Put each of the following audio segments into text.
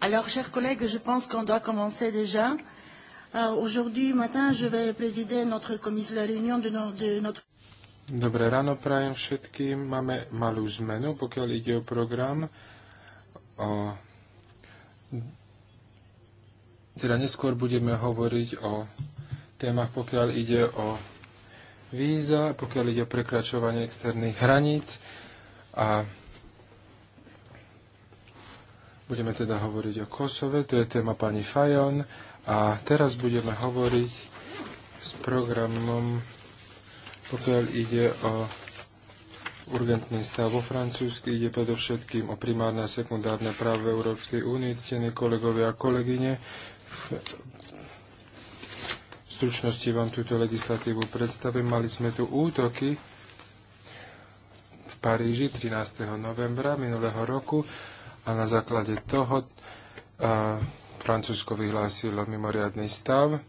Alors, chers collègues, je pense qu'on doit commencer déjà. Euh, aujourd'hui matin, je vais présider notre commission, de la réunion de, no, de notre... Dobré ráno prajem všetkým. Máme malú zmenu, pokiaľ ide o program. O... Teda neskôr budeme hovoriť o témach, pokiaľ ide o víza, pokiaľ ide o prekračovanie externých hraníc. A Budeme teda hovoriť o Kosove, to je téma pani Fajon. A teraz budeme hovoriť s programom, pokiaľ ide o urgentný stav vo Francúzsku, ide predovšetkým o primárne a sekundárne právo v Európskej únii, ctení kolegovia a kolegyne. V stručnosti vám túto legislatívu predstavím. Mali sme tu útoky v Paríži 13. novembra minulého roku a na základe toho Francúzsko vyhlásilo mimoriadný stav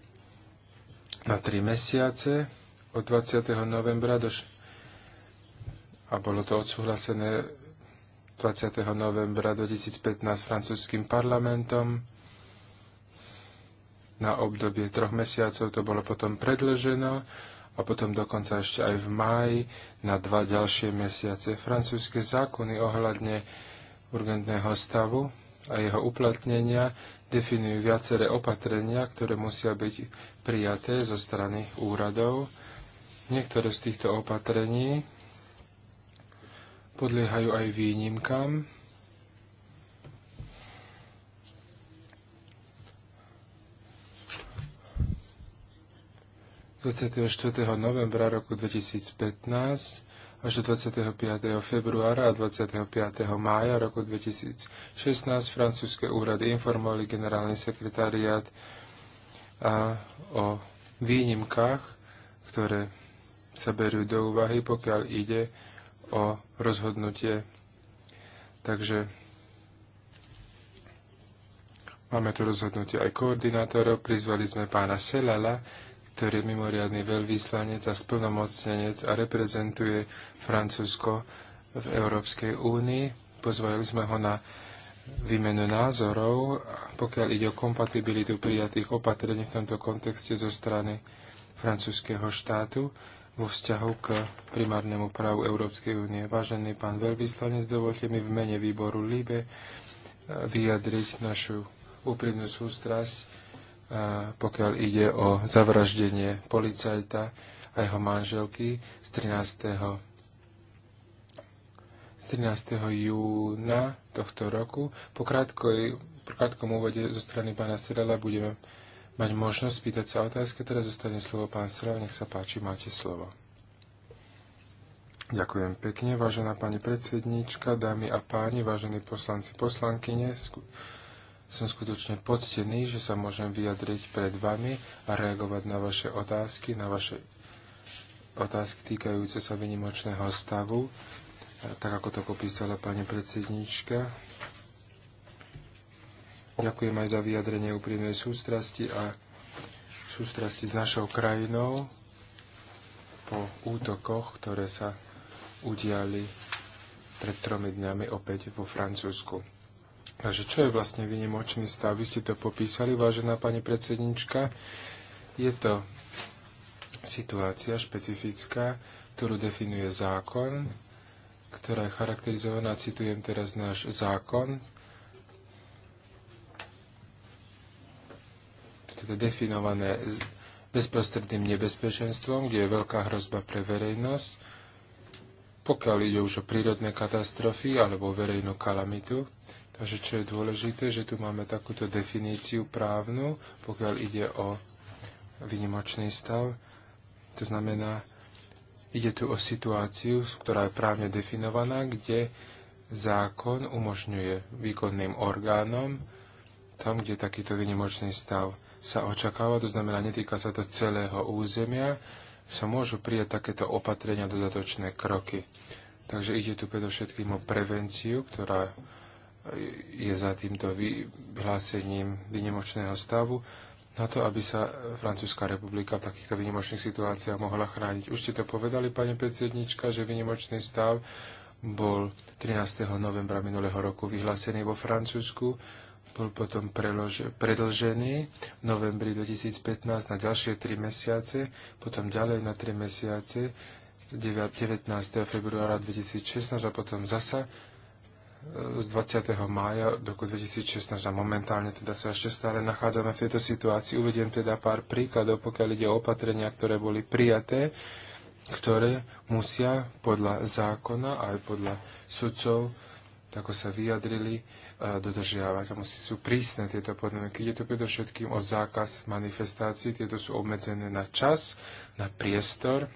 na 3 mesiace od 20. novembra do a bolo to odsúhlasené 20. novembra 2015 francúzským parlamentom. Na obdobie troch mesiacov to bolo potom predlženo a potom dokonca ešte aj v máji na dva ďalšie mesiace. Francúzske zákony ohľadne urgentného stavu a jeho uplatnenia definujú viaceré opatrenia, ktoré musia byť prijaté zo strany úradov. Niektoré z týchto opatrení podliehajú aj výnimkám. Z 24. novembra roku 2015 až do 25. februára a 25. mája roku 2016 francúzske úrady informovali generálny sekretariát a o výnimkách, ktoré sa berú do úvahy, pokiaľ ide o rozhodnutie. Takže máme tu rozhodnutie aj koordinátorov. Prizvali sme pána Selala, ktorý je mimoriadný veľvyslanec a splnomocnenec a reprezentuje Francúzsko v Európskej únii. Pozvali sme ho na výmenu názorov, pokiaľ ide o kompatibilitu prijatých opatrení v tomto kontexte zo strany francúzského štátu vo vzťahu k primárnemu právu Európskej únie. Vážený pán veľvyslanec, dovolte mi v mene výboru LIBE vyjadriť našu úprimnú sústrasť pokiaľ ide o zavraždenie policajta a jeho manželky z 13. Z 13. júna tohto roku. Po, krátkoj, po krátkom úvode zo strany pána Strela budeme mať možnosť spýtať sa otázky. Teraz zostane slovo pán Strel, nech sa páči, máte slovo. Ďakujem pekne, vážená pani predsednička, dámy a páni, vážení poslanci, poslankyne. Som skutočne poctený, že sa môžem vyjadriť pred vami a reagovať na vaše otázky, na vaše otázky týkajúce sa vynimočného stavu, tak ako to popísala pani predsednička. Ďakujem aj za vyjadrenie úprimnej sústrasti a sústrasti s našou krajinou po útokoch, ktoré sa udiali pred tromi dňami opäť vo Francúzsku. Takže čo je vlastne vynimočný stav? Vy ste to popísali, vážená pani predsednička. Je to situácia špecifická, ktorú definuje zákon, ktorá je charakterizovaná, citujem teraz náš zákon, teda definované bezprostredným nebezpečenstvom, kde je veľká hrozba pre verejnosť, pokiaľ ide už o prírodné katastrofy alebo verejnú kalamitu, Takže čo je dôležité, že tu máme takúto definíciu právnu, pokiaľ ide o vynimočný stav. To znamená, ide tu o situáciu, ktorá je právne definovaná, kde zákon umožňuje výkonným orgánom tam, kde takýto vynimočný stav sa očakáva, to znamená, netýka sa to celého územia, sa môžu prijať takéto opatrenia, dodatočné kroky. Takže ide tu predovšetkým o prevenciu, ktorá je za týmto vyhlásením vynimočného stavu na to, aby sa Francúzska republika v takýchto vynimočných situáciách mohla chrániť. Už ste to povedali, pani predsednička, že vynimočný stav bol 13. novembra minulého roku vyhlásený vo Francúzsku, bol potom prelož- predlžený v novembri 2015 na ďalšie 3 mesiace, potom ďalej na 3 mesiace 19. februára 2016 a potom zasa z 20. mája roku 2016 a momentálne teda sa ešte stále nachádzame v tejto situácii. Uvediem teda pár príkladov, pokiaľ ide o opatrenia, ktoré boli prijaté, ktoré musia podľa zákona aj podľa sudcov, ako sa vyjadrili, e, dodržiavať. A musí sú prísne tieto podmienky. Ide to predovšetkým o zákaz manifestácií. Tieto sú obmedzené na čas, na priestor.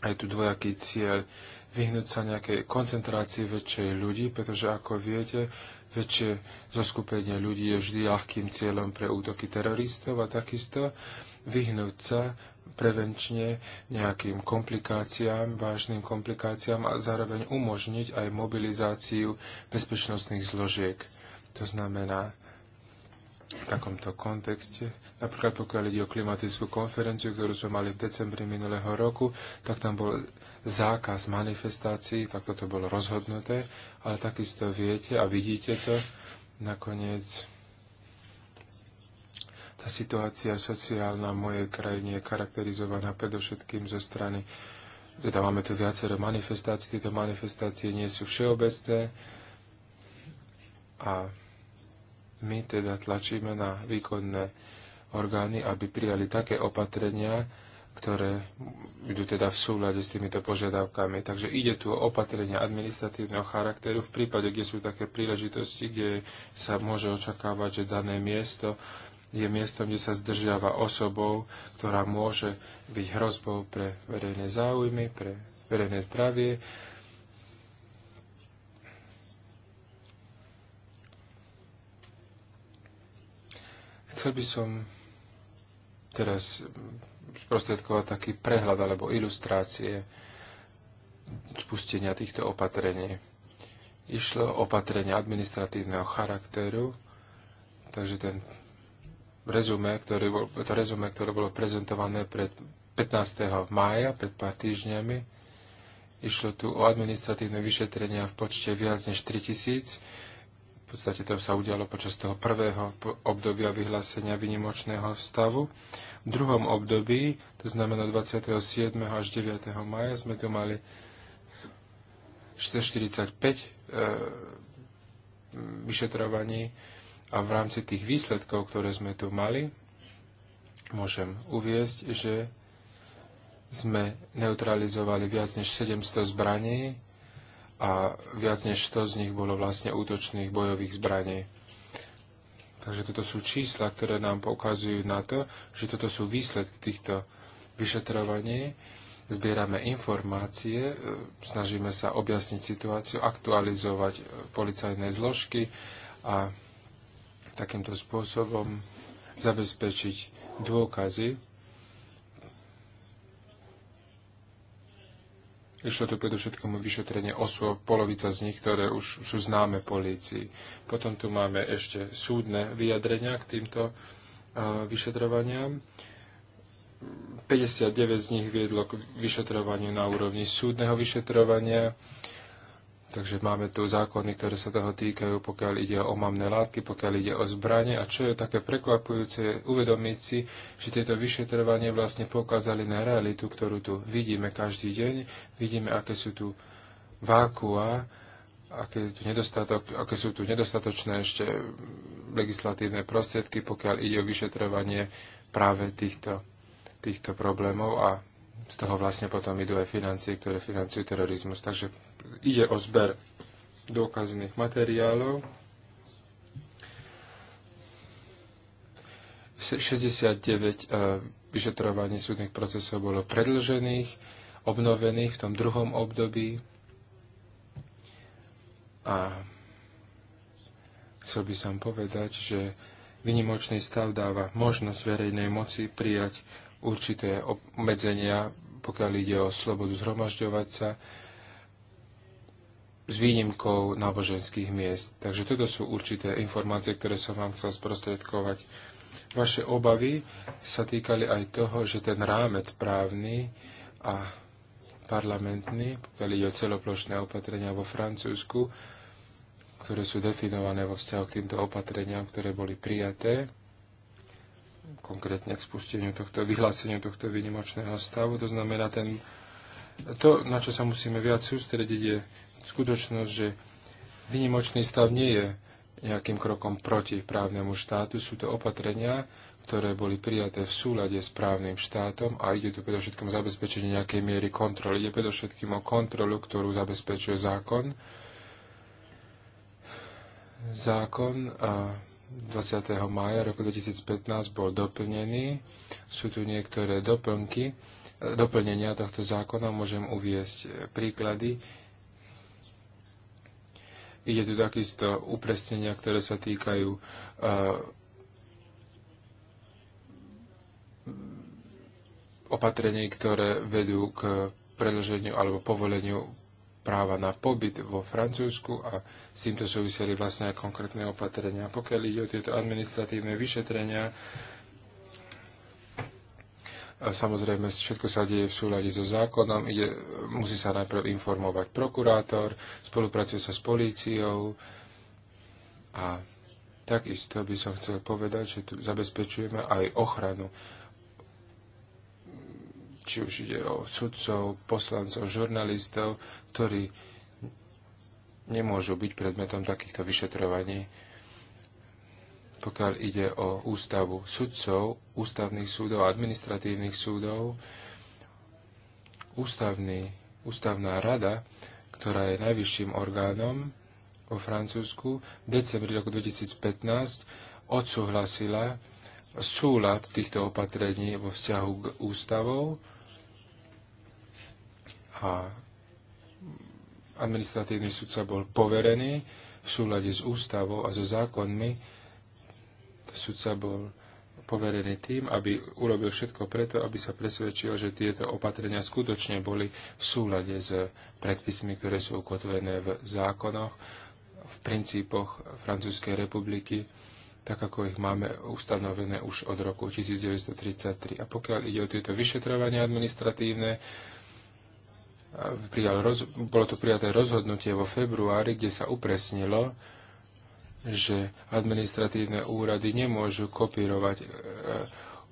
A je tu dvojaký cieľ vyhnúť sa nejakej koncentrácii väčšej ľudí, pretože ako viete, väčšie zoskupenie ľudí je vždy ľahkým cieľom pre útoky teroristov a takisto vyhnúť sa prevenčne nejakým komplikáciám, vážnym komplikáciám a zároveň umožniť aj mobilizáciu bezpečnostných zložiek. To znamená, v takomto kontexte. Napríklad pokiaľ ide o klimatickú konferenciu, ktorú sme mali v decembri minulého roku, tak tam bol zákaz manifestácií, tak toto bolo rozhodnuté, ale takisto viete a vidíte to, nakoniec tá situácia sociálna v mojej krajine je charakterizovaná predovšetkým zo strany, teda máme tu viacero manifestácií, tieto manifestácie nie sú všeobecné a my teda tlačíme na výkonné orgány, aby prijali také opatrenia, ktoré idú teda v súľade s týmito požiadavkami. Takže ide tu o opatrenia administratívneho charakteru v prípade, kde sú také príležitosti, kde sa môže očakávať, že dané miesto je miestom, kde sa zdržiava osobou, ktorá môže byť hrozbou pre verejné záujmy, pre verejné zdravie. Chcel by som teraz sprostredkovať taký prehľad alebo ilustrácie spustenia týchto opatrení. Išlo opatrenia administratívneho charakteru, takže ten rezume, ktorý bol, to rezume, ktoré bolo prezentované pred 15. mája, pred pár týždňami, išlo tu o administratívne vyšetrenia v počte viac než 3000, v podstate to sa udialo počas toho prvého obdobia vyhlásenia vynimočného stavu. V druhom období, to znamená 27. až 9. maja, sme tu mali 445 e, vyšetrovaní a v rámci tých výsledkov, ktoré sme tu mali, môžem uviezť, že sme neutralizovali viac než 700 zbraní, a viac než 100 z nich bolo vlastne útočných bojových zbraní. Takže toto sú čísla, ktoré nám poukazujú na to, že toto sú výsledky týchto vyšetrovaní. Zbierame informácie, e, snažíme sa objasniť situáciu, aktualizovať e, policajné zložky a takýmto spôsobom zabezpečiť dôkazy, Išlo tu predovšetkom vyšetrenie osôb, polovica z nich, ktoré už sú známe polícii. Potom tu máme ešte súdne vyjadrenia k týmto vyšetrovaniam. 59 z nich viedlo k vyšetrovaniu na úrovni súdneho vyšetrovania, Takže máme tu zákony, ktoré sa toho týkajú, pokiaľ ide o omamné látky, pokiaľ ide o zbranie. A čo je také prekvapujúce, uvedomiť si, že tieto vyšetrovanie vlastne pokázali na realitu, ktorú tu vidíme každý deň. Vidíme, aké sú tu vákua, aké, tu nedostatok, aké sú tu nedostatočné ešte legislatívne prostriedky, pokiaľ ide o vyšetrovanie práve týchto, týchto problémov a z toho vlastne potom idú aj financie, ktoré financujú terorizmus. Takže ide o zber dôkazných materiálov. 69 e, vyšetrovaní súdnych procesov bolo predlžených, obnovených v tom druhom období. A chcel by som povedať, že vynimočný stav dáva možnosť verejnej moci prijať určité obmedzenia pokiaľ ide o slobodu zhromažďovať sa, s výnimkou náboženských miest. Takže toto sú určité informácie, ktoré som vám chcel sprostredkovať. Vaše obavy sa týkali aj toho, že ten rámec právny a parlamentný, pokiaľ ide o celoplošné opatrenia vo Francúzsku, ktoré sú definované vo vzťahu k týmto opatreniam, ktoré boli prijaté, konkrétne k spusteniu tohto, vyhláseniu tohto výnimočného stavu. To znamená, ten, to, na čo sa musíme viac sústrediť, je skutočnosť, že výnimočný stav nie je nejakým krokom proti právnemu štátu. Sú to opatrenia, ktoré boli prijaté v súlade s právnym štátom a ide tu o zabezpečenie nejakej miery kontroly. Ide predovšetkým o kontrolu, ktorú zabezpečuje zákon. Zákon a 20. maja roku 2015 bol doplnený. Sú tu niektoré doplnky, e, doplnenia tohto zákona. Môžem uviesť e, príklady. Ide tu takisto upresnenia, ktoré sa týkajú e, opatrení, ktoré vedú k predlženiu alebo povoleniu práva na pobyt vo Francúzsku a s týmto súviseli vlastne aj konkrétne opatrenia. Pokiaľ ide o tieto administratívne vyšetrenia, a samozrejme všetko sa deje v súľade so zákonom, ide, musí sa najprv informovať prokurátor, spolupracuje sa s políciou a takisto by som chcel povedať, že tu zabezpečujeme aj ochranu či už ide o sudcov, poslancov, žurnalistov, ktorí nemôžu byť predmetom takýchto vyšetrovaní. Pokiaľ ide o ústavu sudcov, ústavných súdov, administratívnych súdov, ústavný, ústavná rada, ktorá je najvyšším orgánom vo Francúzsku, v decembri roku 2015 odsúhlasila súlad týchto opatrení vo vzťahu k ústavou a administratívny sudca bol poverený v súlade s ústavou a so zákonmi. Sudca bol poverený tým, aby urobil všetko preto, aby sa presvedčil, že tieto opatrenia skutočne boli v súlade s predpismi, ktoré sú ukotvené v zákonoch, v princípoch Francúzskej republiky, tak ako ich máme ustanovené už od roku 1933. A pokiaľ ide o tieto vyšetrovania administratívne, prijal roz, bolo to prijaté rozhodnutie vo februári, kde sa upresnilo, že administratívne úrady nemôžu kopírovať e,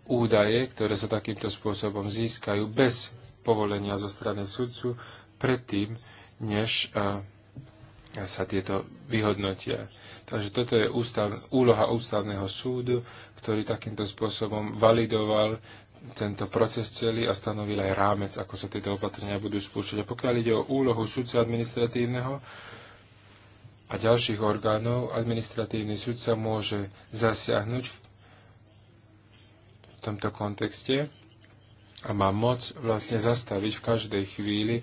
údaje, ktoré sa takýmto spôsobom získajú bez povolenia zo strany sudcu predtým, než e, sa tieto vyhodnotia. Takže toto je ústav, úloha ústavného súdu, ktorý takýmto spôsobom validoval tento proces celý a stanovil aj rámec, ako sa tieto opatrenia budú spúšťať. A pokiaľ ide o úlohu sudca administratívneho a ďalších orgánov, administratívny sudca môže zasiahnuť v tomto kontexte a má moc vlastne zastaviť v každej chvíli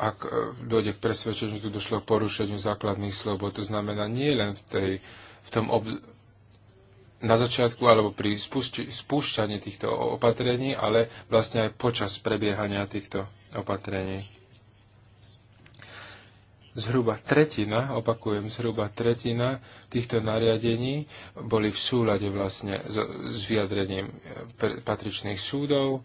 ak e, dojde k presvedčeniu, že tu došlo k porušeniu základných slobod. To znamená nie len v, tej, v tom ob, na začiatku alebo pri spúšťaní týchto opatrení, ale vlastne aj počas prebiehania týchto opatrení. Zhruba tretina, opakujem, zhruba tretina týchto nariadení boli v súlade vlastne s, s vyjadrením patričných súdov.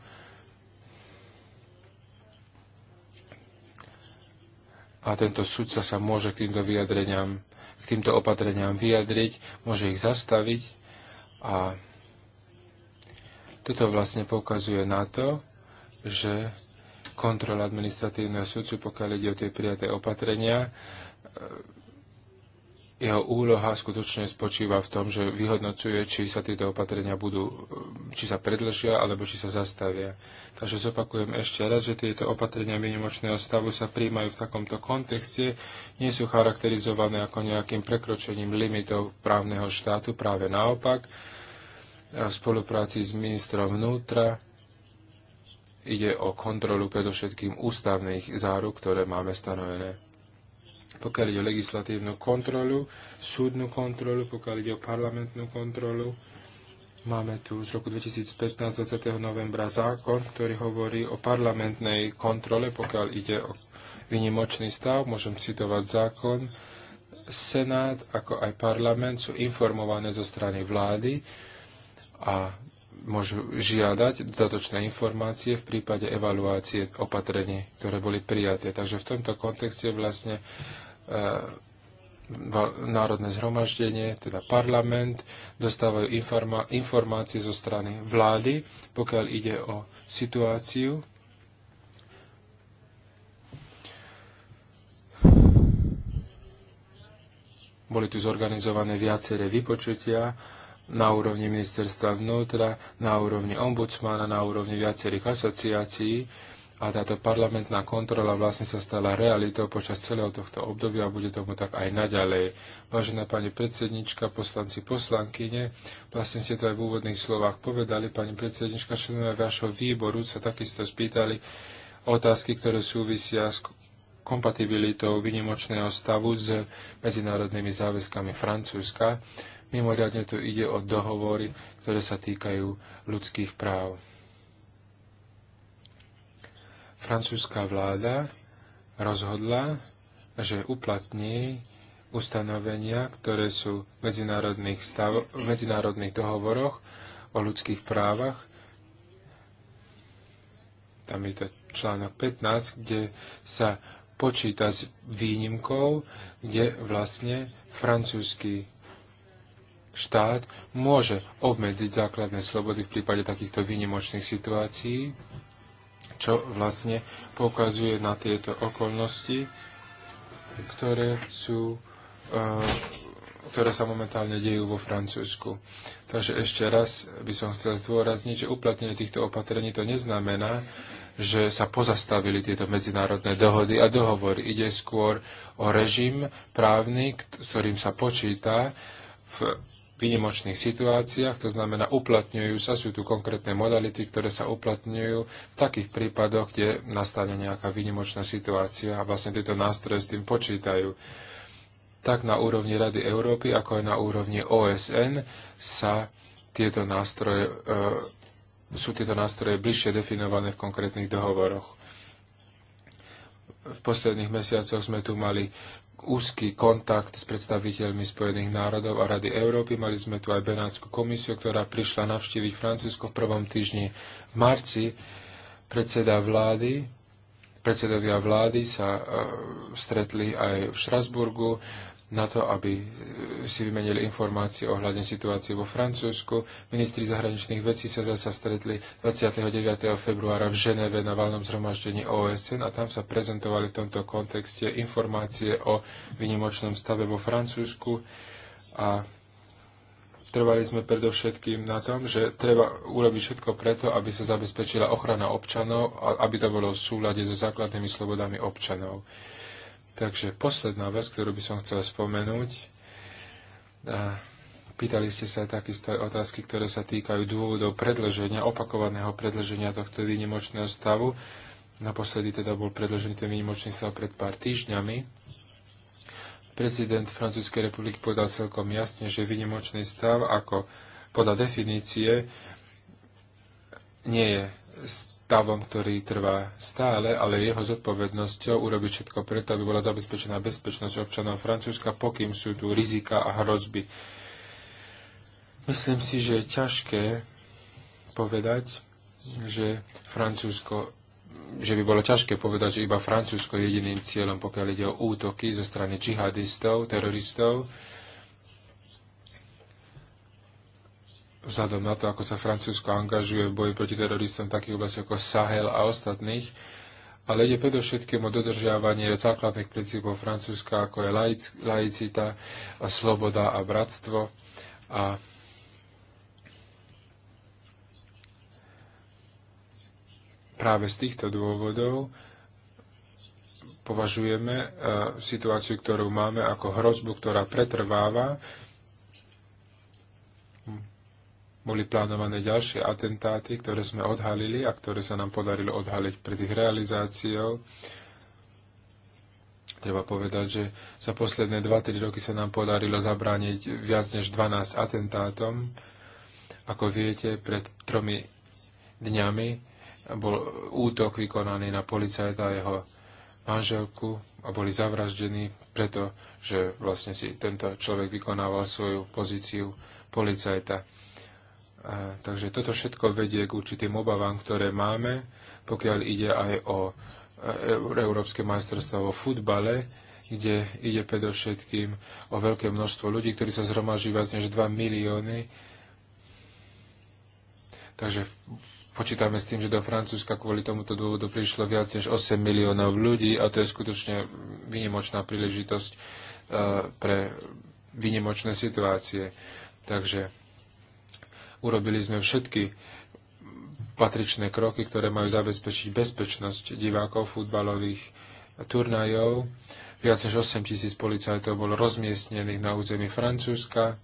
A tento súdca sa môže k týmto vyjadreniam, k týmto opatreniam vyjadriť, môže ich zastaviť a toto vlastne poukazuje na to, že kontrola administratívneho súdcu, pokiaľ ide o tie prijaté opatrenia, jeho úloha skutočne spočíva v tom, že vyhodnocuje, či sa tieto opatrenia budú, či sa predlžia, alebo či sa zastavia. Takže zopakujem ešte raz, že tieto opatrenia minimočného stavu sa príjmajú v takomto kontexte, nie sú charakterizované ako nejakým prekročením limitov právneho štátu, práve naopak. A v spolupráci s ministrom vnútra ide o kontrolu predovšetkým ústavných záruk, ktoré máme stanovené pokiaľ ide o legislatívnu kontrolu, súdnu kontrolu, pokiaľ ide o parlamentnú kontrolu. Máme tu z roku 2015 20. novembra zákon, ktorý hovorí o parlamentnej kontrole, pokiaľ ide o vynimočný stav. Môžem citovať zákon. Senát ako aj parlament sú informované zo strany vlády a môžu žiadať dodatočné informácie v prípade evaluácie opatrení, ktoré boli prijaté. Takže v tomto kontexte vlastne Eh, národné zhromaždenie, teda parlament, dostávajú informa- informácie zo strany vlády, pokiaľ ide o situáciu. Boli tu zorganizované viaceré vypočutia na úrovni ministerstva vnútra, na úrovni ombudsmana, na úrovni viacerých asociácií a táto parlamentná kontrola vlastne sa stala realitou počas celého tohto obdobia a bude tomu tak aj naďalej. Vážená pani predsednička, poslanci, poslankyne, vlastne ste to aj v úvodných slovách povedali, pani predsednička, členovia vašho výboru sa takisto spýtali otázky, ktoré súvisia s kompatibilitou vynimočného stavu s medzinárodnými záväzkami Francúzska. Mimoriadne tu ide o dohovory, ktoré sa týkajú ľudských práv francúzska vláda rozhodla, že uplatní ustanovenia, ktoré sú v medzinárodných, stav, v medzinárodných dohovoroch o ľudských právach. Tam je to článok 15, kde sa počíta s výnimkou, kde vlastne francúzsky štát môže obmedziť základné slobody v prípade takýchto výnimočných situácií čo vlastne poukazuje na tieto okolnosti, ktoré sú eh, ktoré sa momentálne dejú vo Francúzsku. Takže ešte raz by som chcel zdôrazniť, že uplatnenie týchto opatrení to neznamená, že sa pozastavili tieto medzinárodné dohody a dohovory. Ide skôr o režim právny, s ktorým sa počíta v výnimočných situáciách, to znamená uplatňujú sa, sú tu konkrétne modality, ktoré sa uplatňujú v takých prípadoch, kde nastane nejaká výnimočná situácia a vlastne tieto nástroje s tým počítajú. Tak na úrovni Rady Európy, ako aj na úrovni OSN sa tieto nástroje, e, sú tieto nástroje bližšie definované v konkrétnych dohovoroch v posledných mesiacoch sme tu mali úzky kontakt s predstaviteľmi Spojených národov a Rady Európy. Mali sme tu aj Benátsku komisiu, ktorá prišla navštíviť Francúzsko v prvom týždni v marci. Predseda vlády, predsedovia vlády sa eh, stretli aj v Štrasburgu na to, aby e, si vymenili informácie ohľadne situácie vo Francúzsku. Ministri zahraničných vecí sa zase stretli 29. februára v Ženeve na valnom zhromaždení OSN a tam sa prezentovali v tomto kontexte informácie o vynimočnom stave vo Francúzsku a trvali sme predovšetkým na tom, že treba urobiť všetko preto, aby sa zabezpečila ochrana občanov a aby to bolo v súlade so základnými slobodami občanov. Takže posledná vec, ktorú by som chcel spomenúť, a pýtali ste sa takisto otázky, ktoré sa týkajú dôvodov predlženia, opakovaného predlženia tohto výnimočného stavu. Naposledy teda bol predlžený ten výnimočný stav pred pár týždňami. Prezident Francúzskej republiky povedal celkom jasne, že výnimočný stav ako podľa definície nie je stavom, ktorý trvá stále, ale jeho zodpovednosťou urobiť všetko preto, aby bola zabezpečená bezpečnosť občanov Francúzska, pokým sú tu rizika a hrozby. Myslím si, že je ťažké povedať, že Francúzsko že by bolo ťažké povedať, že iba Francúzsko je jediným cieľom, pokiaľ ide o útoky zo strany džihadistov, teroristov. vzhľadom na to, ako sa Francúzsko angažuje v boji proti teroristom v takých oblastiach ako Sahel a ostatných, ale ide predovšetkým o dodržiavanie základných princípov Francúzska, ako je laic, laicita, a sloboda a bratstvo. A práve z týchto dôvodov považujeme e, situáciu, ktorú máme, ako hrozbu, ktorá pretrváva boli plánované ďalšie atentáty, ktoré sme odhalili a ktoré sa nám podarilo odhaliť pred ich realizáciou. Treba povedať, že za posledné 2-3 roky sa nám podarilo zabrániť viac než 12 atentátom. Ako viete, pred tromi dňami bol útok vykonaný na policajta a jeho manželku a boli zavraždení, pretože vlastne si tento človek vykonával svoju pozíciu policajta. A, takže toto všetko vedie k určitým obavám, ktoré máme, pokiaľ ide aj o e, e, Európske majstrovstvo vo futbale, kde ide predovšetkým o veľké množstvo ľudí, ktorí sa zhromaží viac než 2 milióny. Takže počítame s tým, že do Francúzska kvôli tomuto dôvodu prišlo viac než 8 miliónov ľudí a to je skutočne vynimočná príležitosť e, pre vynimočné situácie. Takže Urobili sme všetky patričné kroky, ktoré majú zabezpečiť bezpečnosť divákov futbalových turnajov. Viac než 8 tisíc policajtov bolo rozmiestnených na území Francúzska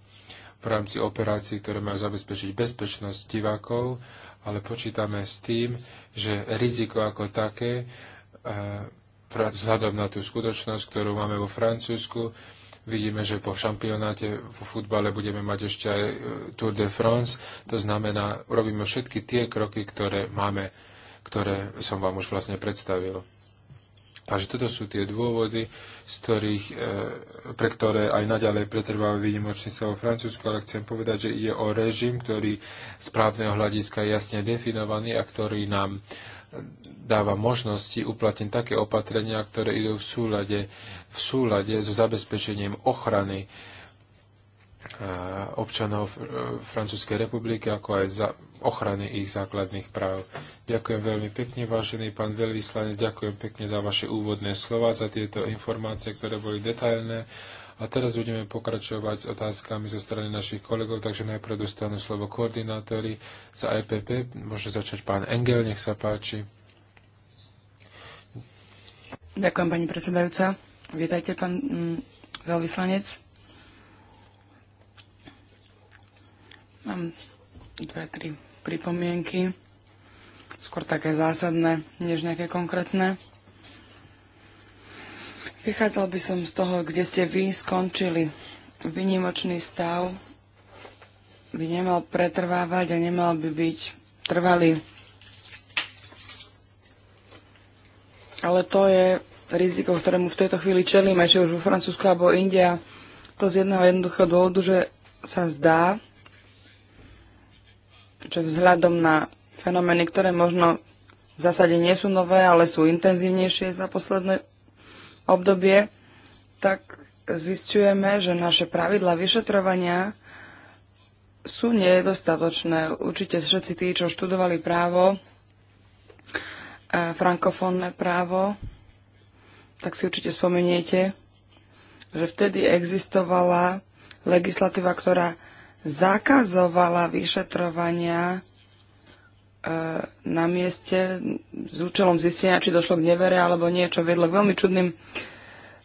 v rámci operácií, ktoré majú zabezpečiť bezpečnosť divákov, ale počítame s tým, že riziko ako také, eh, vzhľadom na tú skutočnosť, ktorú máme vo Francúzsku, Vidíme, že po šampionáte v futbale budeme mať ešte aj e, Tour de France. To znamená, robíme všetky tie kroky, ktoré máme, ktoré som vám už vlastne predstavil. A že toto sú tie dôvody, z ktorých, e, pre ktoré aj naďalej pretrváva výnimočníctvo vo Francúzsku, ale chcem povedať, že ide o režim, ktorý z právneho hľadiska je jasne definovaný a ktorý nám dáva možnosti uplatniť také opatrenia, ktoré idú v súlade, v súlade so zabezpečením ochrany e, občanov Francúzskej republiky, ako aj za ochrany ich základných práv. Ďakujem veľmi pekne, vážený pán veľvyslanec, ďakujem pekne za vaše úvodné slova, za tieto informácie, ktoré boli detailné a teraz budeme pokračovať s otázkami zo strany našich kolegov, takže najprv dostanú slovo koordinátori za IPP. E Môže začať pán Engel, nech sa páči. Ďakujem, pani predsedajúca. Vítajte, pán mm, veľvyslanec. Mám dve, tri pripomienky, skôr také zásadné, než nejaké konkrétne. Vychádzal by som z toho, kde ste vy skončili. Vynimočný stav by nemal pretrvávať a nemal by byť trvalý. Ale to je riziko, ktorému v tejto chvíli čelíme, či už vo Francúzsku alebo India. To z jedného jednoduchého dôvodu, že sa zdá, že vzhľadom na fenomény, ktoré možno v zásade nie sú nové, ale sú intenzívnejšie za posledné obdobie, tak zistujeme, že naše pravidla vyšetrovania sú nedostatočné. Určite všetci tí, čo študovali právo, e, frankofónne právo, tak si určite spomeniete, že vtedy existovala legislatíva, ktorá zakazovala vyšetrovania E, na mieste s účelom zistenia, či došlo k nevere alebo niečo vedlo k veľmi čudným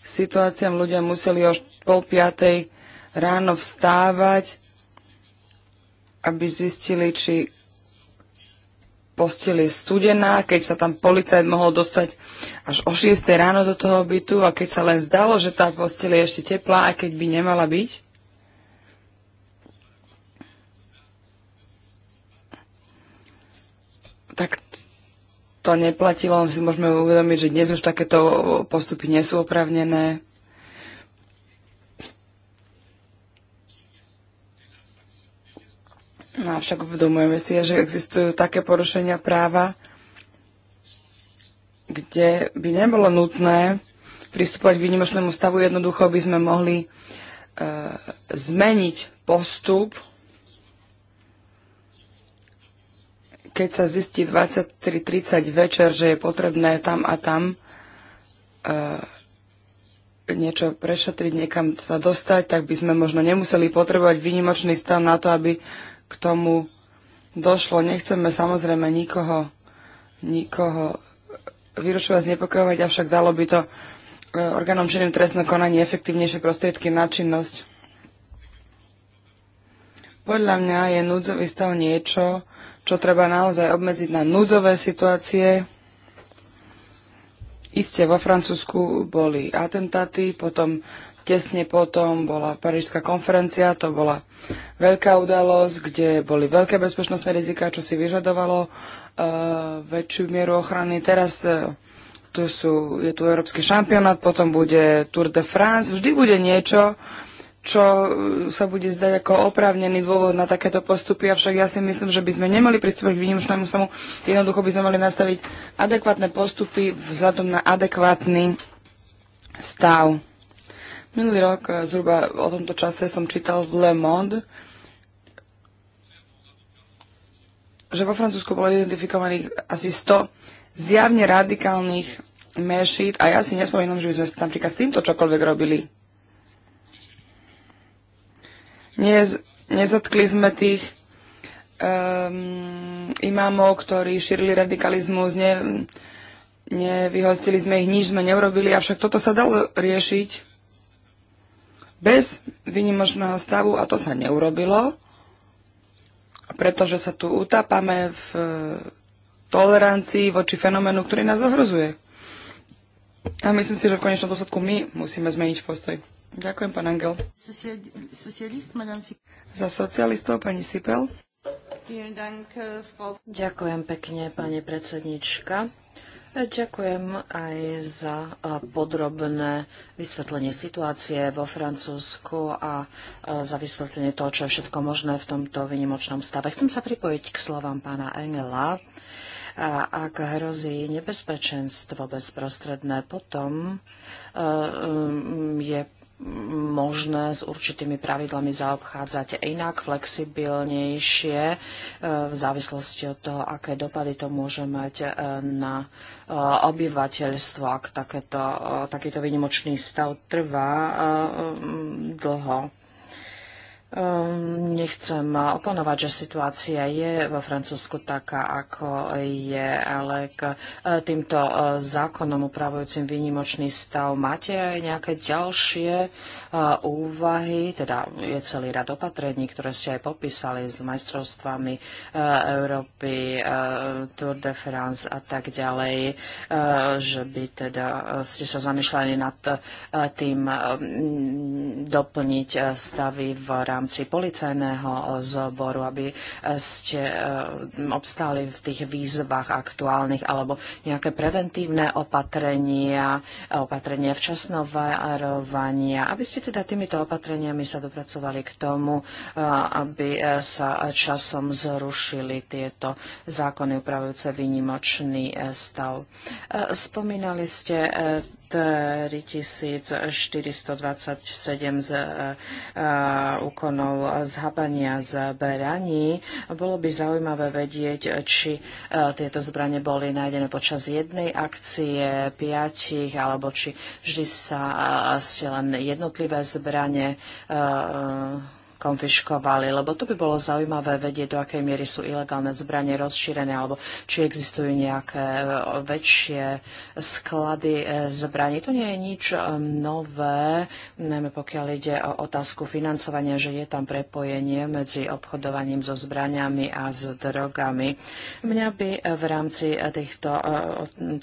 situáciám. Ľudia museli o pol piatej ráno vstávať, aby zistili, či posteli studená, keď sa tam policajt mohol dostať až o 6 ráno do toho bytu a keď sa len zdalo, že tá postel je ešte teplá, aj keď by nemala byť, tak to neplatilo, len si môžeme uvedomiť, že dnes už takéto postupy nie sú opravnené. No avšak uvedomujeme si, že existujú také porušenia práva, kde by nebolo nutné pristúpať k výnimočnému stavu, jednoducho by sme mohli e, zmeniť postup keď sa zistí 23.30 večer, že je potrebné tam a tam e, niečo prešetriť, niekam sa dostať, tak by sme možno nemuseli potrebovať výnimočný stav na to, aby k tomu došlo. Nechceme samozrejme nikoho, nikoho vyrušovať, znepokojovať, avšak dalo by to e, orgánom činným trestné konanie efektívnejšie prostriedky na činnosť. Podľa mňa je núdzový stav niečo, čo treba naozaj obmedziť na núdzové situácie. Iste vo Francúzsku boli atentáty, potom tesne potom bola Parížská konferencia, to bola veľká udalosť, kde boli veľké bezpečnostné rizika, čo si vyžadovalo uh, väčšiu mieru ochrany. Teraz uh, tu sú, je tu Európsky šampionát, potom bude Tour de France, vždy bude niečo, čo sa bude zdať ako oprávnený dôvod na takéto postupy, avšak ja si myslím, že by sme nemali pristúpiť k výnimočnému samu, jednoducho by sme mali nastaviť adekvátne postupy vzhľadom na adekvátny stav. Minulý rok eh, zhruba o tomto čase som čítal v Le Monde, že vo Francúzsku bolo identifikovaných asi 100 zjavne radikálnych mešít a ja si nespomínam, že by sme napríklad s týmto čokoľvek robili. Nez, nezatkli sme tých um, imámov, ktorí šírili radikalizmus, ne, nevyhostili sme ich, nič sme neurobili, avšak toto sa dalo riešiť bez vynimočného stavu a to sa neurobilo, pretože sa tu utápame v e, tolerancii voči fenoménu, ktorý nás ohrozuje. A myslím si, že v konečnom dôsledku my musíme zmeniť postoj. Ďakujem, pán Angel. Za socialistov, pani Sipel. Ďakujem pekne, pani predsednička. E, ďakujem aj za e, podrobné vysvetlenie situácie vo Francúzsku a e, za vysvetlenie toho, čo je všetko možné v tomto vynimočnom stave. Chcem sa pripojiť k slovám pána Engela. A ak hrozí nebezpečenstvo bezprostredné, potom je možné s určitými pravidlami zaobchádzať inak, flexibilnejšie, e, v závislosti od toho, aké dopady to môže mať e, na e, obyvateľstvo, ak takéto, takýto výnimočný stav trvá dlho. Ehm, nechcem oponovať, že situácia je vo Francúzsku taká, ako je, ale k e, týmto e, zákonom upravujúcim výnimočný stav máte aj nejaké ďalšie e, úvahy, teda je celý rad opatrení, ktoré ste aj popísali s majstrovstvami Európy, Tour de France a tak ďalej, že by teda ste sa zamýšľali nad tým doplniť stavy v rámci rámci policajného eh, zboru, aby eh, ste eh, obstáli v tých výzvach aktuálnych alebo nejaké preventívne opatrenia, opatrenia včasného varovania, aby ste teda týmito opatreniami sa dopracovali k tomu, aby sa časom zrušili tieto zákony upravujúce výnimočný stav. Spomínali ste 3427 z úkonov e, e, zhabania zberaní. Bolo by zaujímavé vedieť, či e, tieto zbranie boli nájdené počas jednej akcie, piatich, alebo či vždy sa ste len jednotlivé zbranie konfiškovali, lebo to by bolo zaujímavé vedieť, do akej miery sú ilegálne zbranie rozšírené, alebo či existujú nejaké e, väčšie sklady e, zbraní. To nie je nič e, nové, najmä pokiaľ ide o otázku financovania, že je tam prepojenie medzi obchodovaním so zbraniami a s drogami. Mňa by v rámci týchto,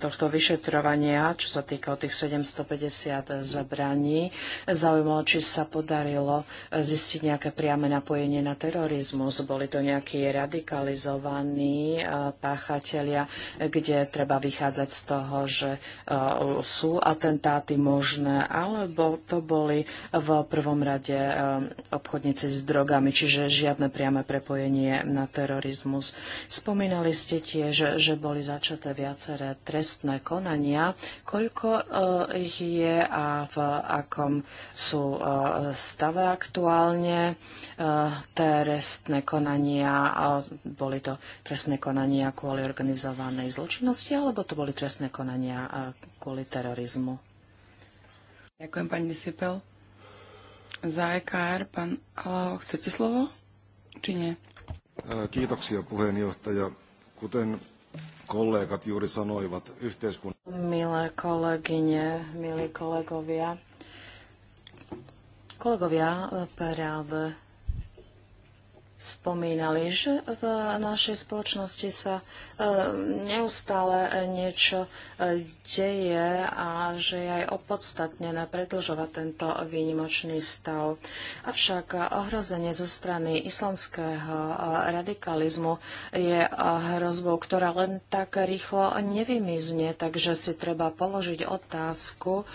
tohto vyšetrovania, čo sa týka tých 750 zbraní, zaujímalo, či sa podarilo zistiť nejaké nejaké priame napojenie na terorizmus, boli to nejakí radikalizovaní eh, páchatelia, kde treba vychádzať z toho, že eh, sú atentáty možné, alebo to boli v prvom rade eh, obchodníci s drogami, čiže žiadne priame prepojenie na terorizmus. Spomínali ste tiež, že boli začaté viaceré trestné konania. Koľko ich je a v akom sú stave aktuálne? Eh, eh, trestné konania, a boli to trestné konania kvôli organizovanej zločinnosti, alebo to boli trestné konania eh, kvôli terorizmu? Ďakujem, pani Sipel. Za EKR, pán Alaho, chcete slovo, či nie? Kiitoksia puheenjohtaja. Kuten kollegat juuri sanoivat, yhteiskunnan... Milé kolegyne, milí kolegovia, Kolegovia e, práve spomínali, že v našej spoločnosti sa e, neustále niečo e, deje a že je aj opodstatnené predlžovať tento výnimočný stav. Avšak ohrozenie zo strany islamského radikalizmu je hrozbou, ktorá len tak rýchlo nevymizne, takže si treba položiť otázku,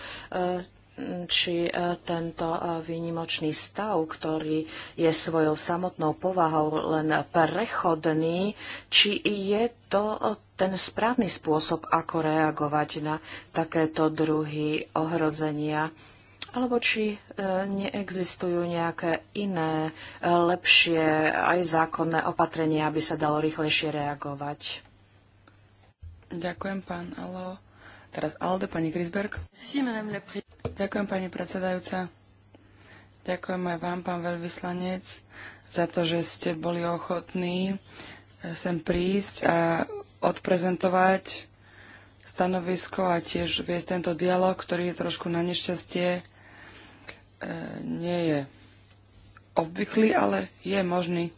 či e, tento e, výnimočný stav, ktorý je svojou samotnou povahou len prechodný, či je to e, ten správny spôsob, ako reagovať na takéto druhy ohrozenia alebo či neexistujú nejaké iné, lepšie aj zákonné opatrenia, aby sa dalo rýchlejšie reagovať. Ďakujem, pán Alo. Teraz Alde, pani Grisberg. Ďakujem, pani predsedajúca. Ďakujem aj vám, pán veľvyslanec, za to, že ste boli ochotní eh, sem prísť a odprezentovať stanovisko a tiež viesť tento dialog, ktorý je trošku na nešťastie eh, nie je obvyklý, ale je možný.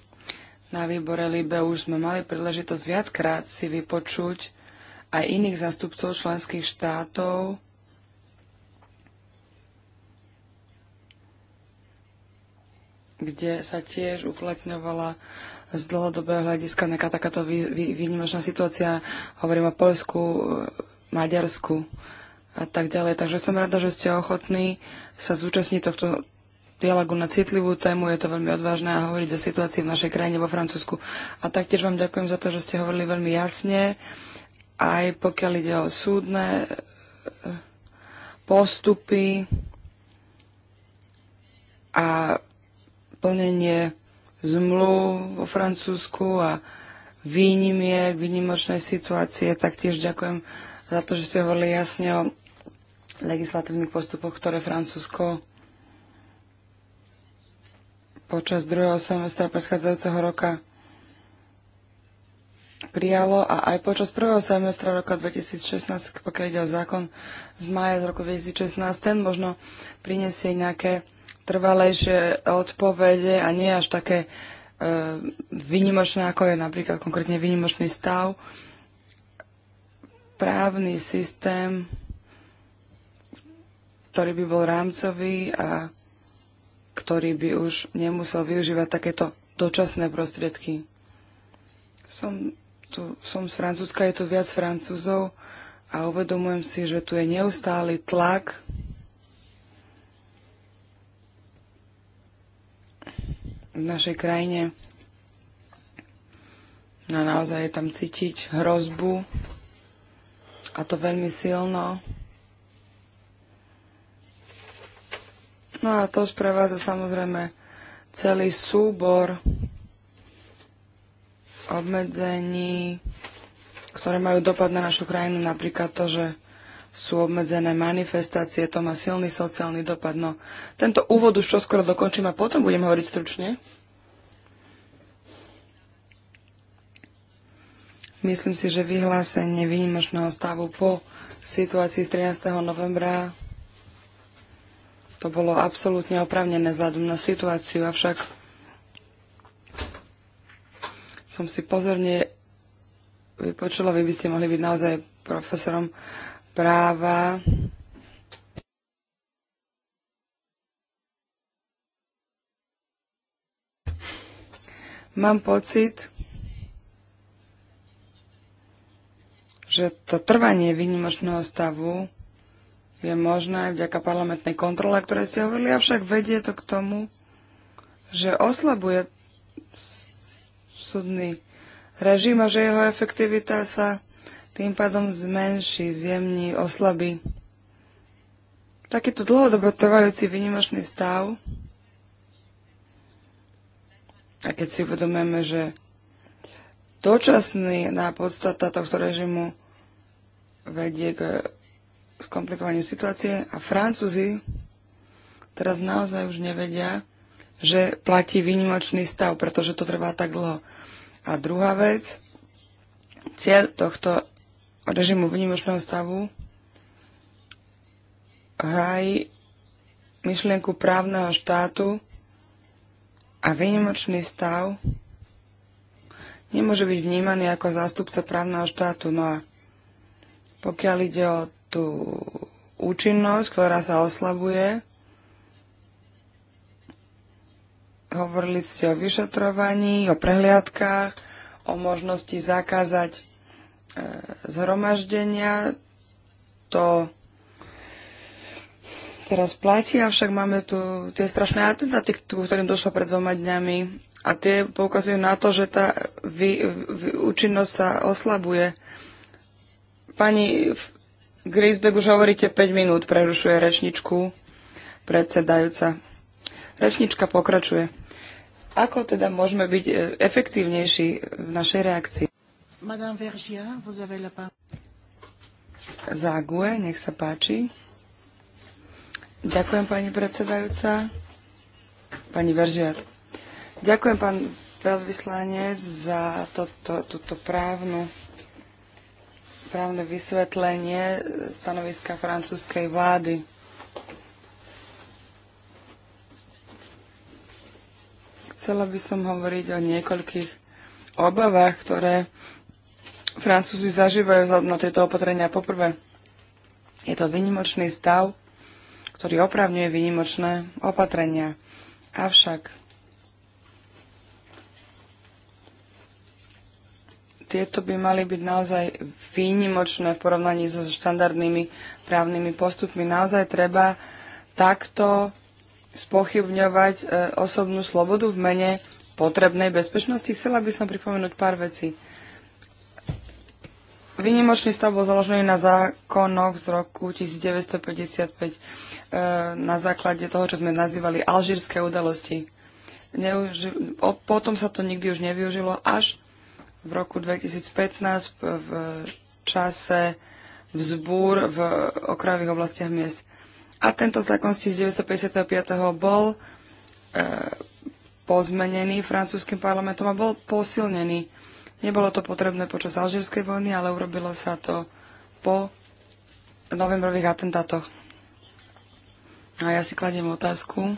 Na výbore Libe už sme mali príležitosť viackrát si vypočuť aj iných zastupcov členských štátov, kde sa tiež uplatňovala z dlhodobého hľadiska nejaká takáto výnimočná vý, výnimočná situácia. Hovorím o Polsku, Maďarsku a tak ďalej. Takže som rada, že ste ochotní sa zúčastniť tohto dialogu na citlivú tému. Je to veľmi odvážne a hovoriť o situácii v našej krajine vo Francúzsku. A taktiež vám ďakujem za to, že ste hovorili veľmi jasne aj pokiaľ ide o súdne e, postupy a plnenie zmluv vo Francúzsku a výnimiek, výnimočnej situácie. tak tiež ďakujem za to, že ste hovorili jasne o legislatívnych postupoch, ktoré Francúzsko počas druhého semestra predchádzajúceho roka prijalo a aj počas prvého semestra roka 2016, pokiaľ ide o zákon z maja z roku 2016, ten možno prinesie nejaké trvalejšie odpovede a nie až také e, vynimočné, ako je napríklad konkrétne vynimočný stav. Právny systém, ktorý by bol rámcový a ktorý by už nemusel využívať takéto dočasné prostriedky. Som tu som z Francúzska, je tu viac Francúzov a uvedomujem si, že tu je neustály tlak v našej krajine. No naozaj je tam cítiť hrozbu a to veľmi silno. No a to sprevádza samozrejme celý súbor obmedzení, ktoré majú dopad na našu krajinu, napríklad to, že sú obmedzené manifestácie, to má silný sociálny dopad. No, tento úvod už čoskoro dokončím a potom budem hovoriť stručne. Myslím si, že vyhlásenie výnimočného stavu po situácii z 13. novembra to bolo absolútne opravnené vzhľadom na situáciu, avšak som si pozorne vypočula, vy by ste mohli byť naozaj profesorom práva. Mám pocit, že to trvanie výnimočného stavu je možné aj vďaka parlamentnej kontrole, ktoré ste hovorili, avšak vedie to k tomu, že oslabuje súdny režim a že jeho efektivita sa tým pádom zmenší, zjemní, oslabí. Takýto dlhodobo trvajúci výnimočný stav a keď si uvedomujeme, že dočasný na podstata tohto režimu vedie k skomplikovaniu situácie a Francúzi teraz naozaj už nevedia, že platí výnimočný stav, pretože to trvá tak dlho. A druhá vec, cieľ tohto režimu vnímočného stavu hájí myšlienku právneho štátu a výnimočný stav nemôže byť vnímaný ako zástupca právneho štátu. No a pokiaľ ide o tú účinnosť, ktorá sa oslabuje, Hovorili ste o vyšetrovaní, o prehliadkách, o možnosti zakázať e, zhromaždenia. To teraz platí, avšak máme tu tie strašné atentáty, ktorým došlo pred dvoma dňami. A tie poukazujú na to, že tá vy, vy, účinnosť sa oslabuje. Pani Grisbeck, už hovoríte 5 minút, prerušuje rečničku predsedajúca. Rečnička pokračuje. Ako teda môžeme byť e, efektívnejší v našej reakcii? Madame Vergia, vous avez la parole. Zague, nech sa páči. Ďakujem, pani predsedajúca. Pani Veržiat. Ďakujem, pán veľvyslanec, za toto, toto právnu, právne vysvetlenie stanoviska francúzskej vlády. Chcela by som hovoriť o niekoľkých obavách, ktoré Francúzi zažívajú vzhľadom na tieto opatrenia. Poprvé, je to vynimočný stav, ktorý opravňuje vynimočné opatrenia. Avšak tieto by mali byť naozaj výnimočné v porovnaní so štandardnými právnymi postupmi. Naozaj treba takto spochybňovať e, osobnú slobodu v mene potrebnej bezpečnosti. Chcela by som pripomenúť pár vecí. Vynimočný stav bol založený na zákonoch z roku 1955 e, na základe toho, čo sme nazývali alžírske udalosti. Neuži- o, potom sa to nikdy už nevyužilo až v roku 2015 v čase vzbúr v okrajových oblastiach miest. A tento zákon z 1955. bol e, pozmenený francúzským parlamentom a bol posilnený. Nebolo to potrebné počas alžírskej vojny, ale urobilo sa to po novembrových atentátoch. A ja si kladiem otázku,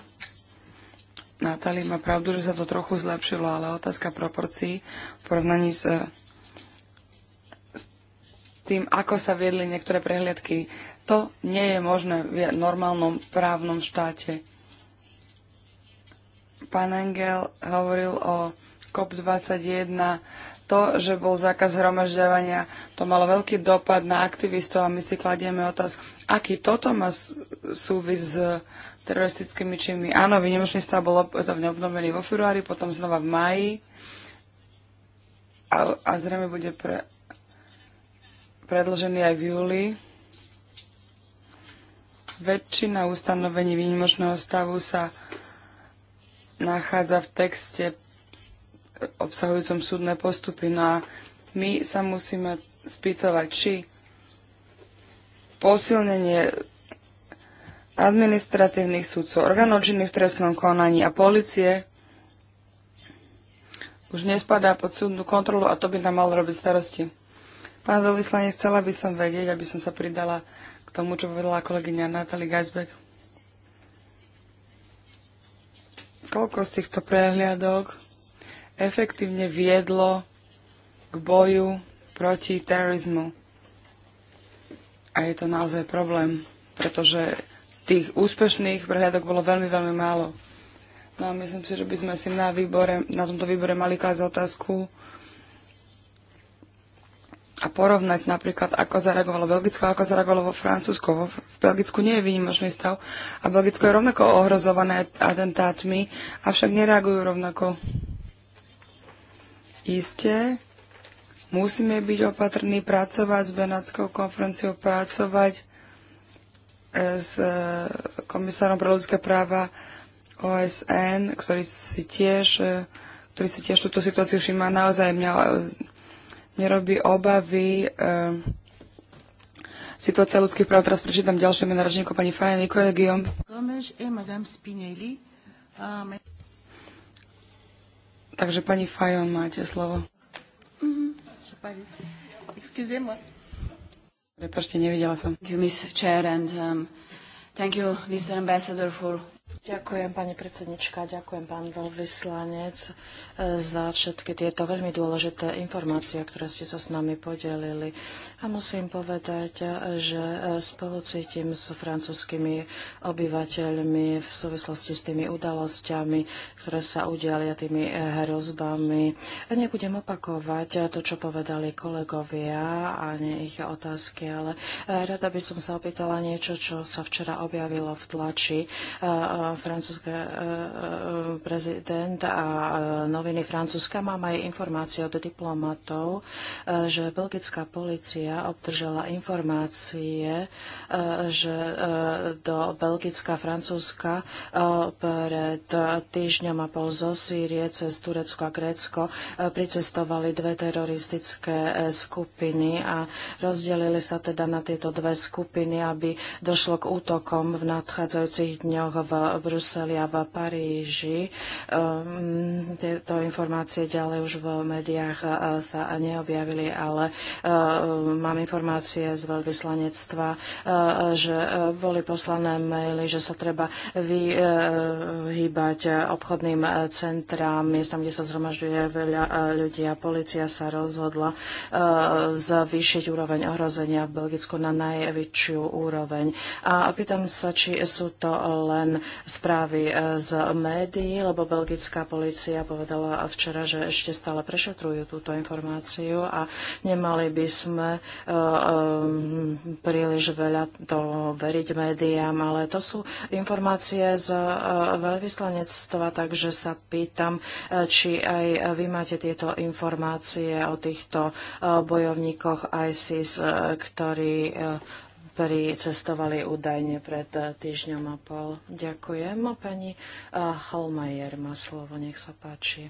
Natália má pravdu, že sa to trochu zlepšilo, ale otázka proporcií v porovnaní s, e, s tým, ako sa viedli niektoré prehliadky to nie je možné v normálnom právnom štáte. Pán Engel hovoril o COP21, to, že bol zákaz zhromažďovania, to malo veľký dopad na aktivistov a my si kladieme otázku, aký toto má súvis s teroristickými činmi. Áno, výnimočný stav bol obnovený vo februári, potom znova v maji a, a zrejme bude pre, predlžený aj v júli väčšina ustanovení výnimočného stavu sa nachádza v texte obsahujúcom súdne postupy. No a my sa musíme spýtovať, či posilnenie administratívnych súdcov, orgánov činných v trestnom konaní a policie už nespadá pod súdnu kontrolu a to by nám malo robiť starosti. Pán veľvyslanec, chcela by som vedieť, aby som sa pridala tomu, čo povedala kolegyňa Natalie Geisberg. Koľko z týchto prehliadok efektívne viedlo k boju proti terorizmu? A je to naozaj problém, pretože tých úspešných prehliadok bolo veľmi, veľmi málo. No a myslím si, že by sme si na, výbore, na tomto výbore mali klásť otázku, a porovnať napríklad, ako zareagovalo Belgicko, ako zareagovalo vo Francúzsko. V Belgicku nie je výnimočný stav a Belgicko je rovnako ohrozované atentátmi, avšak nereagujú rovnako. Isté, musíme byť opatrní, pracovať s Benátskou konferenciou, pracovať eh, s eh, komisárom pre ľudské práva OSN, ktorý si tiež, eh, ktorý si tiež túto situáciu všimá. Naozaj mňa mne robí obavy e, situácia ľudských práv. Teraz prečítam ďalšie mená ročníkov pani Faja Nikole Guillaume. Takže pani Fajon, máte slovo. Mhm. Prepašte, nevidela som. Thank you, Mr. Chair, and um, thank you, Mr. Ambassador, for Ďakujem, pani predsednička, ďakujem, pán veľvyslanec, e, za všetky tieto veľmi dôležité informácie, ktoré ste sa s nami podelili. A musím povedať, e, že e, spolu cítim s francúzskými obyvateľmi v súvislosti s tými udalosťami, ktoré sa udiali a tými hrozbami. Nebudem opakovať to, čo povedali kolegovia a nie ich otázky, ale rada by som sa opýtala niečo, čo sa včera objavilo v tlači francúzska e, e, prezident a e, noviny Francúzska. Mám aj informácie od diplomatov, že belgická policia obdržala informácie, že do Belgická Francúzska pred týždňom a pol zo Sýrie cez Turecko a Grécko pricestovali dve teroristické skupiny a rozdelili sa teda na tieto dve skupiny, aby došlo k útokom v nadchádzajúcich dňoch v Bruseli a v Paríži. Ehm, tieto informácie ďalej už v médiách e, sa neobjavili, ale e, mám informácie z veľvyslanectva, e, že boli poslané maily, že sa treba vyhýbať obchodným centrám, miestam, kde sa zhromažďuje veľa ľudí a policia sa rozhodla zvýšiť úroveň ohrozenia v Belgicku na najväčšiu úroveň. A pýtam sa, či sú to len správy e, z médií, lebo belgická policia povedala včera, že ešte stále prešetrujú túto informáciu a nemali by sme e, e, príliš veľa to veriť médiám, ale to sú informácie z veľvyslanectva, takže sa pýtam, či aj vy máte tieto informácie o týchto bojovníkoch ISIS, ktorí cestovali údajne pred eh, týždňom a pol. Ďakujem. Pani eh, Holmajer má slovo, nech sa páči.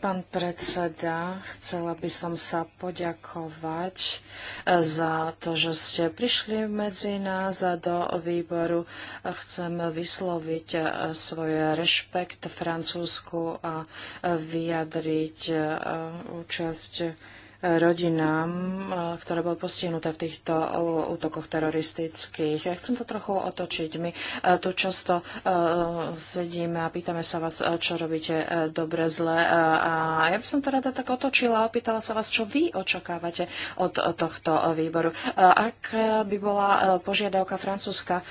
Pán predseda, chcela by som sa poďakovať eh, za to, že ste prišli medzi nás a do výboru. Eh, chcem vysloviť eh, svoj rešpekt Francúzsku a vyjadriť účasť rodinám, ktoré boli postihnuté v týchto útokoch teroristických. Ja chcem to trochu otočiť. My tu často sedíme a pýtame sa vás, čo robíte dobre, zle. A ja by som to rada tak otočila a opýtala sa vás, čo vy očakávate od tohto výboru. Ak by bola požiadavka Francúzska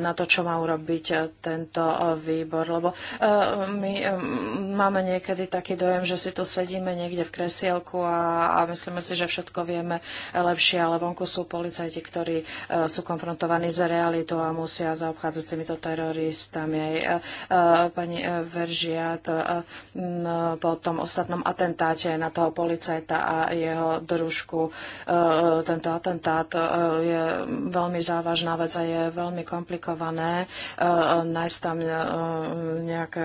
na to, čo má urobiť tento výbor, lebo my máme niekedy taký dojem, že si tu sedíme niekde v kresielku a, a myslíme si, že všetko vieme lepšie, ale vonku sú policajti, ktorí e, sú konfrontovaní s realitou a musia zaobchádzať s týmito teroristami. Aj e, e, pani Veržiat po tom ostatnom atentáte na toho policajta a jeho družku tento atentát je veľmi závažná vec a je veľmi komplikované nájsť tam nejaké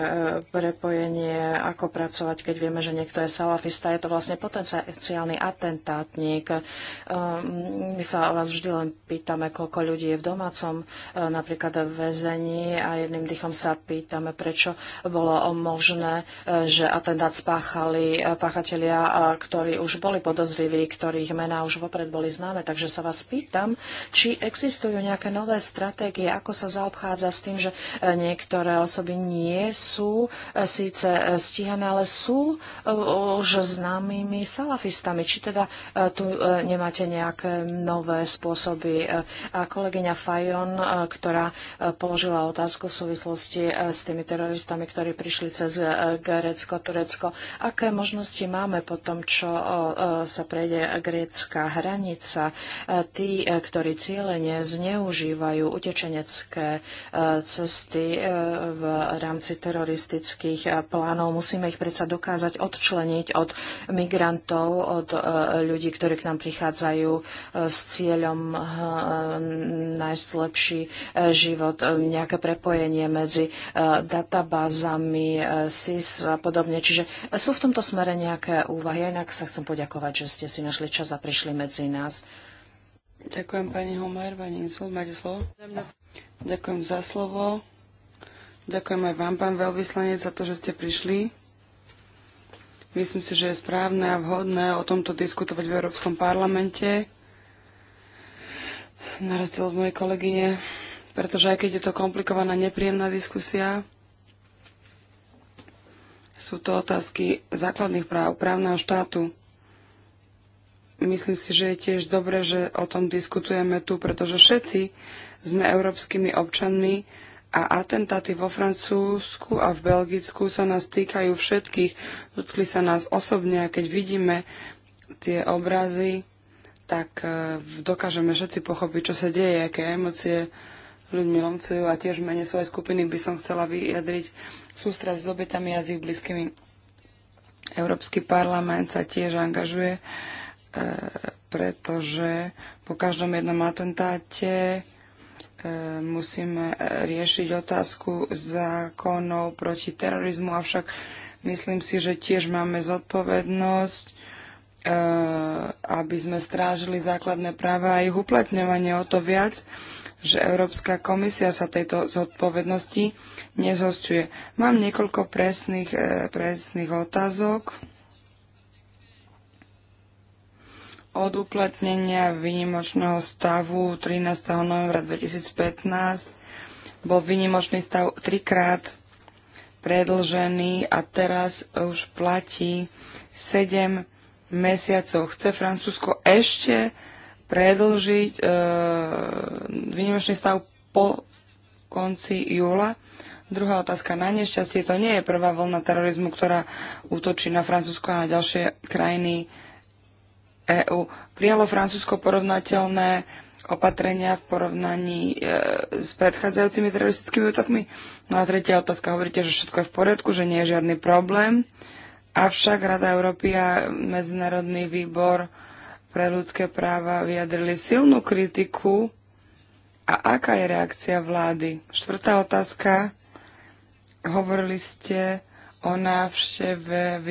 prepojenie, ako pracovať, keď vieme, že niekto je salafista. Je to vlastne potenciálne potenciálny atentátnik. Ehm, my sa vás vždy len pýtame, koľko ľudí je v domácom ehm, napríklad v väzení a jedným dýchom sa pýtame, prečo bolo možné, ehm, že atentát spáchali páchatelia, ktorí už boli podozriví, ktorých mená už vopred boli známe. Takže sa vás pýtam, či existujú nejaké nové stratégie, ako sa zaobchádza s tým, že niektoré osoby nie sú síce stíhané, ale sú už známymi salafistami, či teda e, tu e, nemáte nejaké nové spôsoby. E, a kolegyňa Fajon, ktorá položila otázku v súvislosti s tými teroristami, ktorí prišli cez Grécko, Turecko, aké možnosti máme po tom, čo sa prejde grécka hranica, tí, ktorí cieľene zneužívajú utečenecké cesty v rámci teroristických plánov, musíme ich predsa dokázať odčleniť od migrantov kontaktov od e, ľudí, ktorí k nám prichádzajú e, s cieľom e, nájsť lepší život, nejaké prepojenie medzi databázami, SIS a podobne. Čiže sú v tomto smere nejaké úvahy. Inak sa chcem poďakovať, že ste si našli čas a prišli medzi nás. Ďakujem pani Homer, pani Insul, máte slovo. Ďakujem za slovo. Ďakujem aj vám, pán veľvyslanec, za to, že ste prišli. Myslím si, že je správne a vhodné o tomto diskutovať v Európskom parlamente, na rozdiel od mojej kolegyne, pretože aj keď je to komplikovaná, nepríjemná diskusia, sú to otázky základných práv, právneho štátu. Myslím si, že je tiež dobré, že o tom diskutujeme tu, pretože všetci sme európskymi občanmi, a atentáty vo Francúzsku a v Belgicku sa nás týkajú všetkých. Dotkli sa nás osobne a keď vidíme tie obrazy, tak e, dokážeme všetci pochopiť, čo sa deje, aké emócie ľuďmi lomcujú a tiež mene svojej skupiny by som chcela vyjadriť sústrasť s obetami a s ich blízkymi. Európsky parlament sa tiež angažuje, e, pretože po každom jednom atentáte E, musíme riešiť otázku zákonov proti terorizmu, avšak myslím si, že tiež máme zodpovednosť, e, aby sme strážili základné práva a ich uplatňovanie o to viac, že Európska komisia sa tejto zodpovednosti nezosťuje. Mám niekoľko presných, e, presných otázok. od uplatnenia výnimočného stavu 13. novembra 2015 bol výnimočný stav trikrát predlžený a teraz už platí 7 mesiacov. Chce Francúzsko ešte predlžiť e, výnimočný stav po konci júla? Druhá otázka. Na nešťastie to nie je prvá vlna terorizmu, ktorá útočí na Francúzsko a na ďalšie krajiny EÚ prijalo Francúzsko porovnateľné opatrenia v porovnaní e, s predchádzajúcimi teroristickými útokmi? No a tretia otázka, hovoríte, že všetko je v poriadku, že nie je žiadny problém, avšak Rada Európy a Medzinárodný výbor pre ľudské práva vyjadrili silnú kritiku. A aká je reakcia vlády? Štvrtá otázka, hovorili ste o návšteve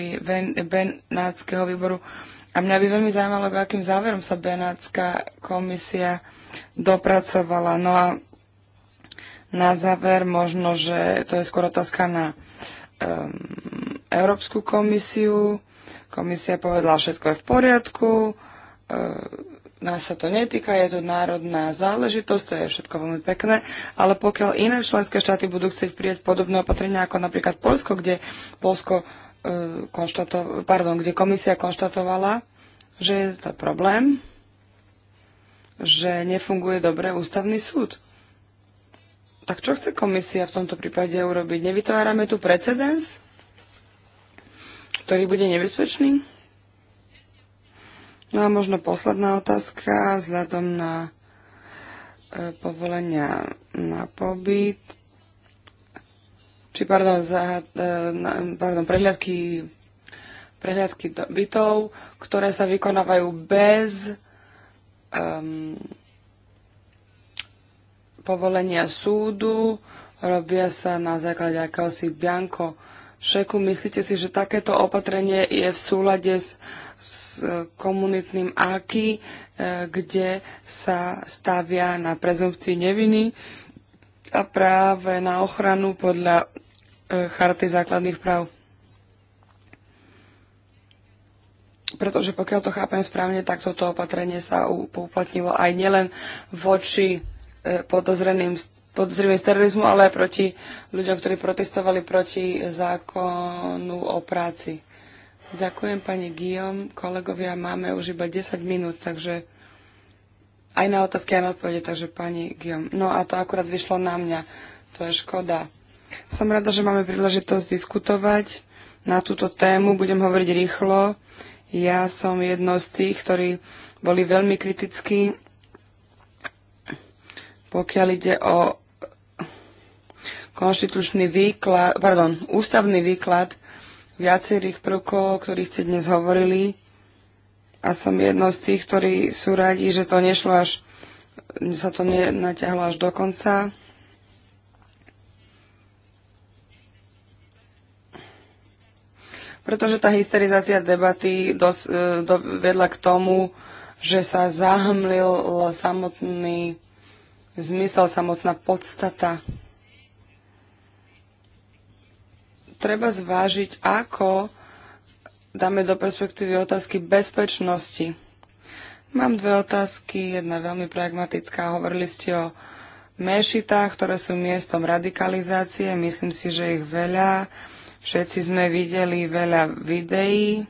Benátskeho výboru a mňa by veľmi zaujímalo, k akým záverom sa Benátska komisia dopracovala. No a na záver možno, že to je skôr otázka na um, Európsku komisiu. Komisia povedala, všetko je v poriadku, uh, nás sa to netýka, je to národná záležitosť, to je všetko veľmi pekné, ale pokiaľ iné členské štáty budú chcieť prijať podobné opatrenia ako napríklad Polsko, kde Polsko ehm, konštato, pardon, kde komisia konštatovala, že je to problém, že nefunguje dobre ústavný súd. Tak čo chce komisia v tomto prípade urobiť? Nevytvárame tu precedens, ktorý bude nebezpečný? No a možno posledná otázka vzhľadom na e, povolenia na pobyt, či pardon, za, e, na, pardon prehľadky prehliadky bytov, ktoré sa vykonávajú bez um, povolenia súdu, robia sa na základe akéhosi bianko šeku. Myslíte si, že takéto opatrenie je v súlade s, s komunitným AKI, e, kde sa stavia na prezumpcii neviny a práve na ochranu podľa e, Charty základných práv? pretože pokiaľ to chápem správne, tak toto opatrenie sa uplatnilo aj nielen voči e, podozreným podozrivým z terorizmu, ale aj proti ľuďom, ktorí protestovali proti zákonu o práci. Ďakujem pani Guillaume. Kolegovia, máme už iba 10 minút, takže aj na otázky, aj na odpovede, takže pani Guillaume. No a to akurát vyšlo na mňa. To je škoda. Som rada, že máme príležitosť diskutovať na túto tému. Budem hovoriť rýchlo ja som jedno z tých, ktorí boli veľmi kritickí, pokiaľ ide o konštitučný výklad, pardon, ústavný výklad viacerých prvkov, o ktorých ste dnes hovorili. A som jedno z tých, ktorí sú radi, že to nešlo až, sa to natiahlo až do konca. pretože tá hysterizácia debaty dos, e, do, vedla k tomu, že sa zahmlil samotný zmysel, samotná podstata. Treba zvážiť, ako dáme do perspektívy otázky bezpečnosti. Mám dve otázky, jedna veľmi pragmatická. Hovorili ste o mešitách, ktoré sú miestom radikalizácie. Myslím si, že ich veľa Všetci sme videli veľa videí.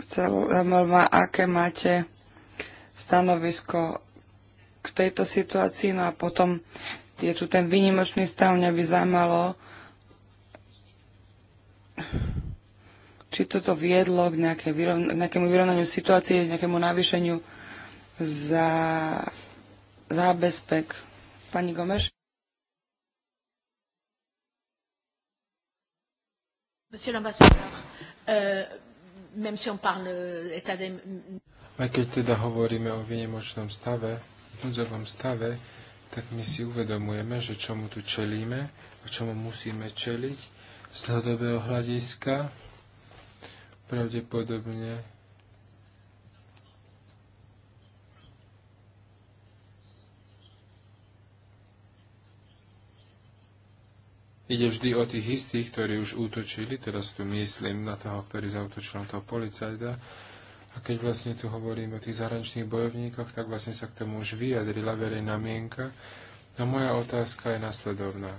Zaujímalo ma, aké máte stanovisko k tejto situácii. No a potom je tu ten výnimočný stav. Mňa by zaujímalo, či toto viedlo k, k nejakému vyrovnaniu situácie, k nejakému navýšeniu za zábezpek. Pani Gomeš? Monsieur l'ambassadeur, euh, même si on parle euh, état des... A keď teda hovoríme o vynimočnom stave, núdzovom stave, tak my si uvedomujeme, že čomu tu čelíme a čomu musíme čeliť z dlhodobého hľadiska. Pravdepodobne Ide vždy o tých istých, ktorí už útočili, teraz tu myslím na toho, ktorý zautočil na toho policajta. A keď vlastne tu hovorím o tých zahraničných bojovníkoch, tak vlastne sa k tomu už vyjadrila verejná mienka. A moja otázka je nasledovná.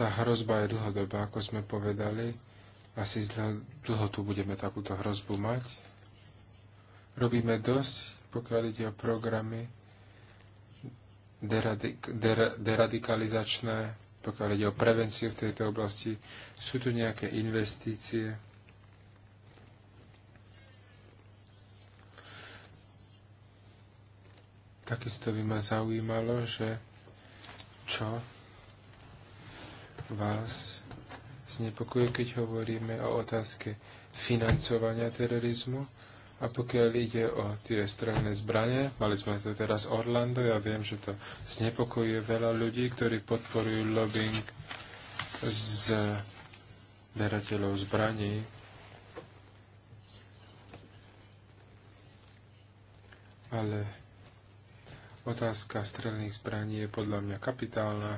Tá hrozba je dlhodobá, ako sme povedali. Asi dlho, dlho tu budeme takúto hrozbu mať. Robíme dosť, pokiaľ ide o programy deradik- der- deradikalizačné, pokiaľ ide o prevenciu v tejto oblasti. Sú tu nejaké investície? Takisto by ma zaujímalo, že čo vás znepokojuje, keď hovoríme o otázke financovania terorizmu. A pokiaľ ide o tie strelné zbranie, mali sme to teraz Orlando, ja viem, že to znepokojuje veľa ľudí, ktorí podporujú lobbying z berateľov zbraní. Ale otázka strelných zbraní je podľa mňa kapitálna.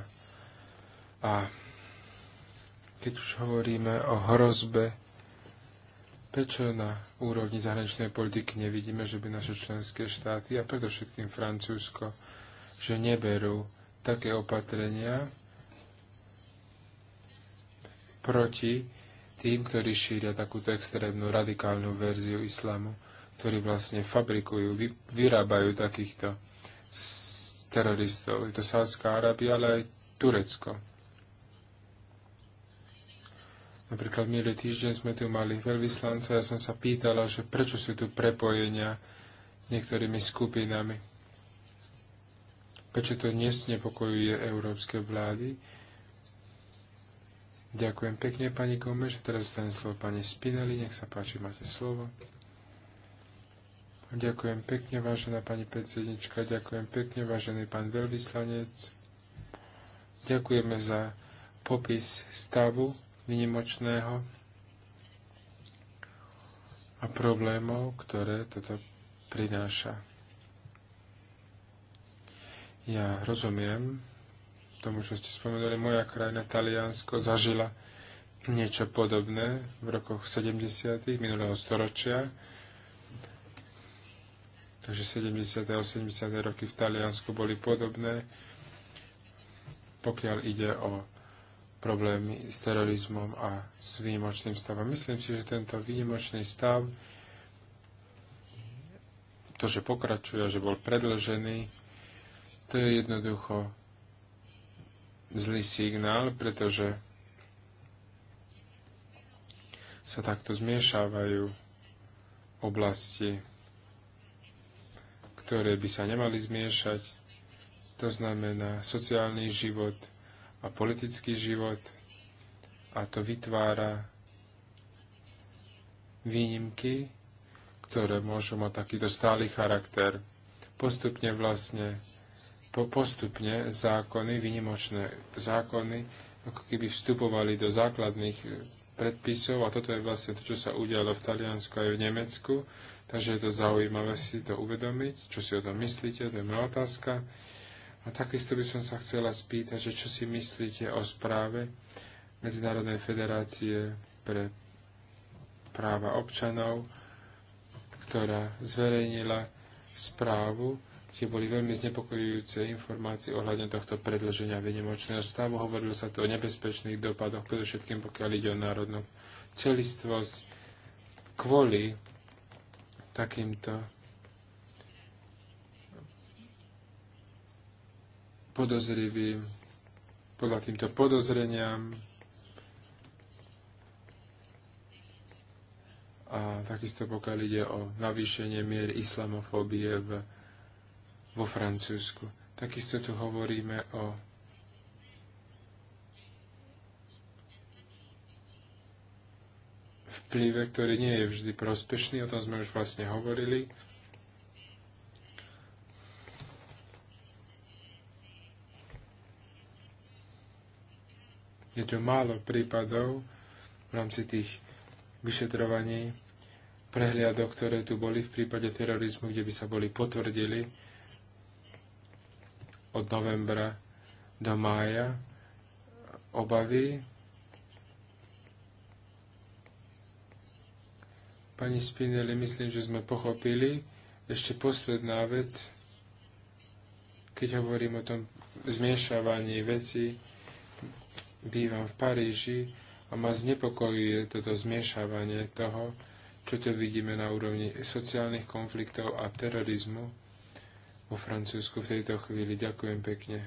A keď už hovoríme o hrozbe Prečo na úrovni zahraničnej politiky nevidíme, že by naše členské štáty a predovšetkým Francúzsko, že neberú také opatrenia proti tým, ktorí šíria takúto extrémnu radikálnu verziu islamu, ktorí vlastne fabrikujú, vy, vyrábajú takýchto teroristov. Je to Sádzka Arábia, ale aj Turecko. Napríklad minulý týždeň sme tu mali veľvyslanca, ja som sa pýtala, že prečo sú tu prepojenia niektorými skupinami. Prečo to nesnepokojuje európske vlády? Ďakujem pekne, pani Gomeš. Teraz dostane slovo pani Spinelli. Nech sa páči, máte slovo. Ďakujem pekne, vážená pani predsednička. Ďakujem pekne, vážený pán veľvyslanec. Ďakujeme za popis stavu vynimočného a problémov, ktoré toto prináša. Ja rozumiem tomu, čo ste spomenuli. Moja krajina Taliansko zažila niečo podobné v rokoch 70. minulého storočia. Takže 70. a 80. roky v Taliansku boli podobné, pokiaľ ide o problémy s terorizmom a s výnimočným stavom. Myslím si, že tento výnimočný stav, to, že pokračuje, že bol predlžený, to je jednoducho zlý signál, pretože sa takto zmiešávajú oblasti, ktoré by sa nemali zmiešať. To znamená sociálny život, a politický život a to vytvára výnimky, ktoré môžu mať takýto stály charakter. Postupne vlastne, po, postupne zákony, výnimočné zákony, ako keby vstupovali do základných predpisov a toto je vlastne to, čo sa udialo v Taliansku aj v Nemecku, takže je to zaujímavé si to uvedomiť, čo si o tom myslíte, to je moja otázka. A takisto by som sa chcela spýtať, že čo si myslíte o správe Medzinárodnej federácie pre práva občanov, ktorá zverejnila správu, kde boli veľmi znepokojujúce informácie ohľadne tohto predlženia vynimočného stavu. Hovorilo sa tu o nebezpečných dopadoch, predovšetkým pokiaľ ide o národnú celistvosť. Kvôli takýmto podozriví podľa týmto podozreniam a takisto pokiaľ ide o navýšenie mier islamofóbie v, vo Francúzsku. Takisto tu hovoríme o vplyve, ktorý nie je vždy prospešný, o tom sme už vlastne hovorili. Je tu málo prípadov v rámci tých vyšetrovaní, prehliadok, ktoré tu boli v prípade terorizmu, kde by sa boli potvrdili od novembra do mája obavy. Pani Spinelli, myslím, že sme pochopili. Ešte posledná vec, keď hovorím o tom zmiešavaní veci, bývam v Paríži a ma znepokojuje toto zmiešavanie toho, čo tu vidíme na úrovni sociálnych konfliktov a terorizmu vo Francúzsku v tejto chvíli. Ďakujem pekne.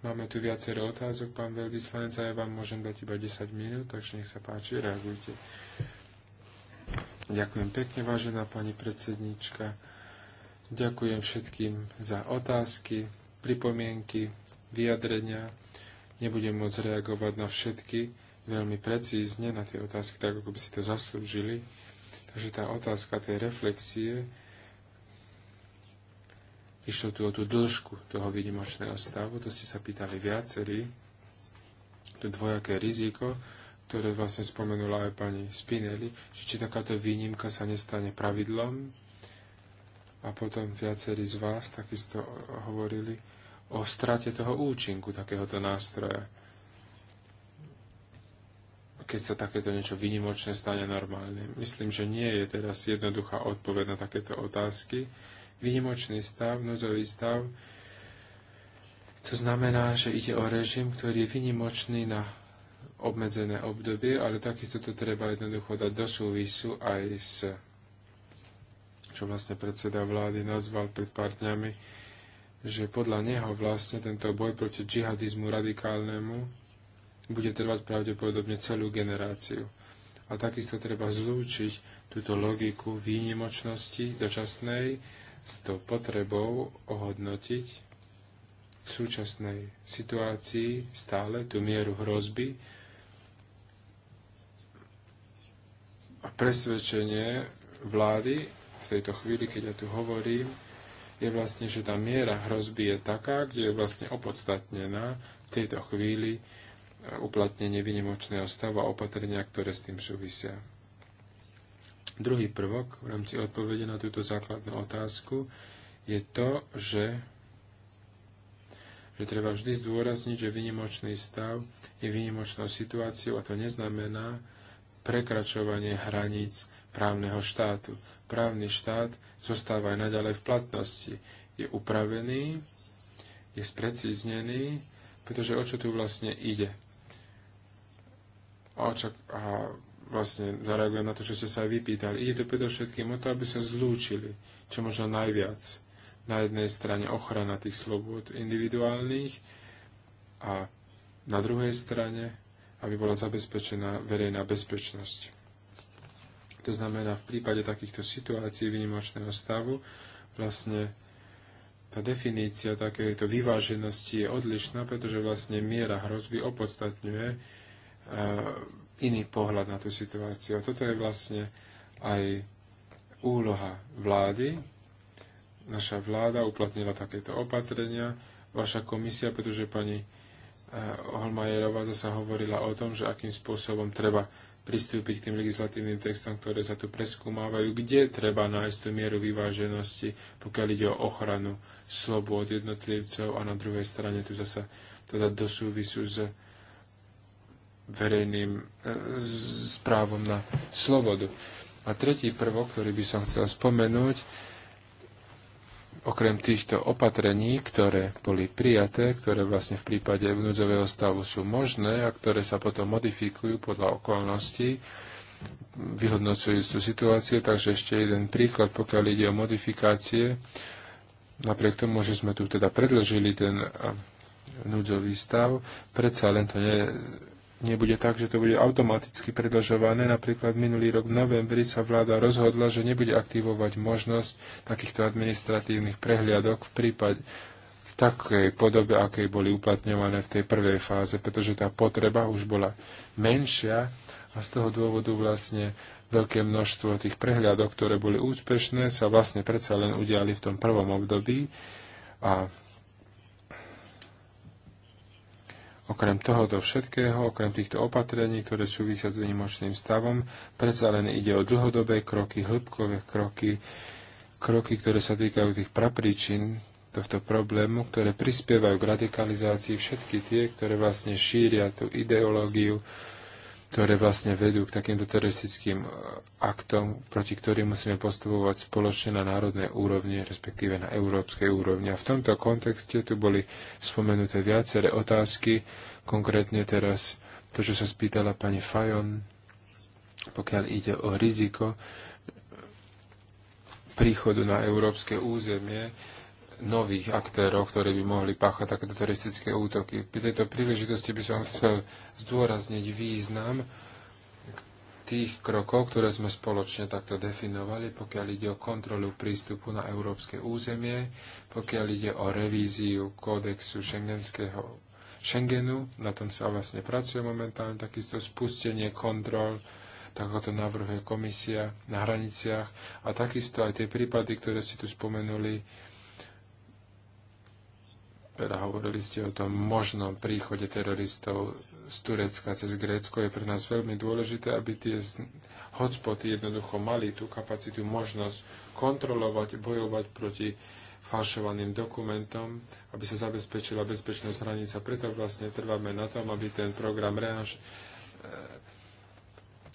Máme tu viacero otázok, pán veľvyslanec, a ja vám môžem dať iba 10 minút, takže nech sa páči, reagujte. Ďakujem pekne, vážená pani predsednička. Ďakujem všetkým za otázky, pripomienky, vyjadrenia. Nebudem môcť reagovať na všetky veľmi precízne, na tie otázky, tak ako by si to zaslúžili. Takže tá otázka tej reflexie, išlo tu o tú dĺžku toho výnimočného stavu, to ste sa pýtali viacerí, to dvojaké riziko, ktoré vlastne spomenula aj pani Spinelli, že či takáto výnimka sa nestane pravidlom. A potom viacerí z vás takisto hovorili o strate toho účinku takéhoto nástroja. Keď sa takéto niečo vynimočné stane normálne. Myslím, že nie je teraz jednoduchá odpoveď na takéto otázky. Vynimočný stav, núdzový stav, to znamená, že ide o režim, ktorý je vynimočný na obmedzené obdobie, ale takisto to treba jednoducho dať do súvisu aj s, čo vlastne predseda vlády nazval pred pár dňami, že podľa neho vlastne tento boj proti džihadizmu radikálnemu bude trvať pravdepodobne celú generáciu. A takisto treba zlúčiť túto logiku výnimočnosti dočasnej s tou potrebou ohodnotiť v súčasnej situácii stále tú mieru hrozby, a presvedčenie vlády v tejto chvíli, keď ja tu hovorím, je vlastne, že tá miera hrozby je taká, kde je vlastne opodstatnená v tejto chvíli e, uplatnenie vynimočného stavu a opatrenia, ktoré s tým súvisia. Druhý prvok v rámci odpovede na túto základnú otázku je to, že, že treba vždy zdôrazniť, že vynimočný stav je vynimočnou situáciou a to neznamená prekračovanie hraníc právneho štátu. Právny štát zostáva aj naďalej v platnosti. Je upravený, je sprecíznený, pretože o čo tu vlastne ide. A, očak, a vlastne zareagujem na to, čo ste sa aj vypýtali. Ide to predovšetkým o to, aby sa zlúčili, čo možno najviac. Na jednej strane ochrana tých slobod individuálnych a na druhej strane, aby bola zabezpečená verejná bezpečnosť. To znamená, v prípade takýchto situácií výnimočného stavu vlastne tá definícia takéto vyváženosti je odlišná, pretože vlastne miera hrozby opodstatňuje e, iný pohľad na tú situáciu. Toto je vlastne aj úloha vlády. Naša vláda uplatnila takéto opatrenia, vaša komisia, pretože pani e, Holmajerová zasa hovorila o tom, že akým spôsobom treba pristúpiť k tým legislatívnym textom, ktoré sa tu preskúmávajú, kde treba nájsť tú mieru vyváženosti, pokiaľ ide o ochranu slobod, jednotlivcov a na druhej strane tu zase teda do súvisu s verejným e, s právom na slobodu. A tretí prvok, ktorý by som chcel spomenúť, okrem týchto opatrení, ktoré boli prijaté, ktoré vlastne v prípade núdzového stavu sú možné a ktoré sa potom modifikujú podľa okolností, vyhodnocujú situáciu. Takže ešte jeden príklad, pokiaľ ide o modifikácie. Napriek tomu, že sme tu teda predložili ten núdzový stav, predsa len to ne, nebude tak, že to bude automaticky predlžované. Napríklad minulý rok v novembri sa vláda rozhodla, že nebude aktivovať možnosť takýchto administratívnych prehliadok v prípade v takej podobe, akej boli uplatňované v tej prvej fáze, pretože tá potreba už bola menšia a z toho dôvodu vlastne veľké množstvo tých prehliadok, ktoré boli úspešné, sa vlastne predsa len udiali v tom prvom období a Okrem toho do všetkého, okrem týchto opatrení, ktoré súvisia s vynimočným stavom, predsa len ide o dlhodobé kroky, hĺbkové kroky, kroky, ktoré sa týkajú tých prapríčin tohto problému, ktoré prispievajú k radikalizácii všetky tie, ktoré vlastne šíria tú ideológiu, ktoré vlastne vedú k takýmto teroristickým e, aktom, proti ktorým musíme postupovať spoločne na národnej úrovni, respektíve na európskej úrovni. A v tomto kontexte tu boli spomenuté viaceré otázky, konkrétne teraz to, čo sa spýtala pani Fajon, pokiaľ ide o riziko príchodu na európske územie, nových aktérov, ktorí by mohli páchať takéto teroristické útoky. Pri tejto príležitosti by som chcel zdôrazniť význam tých krokov, ktoré sme spoločne takto definovali, pokiaľ ide o kontrolu prístupu na európske územie, pokiaľ ide o revíziu kódexu šengenského Schengenu, na tom sa vlastne pracuje momentálne, takisto spustenie kontrol, tak ako to navrhuje komisia na hraniciach a takisto aj tie prípady, ktoré ste tu spomenuli, teda hovorili ste o tom možnom príchode teroristov z Turecka cez Grécko. Je pre nás veľmi dôležité, aby tie hotspoty jednoducho mali tú kapacitu, možnosť kontrolovať, bojovať proti falšovaným dokumentom, aby sa zabezpečila bezpečnosť hranica. Preto vlastne trváme na tom, aby ten program reaž eh,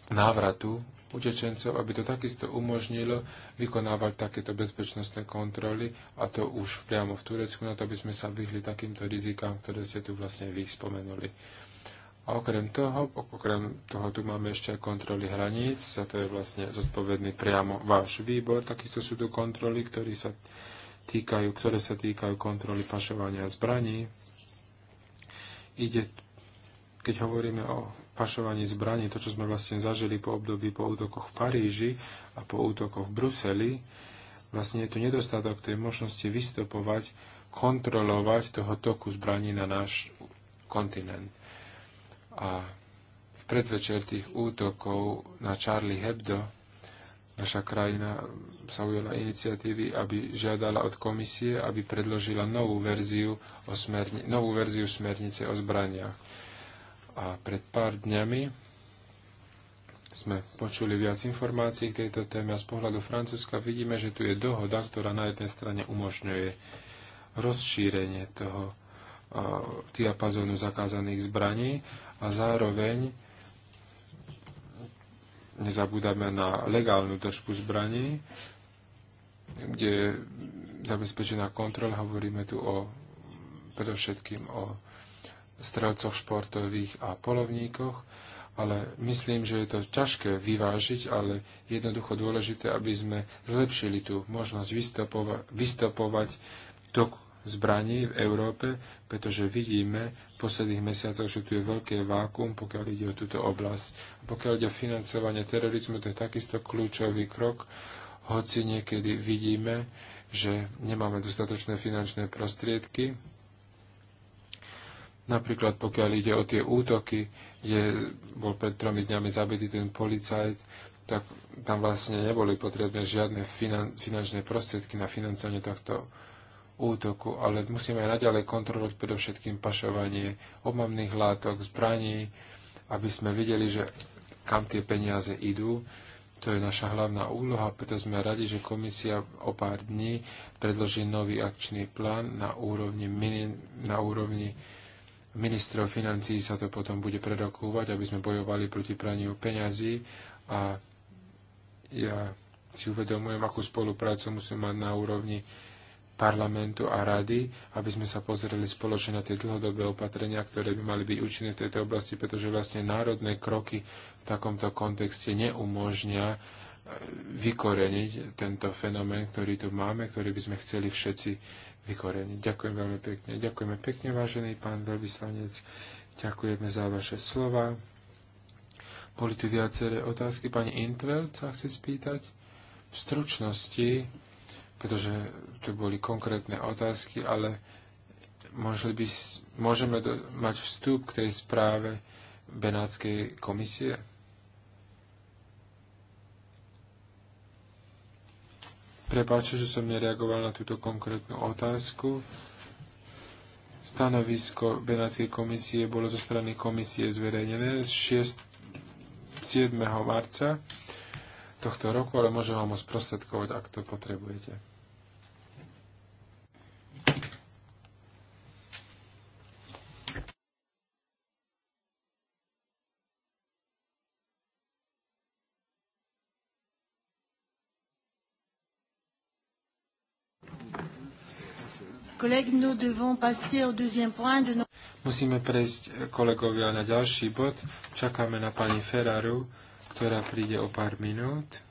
návratu utečencov, aby to takisto umožnilo vykonávať takéto bezpečnostné kontroly a to už priamo v Turecku, na to by sme sa vyhli takýmto rizikám, ktoré ste tu vlastne vy spomenuli. A okrem toho, okrem toho tu máme ešte kontroly hraníc, za to je vlastne zodpovedný priamo váš výbor. Takisto sú tu kontroly, ktoré sa týkajú, ktoré sa týkajú kontroly pašovania zbraní. Ide, keď hovoríme o pašovaní zbraní, to, čo sme vlastne zažili po období po útokoch v Paríži a po útokoch v Bruseli, vlastne je tu nedostatok tej možnosti vystopovať, kontrolovať toho toku zbraní na náš kontinent. A v predvečer tých útokov na Charlie Hebdo naša krajina sa ujela iniciatívy, aby žiadala od komisie, aby predložila novú verziu, o smerni- novú verziu smernice o zbraniach. A pred pár dňami sme počuli viac informácií k tejto téme a z pohľadu Francúzska vidíme, že tu je dohoda, ktorá na jednej strane umožňuje rozšírenie toho diapazónu zakázaných zbraní a zároveň nezabúdame na legálnu držbu zbraní, kde je zabezpečená kontrola. Hovoríme tu o, predovšetkým o strelcoch športových a polovníkoch, ale myslím, že je to ťažké vyvážiť, ale jednoducho dôležité, aby sme zlepšili tú možnosť vystopova- vystopovať tok zbraní v Európe, pretože vidíme v posledných mesiacoch, že tu je veľké vákum, pokiaľ ide o túto oblasť. Pokiaľ ide o financovanie terorizmu, to je takisto kľúčový krok, hoci niekedy vidíme, že nemáme dostatočné finančné prostriedky Napríklad pokiaľ ide o tie útoky, kde bol pred tromi dňami zabitý ten policajt, tak tam vlastne neboli potrebné žiadne finan- finančné prostriedky na financovanie tohto útoku, ale musíme aj naďalej kontrolovať predovšetkým pašovanie omamných látok, zbraní, aby sme videli, že kam tie peniaze idú. To je naša hlavná úloha, preto sme radi, že komisia o pár dní predloží nový akčný plán na úrovni, mini- na úrovni ministrov financí sa to potom bude prerokúvať, aby sme bojovali proti praniu peňazí a ja si uvedomujem, akú spoluprácu musíme mať na úrovni parlamentu a rady, aby sme sa pozreli spoločne na tie dlhodobé opatrenia, ktoré by mali byť účinné v tejto oblasti, pretože vlastne národné kroky v takomto kontexte neumožňa e, vykoreniť tento fenomén, ktorý tu máme, ktorý by sme chceli všetci vykorení. Ďakujem veľmi pekne. Ďakujeme pekne, vážený pán veľvyslanec. Ďakujeme za vaše slova. Boli tu viaceré otázky. Pani Intveld sa chce spýtať v stručnosti, pretože tu boli konkrétne otázky, ale by, môžeme do, mať vstup k tej správe Benátskej komisie? Prepáčte, že som nereagoval na túto konkrétnu otázku. Stanovisko Benátskej komisie bolo zo strany komisie zverejnené 6, 7. marca tohto roku, ale môžem vám ho sprostredkovať, ak to potrebujete. Musíme prejsť, eh, kolegovia, na ďalší bod. Čakáme na pani Ferraru, ktorá príde o pár minút.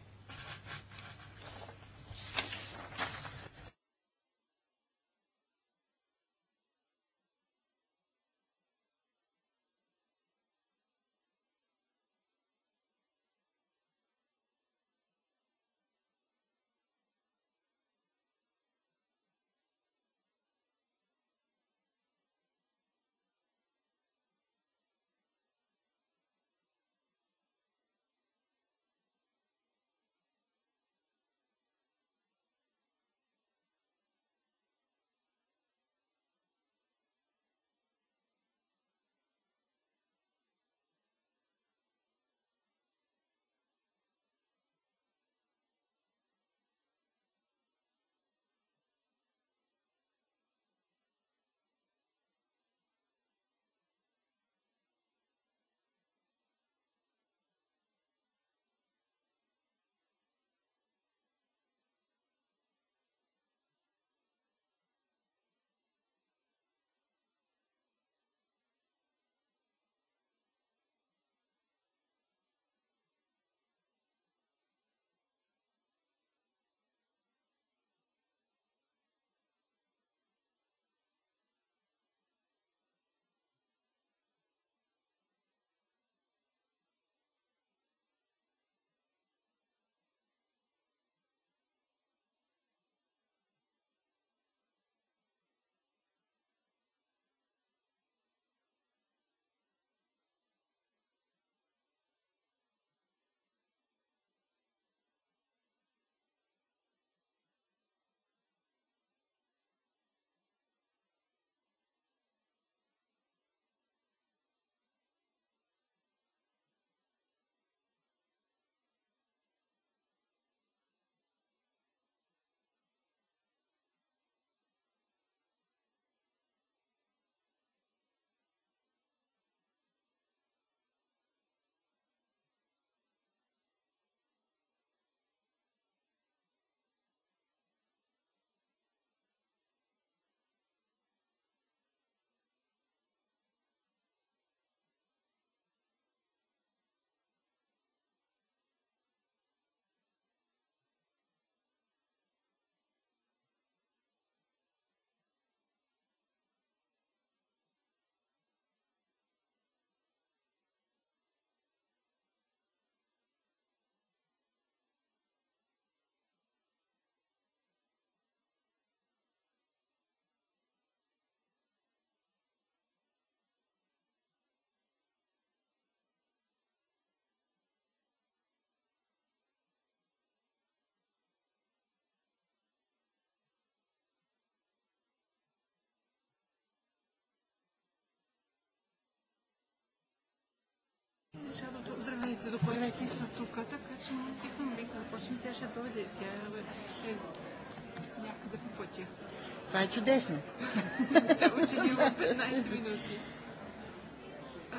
защото здравейте, докладчици са тук, така че бихме могли да започнем. Тя ще дойде. Тя е, е някъде по пътя. Това е чудесно. Само, че има 15 минути. А,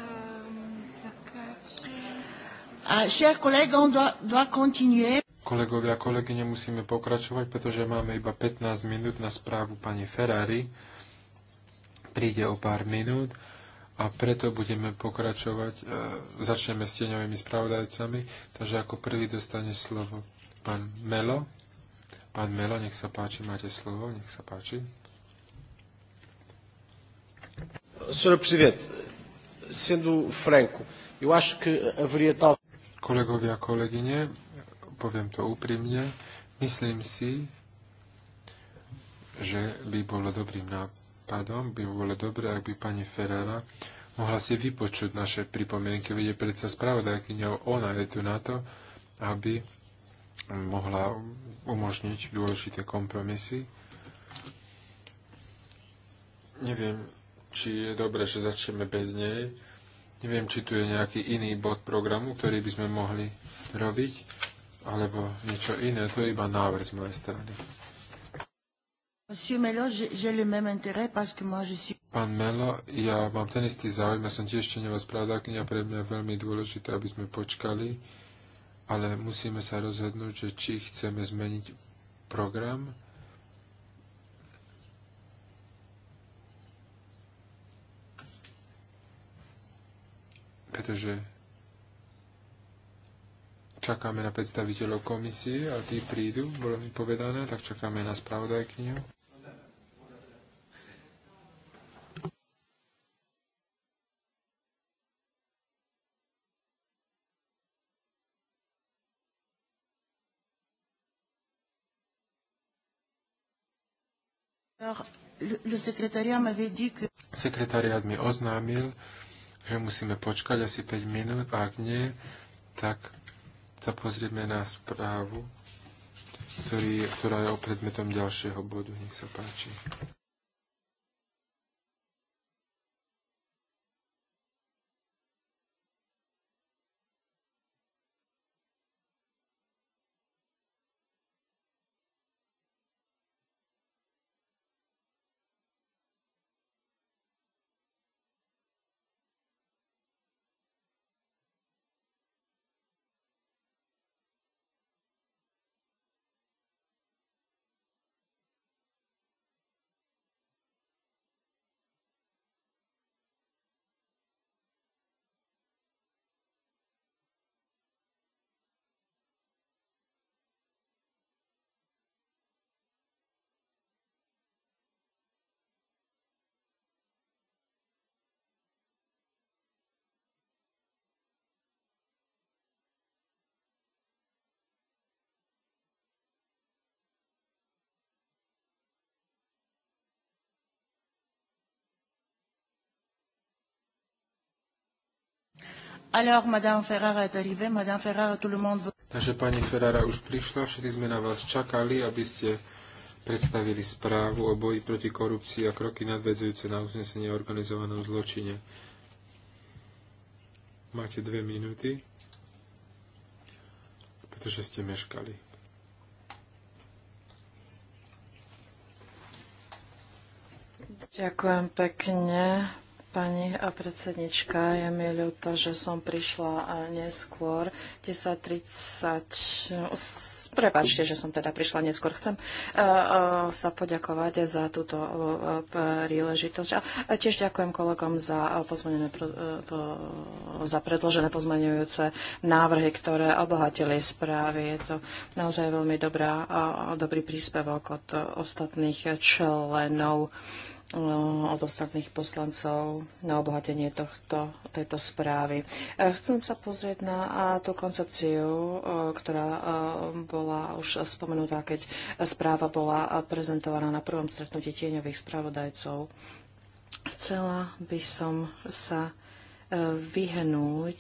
така че... А, шер колега, он doit continuer. Kolegovia, kolegyne, musíme pokračovať, pretože máme iba 15 minút na správu pani Ferrari. Príde o pár minút a preto budeme pokračovať. E, začneme s tieňovými spravodajcami, takže ako prvý dostane slovo pán Melo. Pán Melo, nech sa páči, máte slovo, nech sa páči. Senhor Presidente, sendo franco, eu acho que haveria tal... Kolegovia a kolegyne, poviem to úprimne, myslím si, že by bolo dobrým nápadom pádom by bolo dobré, ak by pani Ferrara mohla si vypočuť naše pripomienky, vedie predsa spravodajkyňou, ona je tu na to, aby mohla umožniť dôležité kompromisy. Neviem, či je dobré, že začneme bez nej. Neviem, či tu je nejaký iný bod programu, ktorý by sme mohli robiť, alebo niečo iné. To je iba návrh z mojej strany. Pán Melo, ja mám ten istý záujem, ja som tiež čeňová správdakňa, pre mňa je veľmi dôležité, aby sme počkali, ale musíme sa rozhodnúť, že či chceme zmeniť program, pretože čakáme na predstaviteľov komisie a tí prídu, bolo mi povedané, tak čakáme na spravodajkyňu. Sekretariat mi oznámil, že musíme počkať asi 5 minút a ak nie, tak sa pozrieme na správu, ktorý, ktorá je o predmetom ďalšieho bodu. Nech sa páči. Alors, Madame Ferrara est arrivée. Madame Ferrara, tout le monde... Takže pani Ferrara už prišla, všetci sme na vás čakali, aby ste predstavili správu o boji proti korupcii a kroky nadvedzujúce na uznesenie organizovanom zločine. Máte dve minúty, pretože ste meškali. Ďakujem pekne, Pani predsednička, je mi ľúto, že som prišla eh, neskôr. 10.30, no, prepačte, že som teda prišla neskôr. Chcem eh, eh, sa poďakovať za túto príležitosť. A tiež ďakujem kolegom za, za predložené pozmenujúce návrhy, ktoré obohatili správy. Je to naozaj veľmi dobrá, dobrý príspevok od ostatných členov. Eh, od ostatných poslancov na obohatenie tohto, tejto správy. Eh, chcem sa pozrieť na tú koncepciu, eh, ktorá bola už spomenutá, keď správa bola prezentovaná na prvom stretnutí tieňových spravodajcov. Chcela by som sa vyhnúť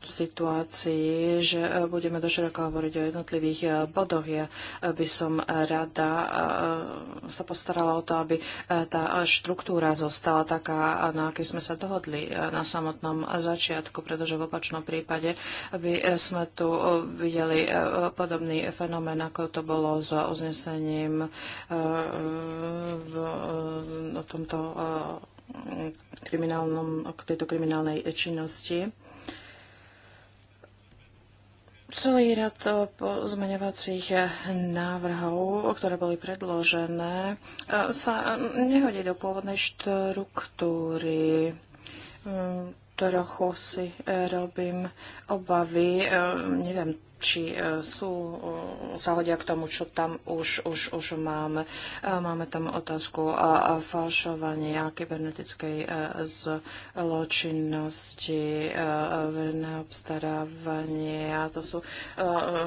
situácii, že budeme doširoka hovoriť o jednotlivých eh, bodoch. Ja eh, by som eh, rada sa postarala o to, aby tá štruktúra zostala taká, na aký sme sa dohodli na samotnom začiatku, pretože v opačnom prípade by sme tu videli podobný fenomén, ako to bolo s uznesením o tomto kriminálnom, k tejto kriminálnej činnosti. Celý rad eh, pozmeňovacích eh, návrhov, eh, ktoré boli predložené, sa nehodí do pôvodnej štruktúry. Mm, trochu si robím obavy, neviem, či e, sú, e, sa hodia k tomu, čo tam už, už, už máme. E, máme tam otázku a falšovania kybernetickej zločinnosti, obstarávanie. A To sú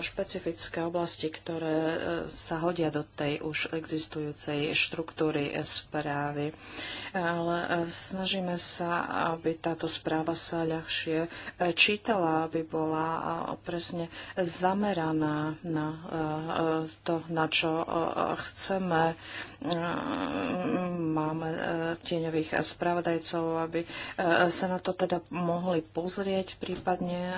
špecifické oblasti, ktoré sa hodia do tej už existujúcej štruktúry správy. Ale snažíme sa, aby táto správa sa ľahšie čítala, aby bola presne zameraná na eh, to, na čo eh, chceme. Eh, máme tieňových spravodajcov, aby sa na to teda mohli pozrieť prípadne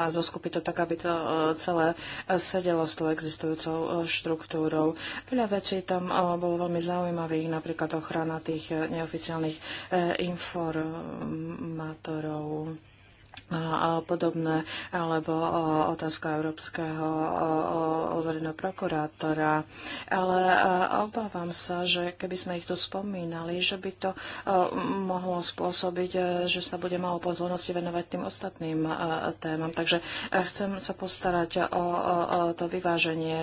a, zoskupiť to tak, aby to celé sedelo s tou existujúcou štruktúrou. Veľa vecí tam bolo veľmi zaujímavých, napríklad ochrana tých neoficiálnych informátorov podobné, alebo otázka Európskeho verejného prokurátora. Ale e, obávam sa, že keby sme ich tu spomínali, že by to e, mohlo spôsobiť, e, že sa bude malo pozornosti venovať tým ostatným témam. Takže chcem sa postarať o to vyváženie,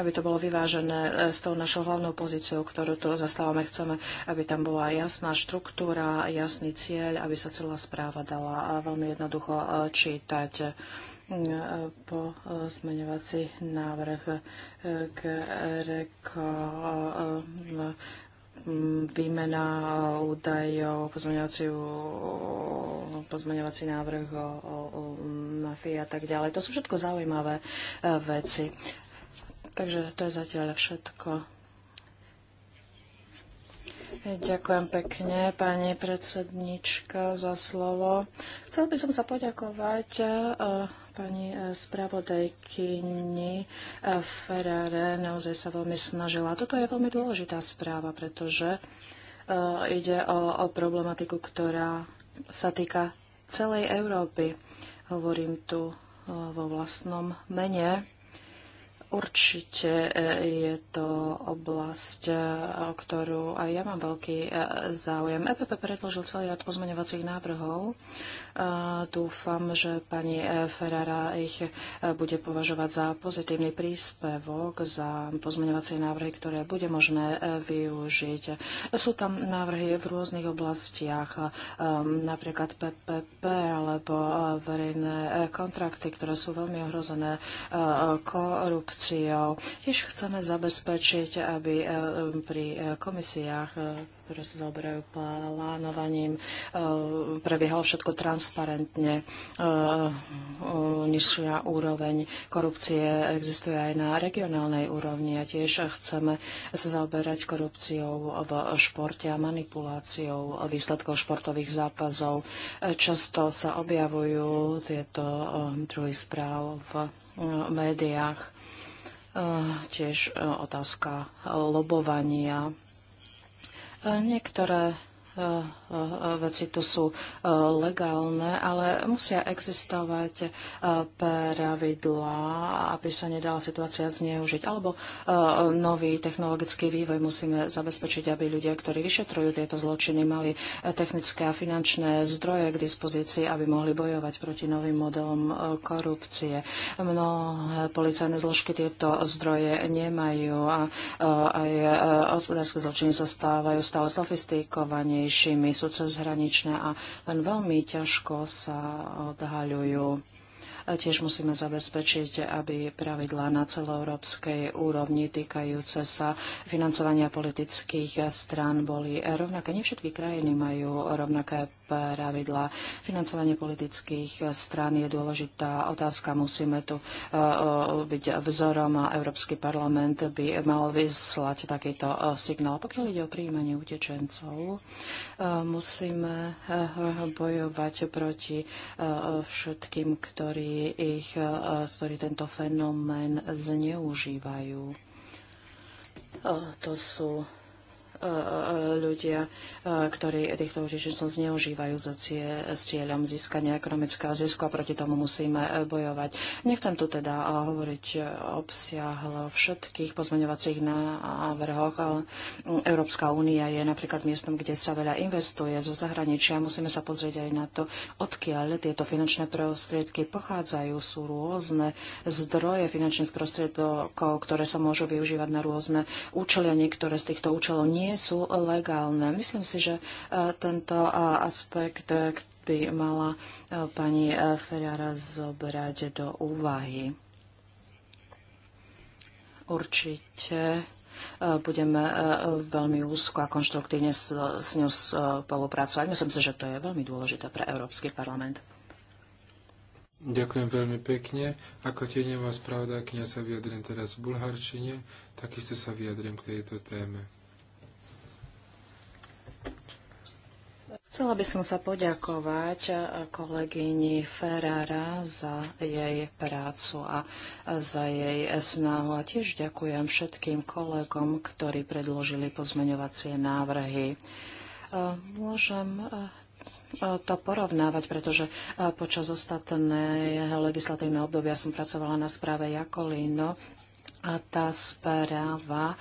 aby to bolo vyvážené s tou našou hlavnou pozíciou, ktorú tu zastávame. Chceme, aby tam bola jasná štruktúra, jasný cieľ, aby sa celá správa dala veľmi jednoducho e, čítať e, po e, zmeňovací návrh k reko výmena údajov, pozmeňovací návrh o, o, o mafii a tak ďalej. To sú všetko zaujímavé veci. Takže to je zatiaľ všetko. Ďakujem pekne, pani predsednička, za slovo. Chcel by som sa poďakovať e, pani e, spravodajkyni e, Ferrare. Naozaj sa veľmi snažila. Toto je veľmi dôležitá správa, pretože ide o, o problematiku, ktorá sa týka celej Európy. Hovorím tu vo vlastnom mene. Určite e, je to oblasť, o e, ktorú aj ja mám veľký e, záujem. EPP predložil celý rad pozmeňovacích návrhov, Dúfam, že pani e, Ferrara ich e, bude považovať za pozitívny príspevok, za pozmeňovacie návrhy, ktoré bude možné e, využiť. Sú tam návrhy v rôznych oblastiach, napríklad PPP alebo verejné kontrakty, ktoré sú veľmi ohrozené korupciou. Tiež chceme zabezpečiť, aby pri komisiách ktoré sa zaoberajú plánovaním, e, prebiehalo všetko transparentne. E, e, nižšia úroveň korupcie existuje aj na regionálnej úrovni a tiež chceme sa zaoberať korupciou v športe a manipuláciou výsledkov športových zápasov. Často sa objavujú tieto druhy správ v médiách. Tiež otázka lobovania E, niektoré Eh, eh, veci tu sú eh, legálne, ale musia existovať pravidlá, aby sa nedala situácia zneužiť. Alebo nový technologický vývoj musíme zabezpečiť, aby ľudia, ktorí vyšetrujú tieto zločiny, mali technické a finančné zdroje k dispozícii, aby mohli bojovať proti novým modelom korupcie. Mnohé policajné zložky tieto zdroje nemajú a aj hospodárske zločiny sa stávajú stále sofistikovaní najrôznejšími, sú cezhraničné a len veľmi ťažko sa odhaľujú. Tiež musíme zabezpečiť, aby pravidlá na celoeurópskej úrovni týkajúce sa financovania politických strán boli rovnaké. Nie všetky krajiny majú rovnaké pravidlá. Financovanie politických strán je dôležitá otázka. Musíme tu e, e, byť vzorom a Európsky parlament by mal vyslať takýto e, signál. Pokiaľ ide o príjmanie utečencov, musíme bojovať proti všetkým, ktorí, ich, ktorí tento fenomén zneužívajú. To sú ľudia, e, ktorí týchto utečencov zneužívajú za cie, s cieľom získania ekonomického zisku a proti tomu musíme e, bojovať. Nechcem tu teda e, hovoriť obsiahlo všetkých pozmeňovacích návrhoch, Európska únia je napríklad miestom, kde sa veľa investuje zo zahraničia. Musíme sa pozrieť aj na to, odkiaľ tieto finančné prostriedky pochádzajú. Sú rôzne zdroje finančných prostriedkov, ktoré sa môžu využívať na rôzne účely a niektoré z týchto účelov nie nie sú legálne. Myslím si, že e, tento e, aspekt e, by mala pani Ferrara zobrať do úvahy. Určite budeme veľmi úzko a konštruktívne s, s ňou spolupracovať. Myslím si, že to je veľmi dôležité pre Európsky parlament. Ďakujem veľmi pekne. Ako tieňová spravodajkňa sa vyjadrím teraz v bulharčine, takisto sa vyjadrím k tejto téme. Chcela by som sa poďakovať kolegyni Ferrara za jej prácu a za jej snahu. A tiež ďakujem všetkým kolegom, ktorí predložili pozmeňovacie návrhy. E, môžem e, e, to porovnávať, pretože počas ostatného legislatívneho obdobia som pracovala na správe Jakolino a tá správa e,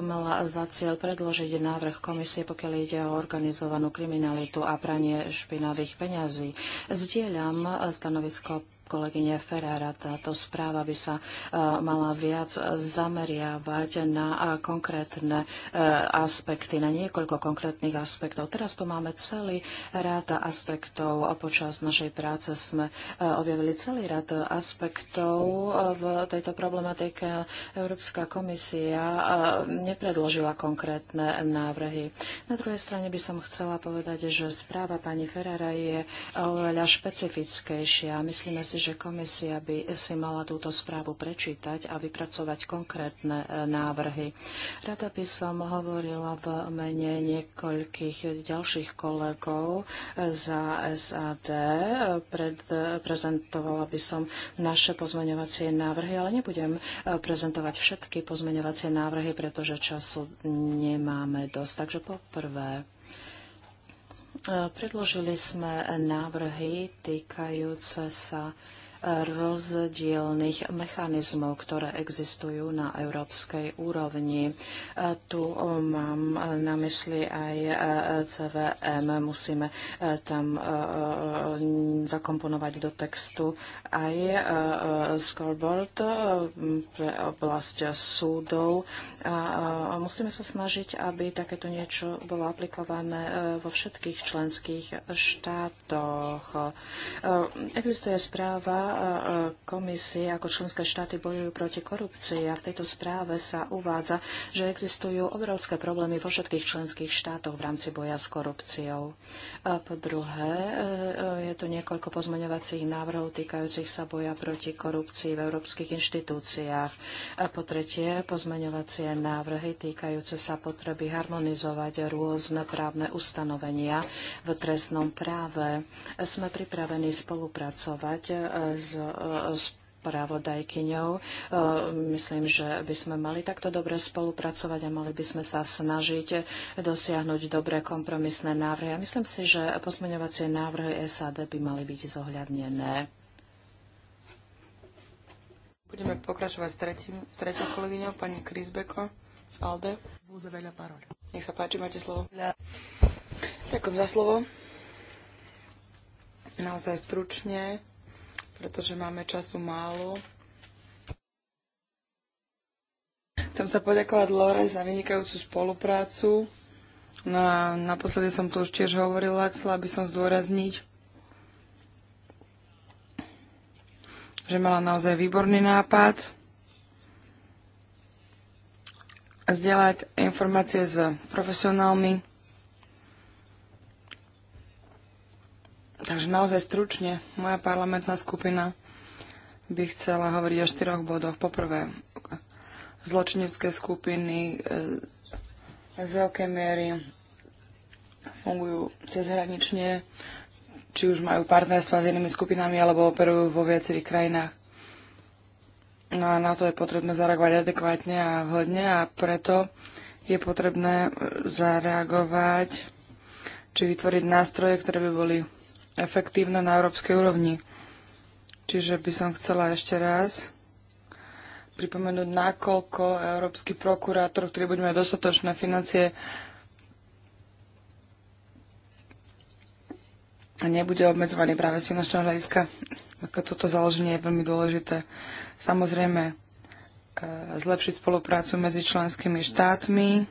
mala za cieľ predložiť návrh komisie, pokiaľ ide o organizovanú kriminalitu a pranie špinavých peňazí. Zdieľam e, stanovisko kolegyne Ferrara. Táto správa by sa eh, mala viac eh, zameriavať na eh, konkrétne aspekty, na niekoľko konkrétnych aspektov. Teraz tu máme celý rád aspektov. Počas našej práce sme objavili celý rád aspektov v tejto problematike. Európska komisia nepredložila konkrétne návrhy. Na druhej strane by som chcela povedať, že správa pani Ferrara je oveľa špecifickejšia. Myslíme si, že komisia by si mala túto správu prečítať a vypracovať konkrétne e, návrhy. Rada by som hovorila v mene niekoľkých ďalších kolegov e, za SAD. Pred, e, prezentovala by som naše pozmeňovacie návrhy, ale nebudem prezentovať všetky pozmeňovacie návrhy, pretože času nemáme dosť. Takže poprvé. Predložili sme návrhy týkajúce sa rozdielných mechanizmov, ktoré existujú na európskej úrovni. Tu mám na mysli aj e, CVM. Musíme e, tam e, zakomponovať do textu aj scoreboard pre oblasť súdov. A musíme sa snažiť, aby takéto niečo bolo aplikované vo všetkých členských štátoch. Existuje správa komisie ako členské štáty bojujú proti korupcii a v tejto správe sa uvádza, že existujú obrovské problémy vo všetkých členských štátoch v rámci boja s korupciou. A po druhé, e, je to niekoľko pozmeňovacích návrhov týkajúcich sa boja proti korupcii v európskych inštitúciách. A po tretie, pozmeňovacie návrhy týkajúce sa potreby harmonizovať rôzne právne ustanovenia v trestnom práve. Sme pripravení spolupracovať e, s, e, s pravodajkyňou. E, myslím, že by sme mali takto dobre spolupracovať a mali by sme sa snažiť dosiahnuť dobré kompromisné návrhy. A myslím si, že pozmeňovacie návrhy SAD by mali byť zohľadnené. Budeme pokračovať s tretím, tretou kolegyňou, pani Krisbeko z ALDE. Nech sa páči, máte slovo. Ďakujem za slovo. Naozaj stručne pretože máme času málo. Chcem sa poďakovať Lore za vynikajúcu spoluprácu. No a naposledy som to už tiež hovorila, chcela by som zdôrazniť, že mala naozaj výborný nápad zdieľať informácie s profesionálmi Takže naozaj stručne, moja parlamentná skupina by chcela hovoriť o štyroch bodoch. Poprvé, zločinecké skupiny e, z veľkej miery fungujú cezhranične, či už majú partnerstva s inými skupinami alebo operujú vo viacerých krajinách. No a na to je potrebné zareagovať adekvátne a vhodne a preto je potrebné e, zareagovať či vytvoriť nástroje, ktoré by boli efektívne na európskej úrovni. Čiže by som chcela ešte raz pripomenúť, nakoľko európsky prokurátor, ktorý bude mať dostatočné financie, a nebude obmedzovaný práve z finančného hľadiska. Toto založenie je veľmi dôležité. Samozrejme, e, zlepšiť spoluprácu medzi členskými štátmi,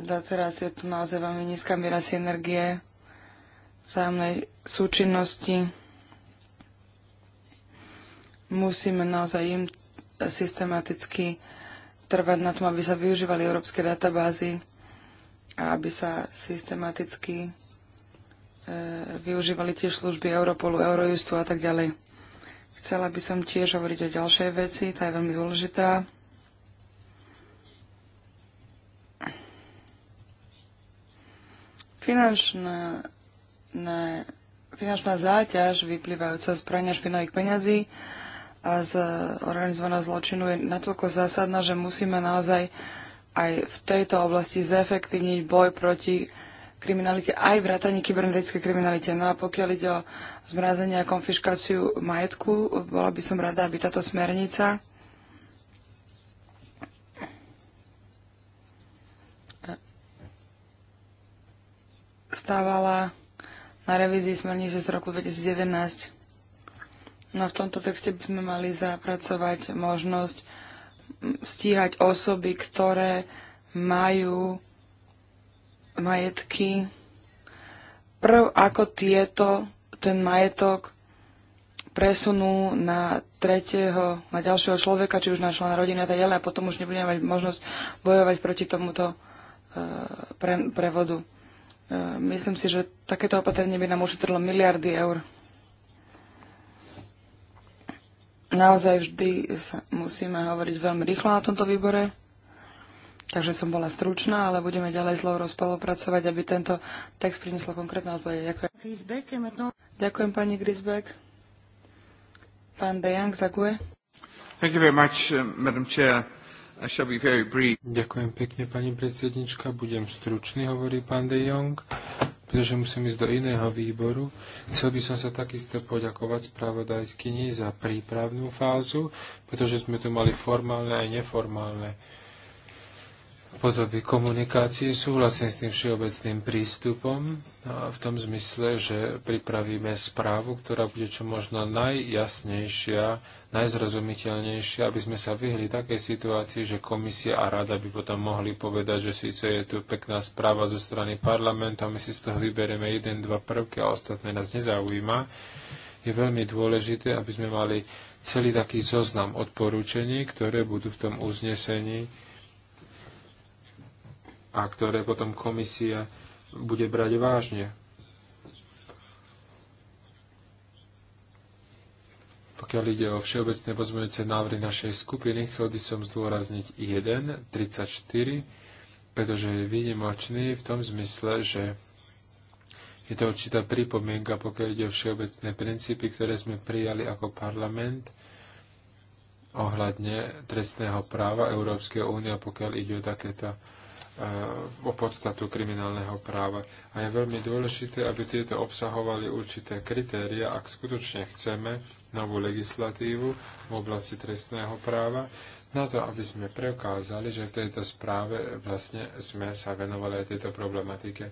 Doteraz je tu naozaj veľmi nízka miera synergie, vzájomnej súčinnosti. Musíme naozaj im systematicky trvať na tom, aby sa využívali európske databázy a aby sa systematicky e, využívali tiež služby Europolu, Eurojustu a tak ďalej. Chcela by som tiež hovoriť o ďalšej veci, tá je veľmi dôležitá. Finančná, ne, finančná záťaž vyplývajúca z prania špinových peňazí a z organizovaného zločinu je natoľko zásadná, že musíme naozaj aj v tejto oblasti zefektívniť boj proti kriminalite, aj vrátanie kybernetickej kriminalite. No a pokiaľ ide o zmrazenie a konfiškáciu majetku, bola by som rada, aby táto smernica stávala na revízii smernice z roku 2011. No v tomto texte by sme mali zapracovať možnosť stíhať osoby, ktoré majú majetky prv ako tieto, ten majetok presunú na tretieho, na ďalšieho človeka, či už na člena rodiny a tak ďalej, a potom už nebudeme mať možnosť bojovať proti tomuto uh, pre, prevodu. Eh, myslím si, že takéto opatrenie by nám ušetrilo miliardy eur. Naozaj vždy sa musíme hovoriť veľmi rýchlo na tomto výbore, takže som bola stručná, ale budeme ďalej s Laurou spolupracovať, aby tento text priniesol konkrétne odpovede. Ďakujem. Ďakujem pani Grisbeck. Pán Dejang zakuje. Thank you very much, eh, Madam Chair. Ďakujem pekne, pani predsednička. Budem stručný, hovorí pán De Jong, pretože musím ísť do iného výboru. Chcel by som sa takisto poďakovať spravodajkyni za prípravnú fázu, pretože sme tu mali formálne aj neformálne podoby komunikácie. Súhlasím s tým všeobecným prístupom v tom zmysle, že pripravíme správu, ktorá bude čo možno najjasnejšia najzrozumiteľnejšie, aby sme sa vyhli takej situácii, že komisia a rada by potom mohli povedať, že síce je tu pekná správa zo strany parlamentu a my si z toho vyberieme jeden, dva prvky a ostatné nás nezaujíma. Je veľmi dôležité, aby sme mali celý taký zoznam odporúčení, ktoré budú v tom uznesení a ktoré potom komisia bude brať vážne. Pokiaľ ide o všeobecné pozmeňujúce návrhy našej skupiny, chcel by som zdôrazniť 1, 34, pretože je výnimočný v tom zmysle, že je to určitá pripomienka, pokiaľ ide o všeobecné princípy, ktoré sme prijali ako parlament ohľadne trestného práva Európskej únie, pokiaľ ide o takéto eh, o podstatu kriminálneho práva. A je veľmi dôležité, aby tieto obsahovali určité kritéria, ak skutočne chceme novú legislatívu v oblasti trestného práva, na to, aby sme preukázali, že v tejto správe vlastne sme sa venovali aj tejto problematike.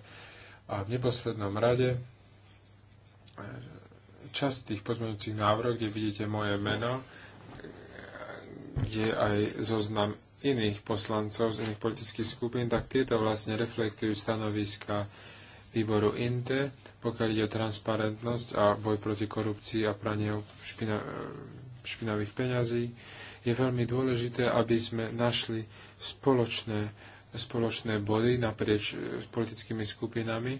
A v neposlednom rade e, časť tých pozmeňujúcich návrhov, kde vidíte moje meno, kde je aj zoznam iných poslancov z iných politických skupín, tak tieto vlastne reflektujú stanoviska výboru INTE pokiaľ ide o transparentnosť a boj proti korupcii a praniu špina, e, špinavých peňazí, je veľmi dôležité, aby sme našli spoločné, spoločné body naprieč e, politickými skupinami,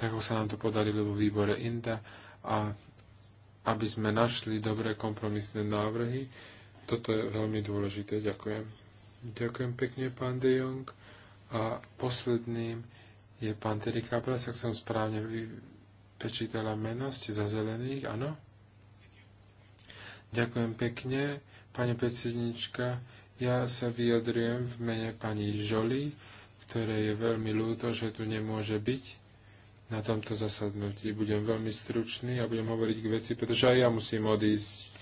tak ako sa nám to podarilo vo výbore INTA, a aby sme našli dobré kompromisné návrhy. Toto je veľmi dôležité. Ďakujem. Ďakujem pekne, pán De Jong. A posledným je pán Terry Kapras, ak som správne vy prečítala meno, ste za zelených, áno? Ďakujem pekne, pani predsednička. Ja sa vyjadrujem v mene pani Žoli, ktoré je veľmi ľúto, že tu nemôže byť na tomto zasadnutí. Budem veľmi stručný a budem hovoriť k veci, pretože aj ja musím odísť.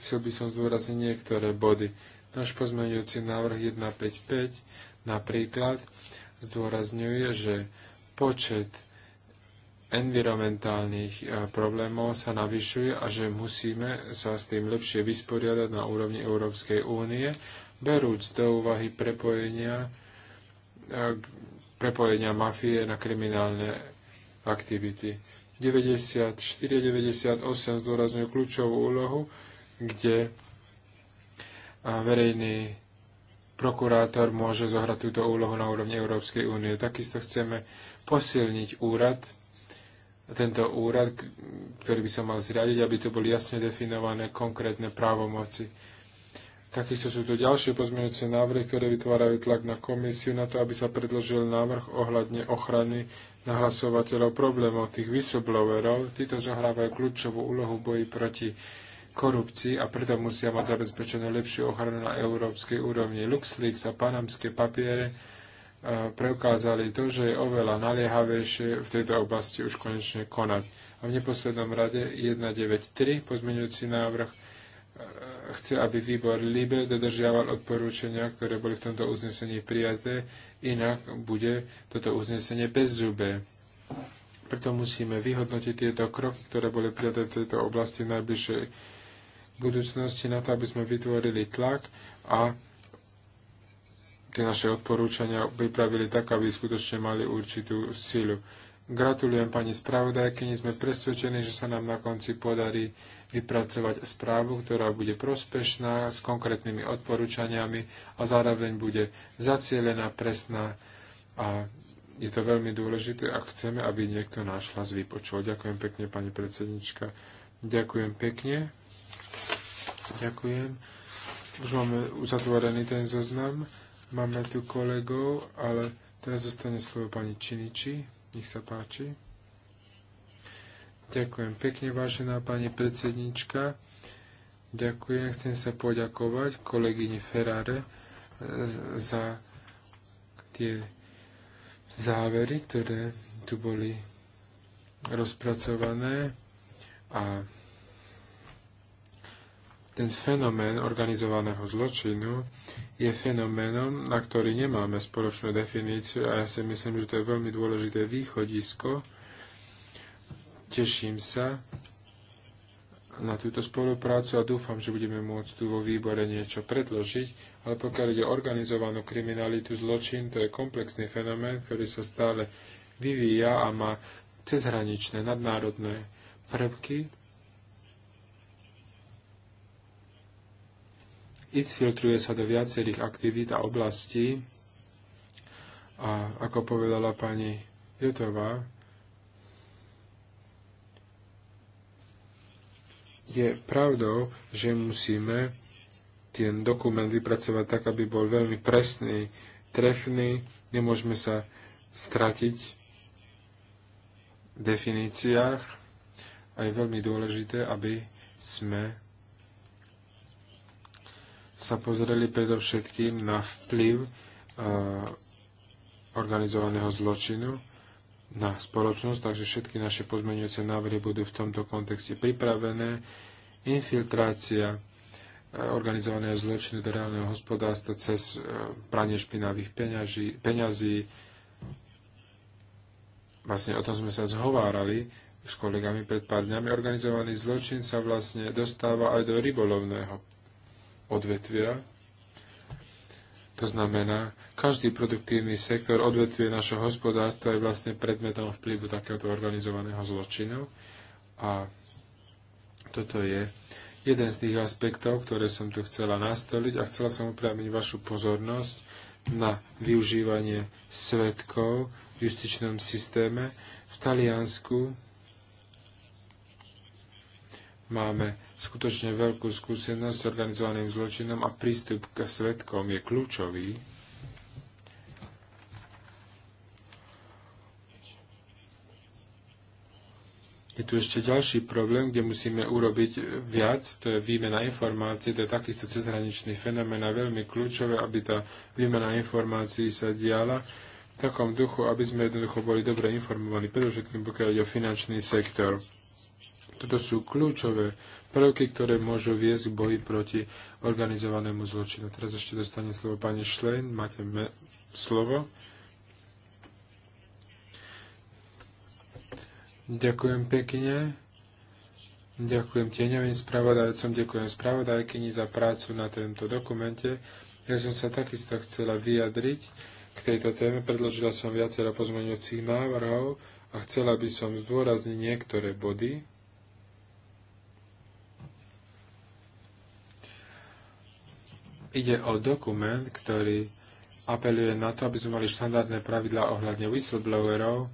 Chcel by som zdôrazniť niektoré body. Náš pozmeňujúci návrh 155 napríklad zdôrazňuje, že počet environmentálnych e, problémov sa navyšuje a že musíme sa s tým lepšie vysporiadať na úrovni Európskej únie, berúc do úvahy prepojenia, e, prepojenia mafie na kriminálne aktivity. 94-98 zdôrazňujú kľúčovú úlohu, kde e, verejný prokurátor môže zohrať túto úlohu na úrovni Európskej únie. Takisto chceme posilniť úrad tento úrad, ktorý by sa mal zriadiť, aby tu boli jasne definované konkrétne právomoci. Takisto sú tu ďalšie pozmeňujúce návrhy, ktoré vytvárajú tlak na komisiu na to, aby sa predložil návrh ohľadne ochrany nahlasovateľov problémov, tých whistleblowerov. Títo zohrávajú kľúčovú úlohu v boji proti korupcii a preto musia mať zabezpečené lepšiu ochranu na európskej úrovni. LuxLeaks a panamské papiere preukázali to, že je oveľa naliehavejšie v tejto oblasti už konečne konať. A v neposlednom rade 193 pozmeňujúci návrh e, chce, aby výbor LIBE dodržiaval odporúčania, ktoré boli v tomto uznesení prijaté, inak bude toto uznesenie bez zube. Preto musíme vyhodnotiť tieto kroky, ktoré boli prijaté v tejto oblasti v najbližšej budúcnosti na to, aby sme vytvorili tlak a tie naše odporúčania pripravili tak, aby skutočne mali určitú silu. Gratulujem pani spravodajkyni, sme presvedčení, že sa nám na konci podarí vypracovať správu, ktorá bude prospešná s konkrétnymi odporúčaniami a zároveň bude zacielená, presná a je to veľmi dôležité, ak chceme, aby niekto náš hlas vypočul. Ďakujem pekne, pani predsednička. Ďakujem pekne. Ďakujem. Už máme uzatvorený ten zoznam. Máme tu kolegov, ale teraz zostane slovo pani Činiči. Nech sa páči. Ďakujem pekne, vážená pani predsednička. Ďakujem, chcem sa poďakovať kolegyni Ferrare eh, za tie závery, ktoré tu boli rozpracované a ten fenomén organizovaného zločinu je fenoménom, na ktorý nemáme spoločnú definíciu a ja si myslím, že to je veľmi dôležité východisko. Teším sa na túto spoluprácu a dúfam, že budeme môcť tu vo výbore niečo predložiť, ale pokiaľ ide organizovanú kriminalitu, zločin, to je komplexný fenomén, ktorý sa stále vyvíja a má cezhraničné, nadnárodné prvky, infiltruje sa do viacerých aktivít a oblastí. A ako povedala pani Jotová, je pravdou, že musíme ten dokument vypracovať tak, aby bol veľmi presný, trefný, nemôžeme sa stratiť v definíciách a je veľmi dôležité, aby sme sa pozreli predovšetkým na vplyv e, organizovaného zločinu na spoločnosť, takže všetky naše pozmeňujúce návrhy budú v tomto kontexte pripravené. Infiltrácia eh, organizovaného zločinu do reálneho hospodárstva cez eh, pranie špinavých peňaží, peňazí. Vlastne o tom sme sa zhovárali s kolegami pred pár dňami. Organizovaný zločin sa vlastne dostáva aj do rybolovného odvetvia. To znamená, každý produktívny sektor odvetvie našho hospodárstva je vlastne predmetom vplyvu takéhoto organizovaného zločinu. A toto je jeden z tých aspektov, ktoré som tu chcela nastoliť a chcela som upriamiť vašu pozornosť na využívanie svetkov v justičnom systéme. V Taliansku Máme skutočne veľkú skúsenosť s organizovaným zločinom a prístup k svetkom je kľúčový. Je tu ešte ďalší problém, kde musíme urobiť viac, to je výmena informácií, to je takisto cezhraničný fenomén a veľmi kľúčové, aby tá výmena informácií sa diala v takom duchu, aby sme jednoducho boli dobre informovaní, predovšetkým pokiaľ ide o finančný sektor. Toto sú kľúčové prvky, ktoré môžu viesť k boji proti organizovanému zločinu. Teraz ešte dostane slovo pani Šlein. Máte slovo. Ďakujem pekne. Ďakujem tieňovým spravodajcom, ďakujem spravodajkyni za prácu na tomto dokumente. Ja som sa takisto chcela vyjadriť k tejto téme. Predložila som viacero pozmeňujúcich návrhov a chcela by som zdôrazniť niektoré body. Ide o dokument, ktorý apeluje na to, aby sme mali štandardné pravidlá ohľadne whistleblowerov.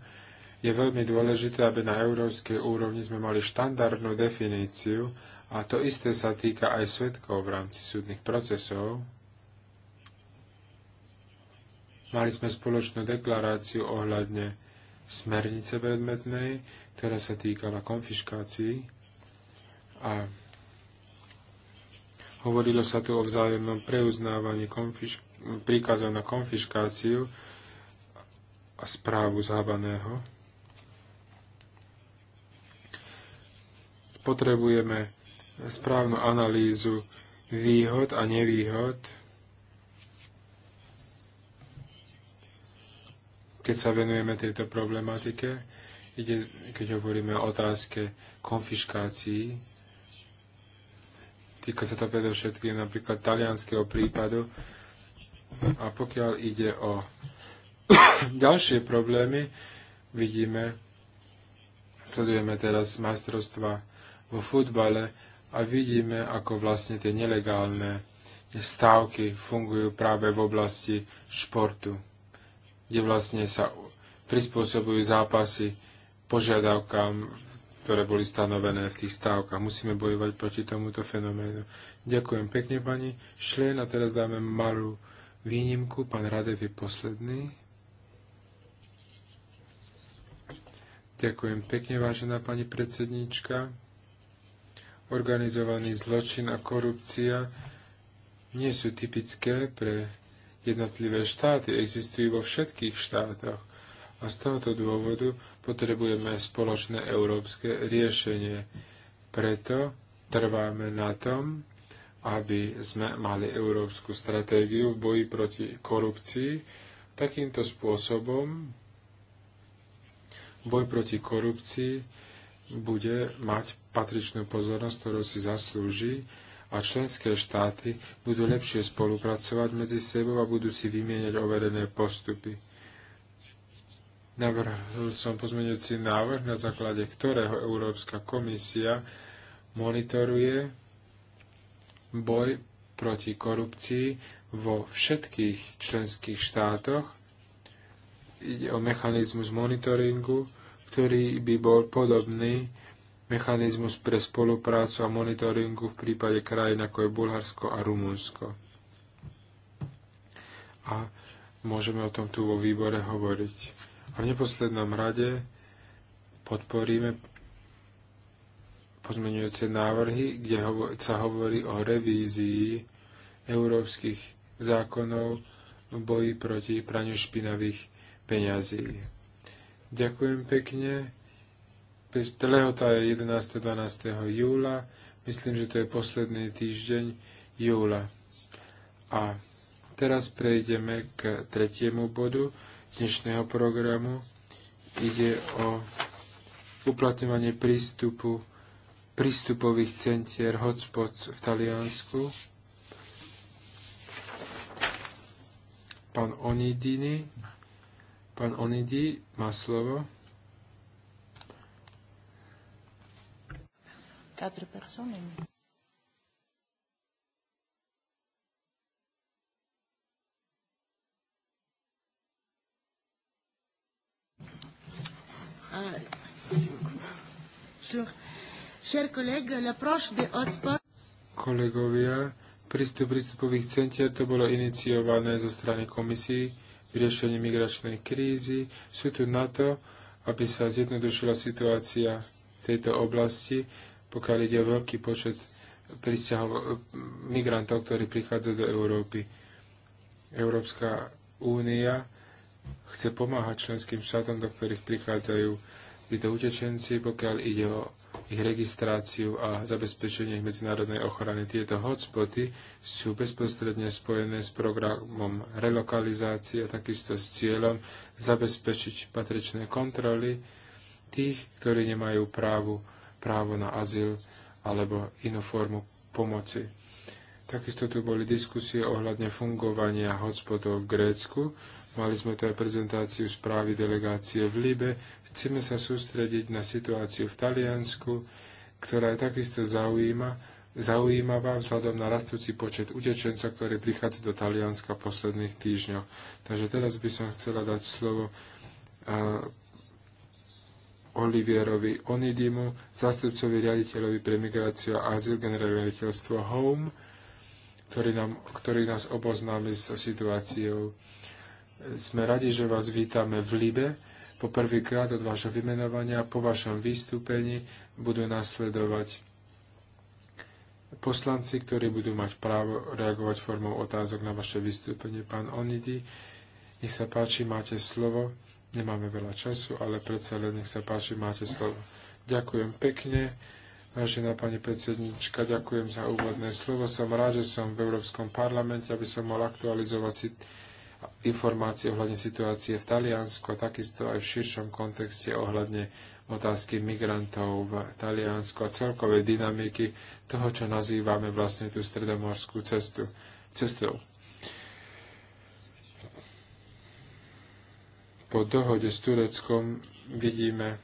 Je veľmi dôležité, aby na európskej úrovni sme mali štandardnú definíciu a to isté sa týka aj svetkov v rámci súdnych procesov. Mali sme spoločnú deklaráciu ohľadne smernice predmetnej, ktorá sa týkala konfiškácií a Hovorilo sa tu o vzájomnom preuznávaní konfiš- príkazov na konfiškáciu a správu zábaného. Potrebujeme správnu analýzu výhod a nevýhod, keď sa venujeme tejto problematike, keď hovoríme o otázke konfiškácií, Týka sa to predovšetkým napríklad talianského prípadu. A pokiaľ ide o ďalšie problémy, vidíme, sledujeme teraz majstrovstva vo futbale a vidíme, ako vlastne tie nelegálne stávky fungujú práve v oblasti športu, kde vlastne sa prispôsobujú zápasy požiadavkám ktoré boli stanovené v tých stávkach. Musíme bojovať proti tomuto fenoménu. Ďakujem pekne, pani Šlen, a teraz dáme malú výnimku. Pán Radev je posledný. Ďakujem pekne, vážená pani predsednička. Organizovaný zločin a korupcia nie sú typické pre jednotlivé štáty. Existujú vo všetkých štátoch. A z tohoto dôvodu Potrebujeme spoločné európske riešenie. Preto trváme na tom, aby sme mali európsku stratégiu v boji proti korupcii. Takýmto spôsobom boj proti korupcii bude mať patričnú pozornosť, ktorú si zaslúži a členské štáty budú lepšie spolupracovať medzi sebou a budú si vymieňať overené postupy. Navrhol som pozmeňujúci návrh, na základe ktorého Európska komisia monitoruje boj proti korupcii vo všetkých členských štátoch. Ide o mechanizmus monitoringu, ktorý by bol podobný mechanizmus pre spoluprácu a monitoringu v prípade krajín ako je Bulharsko a Rumunsko. A môžeme o tom tu vo výbore hovoriť. A v neposlednom rade podporíme pozmeňujúce návrhy, kde sa hovorí o revízii európskych zákonov v boji proti praniu špinavých peňazí. Ďakujem pekne. Telehota je 11. 12. júla. Myslím, že to je posledný týždeň júla. A teraz prejdeme k tretiemu bodu dnešného programu. Ide o uplatňovanie prístupu prístupových centier hotspots v Taliansku. Pán Onidini, pán Onidi má slovo. Quatre personnes. Kolegovia, prístup prístupových centier to bolo iniciované zo strany komisí v riešení migračnej krízy. Sú tu na to, aby sa zjednodušila situácia v tejto oblasti, pokiaľ ide o veľký počet migrantov, ktorí prichádzajú do Európy. Európska únia chce pomáhať členským štátom, do ktorých prichádzajú títo utečenci, pokiaľ ide o ich registráciu a zabezpečenie ich medzinárodnej ochrany. Tieto hotspoty sú bezprostredne spojené s programom relokalizácie a takisto s cieľom zabezpečiť patričné kontroly tých, ktorí nemajú právo, právo na azyl alebo inú formu pomoci. Takisto tu boli diskusie ohľadne fungovania hotspotov v Grécku Mali sme tu aj prezentáciu správy delegácie v Libe. Chceme sa sústrediť na situáciu v Taliansku, ktorá je takisto zaujíma, zaujímavá vzhľadom na rastúci počet utečencov, ktorí prichádza do Talianska v posledných týždňoch. Takže teraz by som chcela dať slovo uh, Olivierovi Onidimu, zastupcovi riaditeľovi pre migráciu a azyl generálne HOME, ktorý, nám, ktorý nás oboznámi s situáciou sme radi, že vás vítame v Libe. Po prvýkrát od vášho vymenovania, po vašom vystúpení budú nasledovať poslanci, ktorí budú mať právo reagovať formou otázok na vaše vystúpenie. Pán Onidi, nech sa páči, máte slovo. Nemáme veľa času, ale predsa len nech sa páči, máte slovo. Ďakujem pekne. Vážená pani predsednička, ďakujem za úvodné slovo. Som rád, že som v Európskom parlamente, aby som mal aktualizovať si informácie ohľadne situácie v Taliansku a takisto aj v širšom kontexte ohľadne otázky migrantov v Taliansku a celkovej dynamiky toho, čo nazývame vlastne tú stredomorskú cestu, cestou. Po dohode s Tureckom vidíme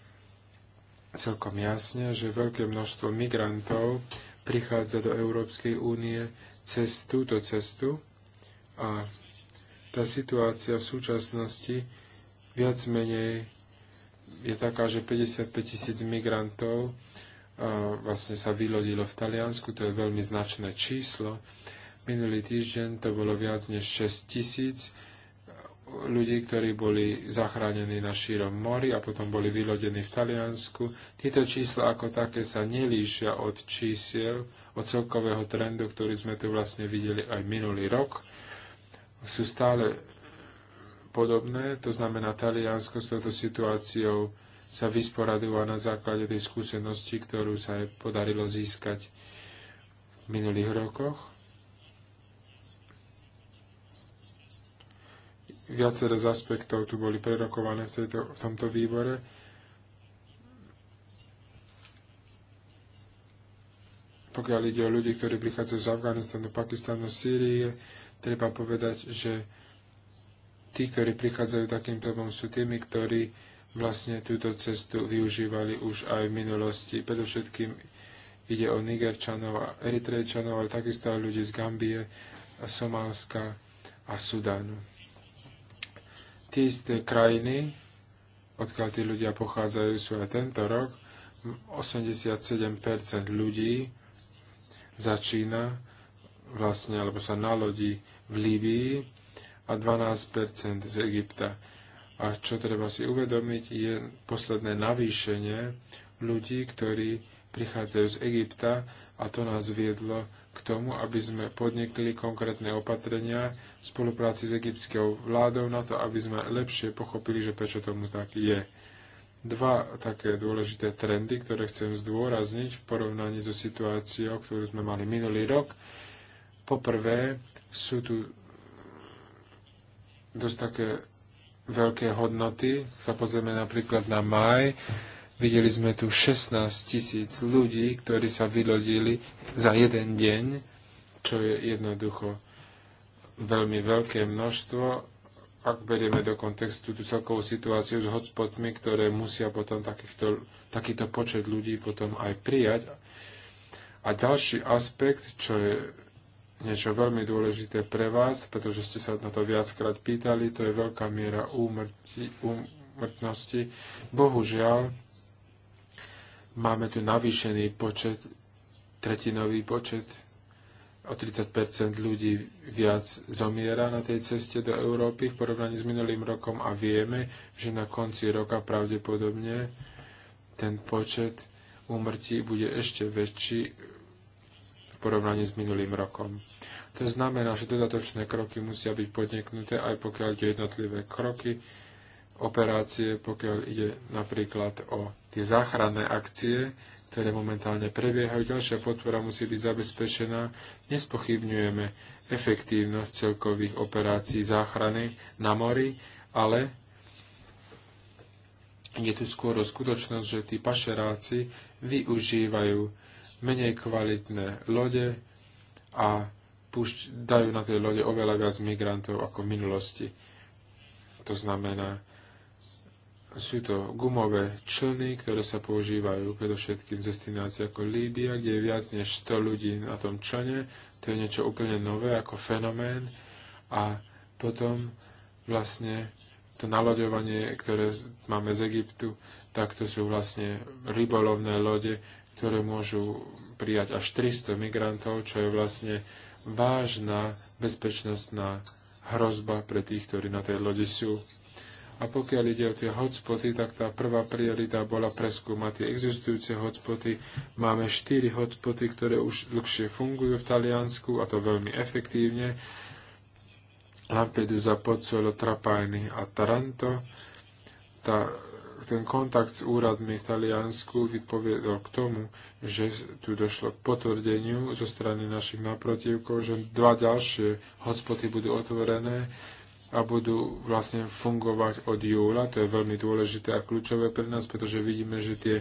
celkom jasne, že veľké množstvo migrantov prichádza do Európskej únie cez túto cestu a tá situácia v súčasnosti viac menej je taká, že 55 tisíc migrantov vlastne sa vylodilo v Taliansku, to je veľmi značné číslo. Minulý týždeň to bolo viac než 6 tisíc ľudí, ktorí boli zachránení na šírom mori a potom boli vylodení v Taliansku. Tieto čísla ako také sa nelíšia od čísiel, od celkového trendu, ktorý sme tu vlastne videli aj minulý rok sú stále podobné, to znamená, Taliansko s touto situáciou sa vysporadúva na základe tej skúsenosti, ktorú sa aj podarilo získať v minulých rokoch. Viacero z aspektov tu boli prerokované v, tejto, v tomto výbore. Pokiaľ ide o ľudí, ktorí prichádzajú z Afganistanu, Pakistanu, Sýrie, treba povedať, že tí, ktorí prichádzajú takým domom, sú tými, ktorí vlastne túto cestu využívali už aj v minulosti. Predovšetkým ide o Nigerčanov a Eritrejčanov, ale takisto aj ľudí z Gambie, Somálska a Sudánu. Tie isté krajiny, odkiaľ tí ľudia pochádzajú, sú aj tento rok. 87% ľudí začína vlastne, alebo sa nalodí v Líbii a 12% z Egypta. A čo treba si uvedomiť, je posledné navýšenie ľudí, ktorí prichádzajú z Egypta a to nás viedlo k tomu, aby sme podnikli konkrétne opatrenia v spolupráci s egyptskou vládou na to, aby sme lepšie pochopili, že prečo tomu tak je. Dva také dôležité trendy, ktoré chcem zdôrazniť v porovnaní so situáciou, ktorú sme mali minulý rok, Poprvé sú tu dosť také veľké hodnoty. Sa pozrieme napríklad na maj. Videli sme tu 16 tisíc ľudí, ktorí sa vylodili za jeden deň, čo je jednoducho veľmi veľké množstvo. Ak berieme do kontextu tú celkovú situáciu s hotspotmi, ktoré musia potom takýchto, takýto počet ľudí potom aj prijať. A ďalší aspekt, čo je niečo veľmi dôležité pre vás, pretože ste sa na to viackrát pýtali, to je veľká miera úmrti, úmrtnosti. Bohužiaľ, máme tu navýšený počet, tretinový počet, o 30 ľudí viac zomiera na tej ceste do Európy v porovnaní s minulým rokom a vieme, že na konci roka pravdepodobne ten počet úmrtí bude ešte väčší porovnaní s minulým rokom. To znamená, že dodatočné kroky musia byť podniknuté, aj pokiaľ ide jednotlivé kroky, operácie, pokiaľ ide napríklad o tie záchranné akcie, ktoré momentálne prebiehajú. Ďalšia podpora musí byť zabezpečená. Nespochybňujeme efektívnosť celkových operácií záchrany na mori, ale je tu skôr skutočnosť, že tí pašeráci využívajú menej kvalitné lode a púšť, dajú na tie lode oveľa viac migrantov ako v minulosti. To znamená, sú to gumové člny, ktoré sa používajú predovšetkým z destinácií ako Líbia, kde je viac než 100 ľudí na tom člne. To je niečo úplne nové ako fenomén. A potom vlastne to naloďovanie, ktoré máme z Egyptu, tak to sú vlastne rybolovné lode, ktoré môžu prijať až 300 migrantov, čo je vlastne vážna bezpečnostná hrozba pre tých, ktorí na tej lodi sú. A pokiaľ ide o tie hotspoty, tak tá prvá priorita bola preskúmať tie existujúce hotspoty. Máme štyri hotspoty, ktoré už dlhšie fungujú v Taliansku a to veľmi efektívne. Lampedusa, Pozzolo, Trapani a Taranto. Tá ten kontakt s úradmi v Taliansku vypovedol k tomu, že tu došlo k potvrdeniu zo strany našich naprotivkov, že dva ďalšie hotspoty budú otvorené a budú vlastne fungovať od júla. To je veľmi dôležité a kľúčové pre nás, pretože vidíme, že tie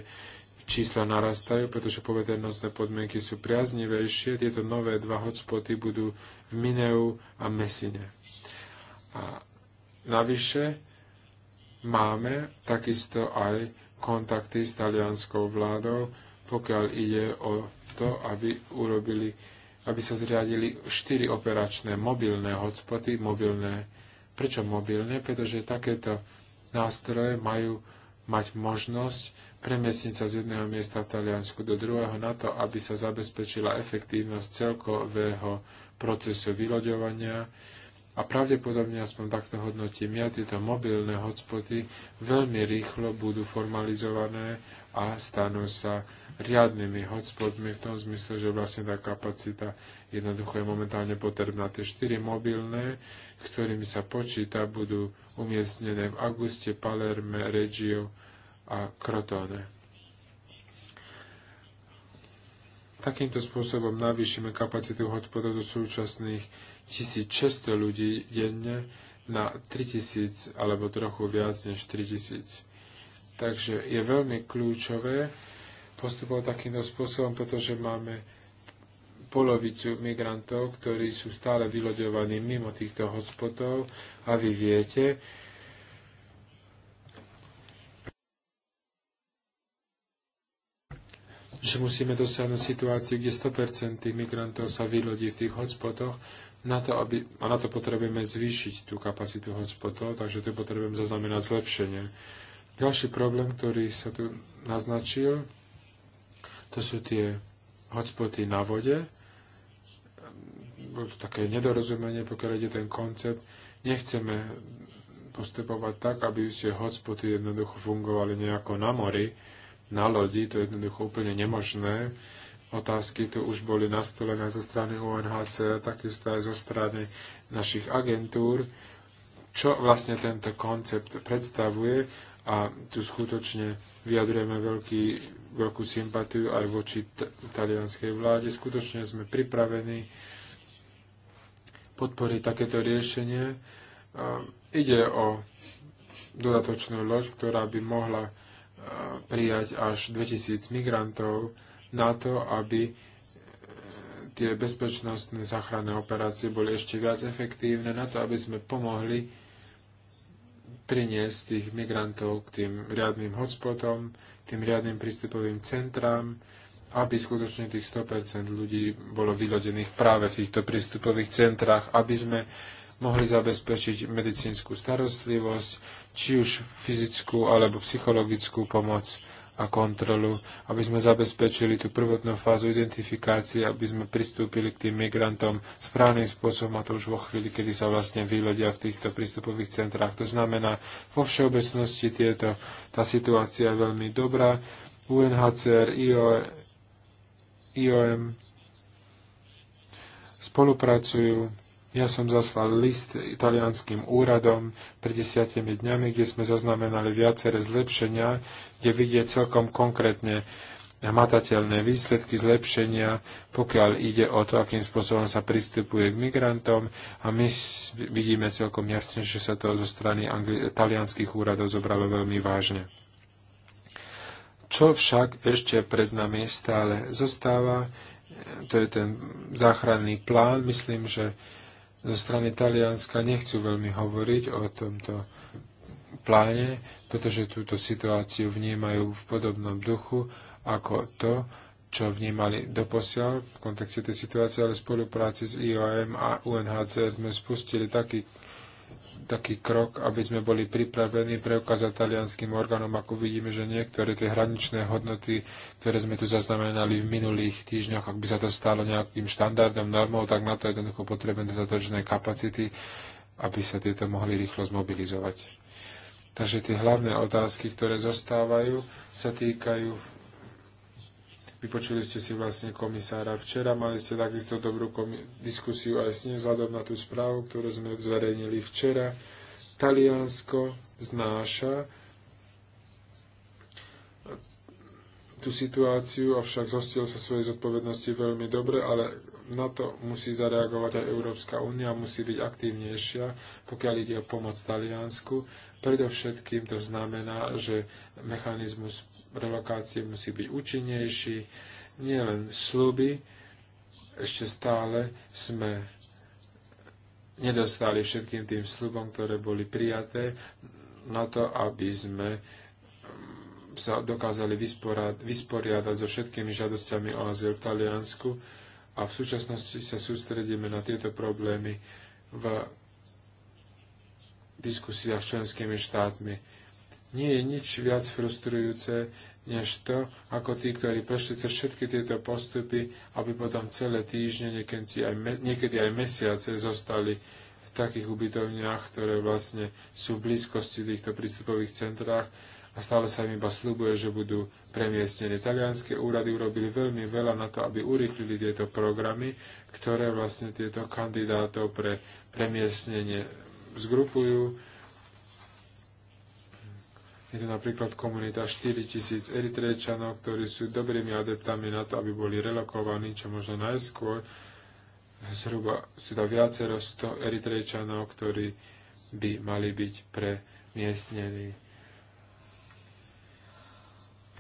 čísla narastajú, pretože poveternostné podmienky sú priaznivejšie. Tieto nové dva hotspoty budú v Mineu a Mesine. A navyše, Máme takisto aj kontakty s talianskou vládou, pokiaľ ide o to, aby urobili aby sa zriadili štyri operačné mobilné hotspoty, mobilné. Prečo mobilné? Pretože takéto nástroje majú mať možnosť premiesniť sa z jedného miesta v Taliansku do druhého na to, aby sa zabezpečila efektívnosť celkového procesu vyloďovania, a pravdepodobne, aspoň takto hodnotím ja, tieto mobilné hotspoty veľmi rýchlo budú formalizované a stanú sa riadnymi hotspotmi v tom zmysle, že vlastne tá kapacita jednoducho je momentálne potrebná. Tie štyri mobilné, ktorými sa počíta, budú umiestnené v Auguste, Palerme, Reggio a Crotone. Takýmto spôsobom navýšime kapacitu hotspotov do súčasných 1600 ľudí denne na 3000 alebo trochu viac než 3000. Takže je veľmi kľúčové postupovať takýmto spôsobom, pretože máme polovicu migrantov, ktorí sú stále vyloďovaní mimo týchto hospodov a vy viete, že musíme dosiahnuť situáciu, kde 100% migrantov sa vylodí v tých hotspotoch na to, aby, a na to potrebujeme zvýšiť tú kapacitu hotspotov, takže to potrebujeme zaznamenať zlepšenie. Ďalší problém, ktorý sa tu naznačil, to sú tie hotspoty na vode. Bolo to také nedorozumenie, pokiaľ ide ten koncept. Nechceme postupovať tak, aby tie hotspoty jednoducho fungovali nejako na mori, na lodi, to je jednoducho úplne nemožné otázky tu už boli nastolené zo strany a takisto aj zo strany našich agentúr, čo vlastne tento koncept predstavuje a tu skutočne vyjadrujeme veľký, veľkú sympatiu aj voči talianskej vláde. Skutočne sme pripravení podporiť takéto riešenie. Ide o dodatočnú loď, ktorá by mohla prijať až 2000 migrantov na to, aby e, tie bezpečnostné záchranné operácie boli ešte viac efektívne, na to, aby sme pomohli priniesť tých migrantov k tým riadnym hotspotom, tým riadnym prístupovým centrám, aby skutočne tých 100% ľudí bolo vylodených práve v týchto prístupových centrách, aby sme mohli zabezpečiť medicínsku starostlivosť, či už fyzickú alebo psychologickú pomoc a kontrolu, aby sme zabezpečili tú prvotnú fázu identifikácie, aby sme pristúpili k tým migrantom správnym spôsobom a to už vo chvíli, kedy sa vlastne vylodia v týchto prístupových centrách. To znamená, vo všeobecnosti tieto, tá situácia je veľmi dobrá. UNHCR, IO, IOM spolupracujú ja som zaslal list italianským úradom pred desiatimi dňami, kde sme zaznamenali viaceré zlepšenia, kde vidie celkom konkrétne hmatateľné výsledky zlepšenia, pokiaľ ide o to, akým spôsobom sa pristupuje k migrantom a my vidíme celkom jasne, že sa to zo strany talianských úradov zobralo veľmi vážne. Čo však ešte pred nami stále zostáva, to je ten záchranný plán. Myslím, že zo strany Talianska nechcú veľmi hovoriť o tomto pláne, pretože túto situáciu vnímajú v podobnom duchu ako to, čo vnímali doposiaľ v kontexte tej situácie, ale v spolupráci s IOM a UNHCR sme spustili taký taký krok, aby sme boli pripravení preukázať talianským orgánom, ako vidíme, že niektoré tie hraničné hodnoty, ktoré sme tu zaznamenali v minulých týždňoch, ak by sa to stalo nejakým štandardom, normou, tak na to jednoducho potrebné dodatočné kapacity, aby sa tieto mohli rýchlo zmobilizovať. Takže tie hlavné otázky, ktoré zostávajú, sa týkajú Vypočuli ste si vlastne komisára včera, mali ste takisto dobrú diskusiu aj s ním vzhľadom na tú správu, ktorú sme zverejnili včera. Taliansko znáša tú situáciu, avšak zhostil sa svojej zodpovednosti veľmi dobre, ale na to musí zareagovať aj Európska únia, musí byť aktívnejšia, pokiaľ ide o pomoc Taliansku. Predovšetkým to znamená, že mechanizmus relokácie musí byť účinnejší. Nielen sluby, ešte stále sme nedostali všetkým tým slubom, ktoré boli prijaté na to, aby sme mm, sa dokázali vysporiadať, vysporiadať so všetkými žiadosťami o azyl v Taliansku a v súčasnosti sa sústredíme na tieto problémy v diskusiách s členskými štátmi. Nie je nič viac frustrujúce, než to, ako tí, ktorí prešli cez všetky tieto postupy, aby potom celé týždne, niekedy aj, me, niekedy aj mesiace zostali v takých ubytovniach, ktoré vlastne sú v blízkosti týchto prístupových centrách a stále sa im iba slúbuje, že budú premiestnené. Talianské úrady urobili veľmi veľa na to, aby urychlili tieto programy, ktoré vlastne tieto kandidátov pre premiestnenie zgrupujú je to napríklad komunita 4000 Eritrejčanov, ktorí sú dobrými adeptami na to, aby boli relokovaní, čo možno najskôr. Zhruba sú to viacero 100 Eritrejčanov, ktorí by mali byť premiestnení.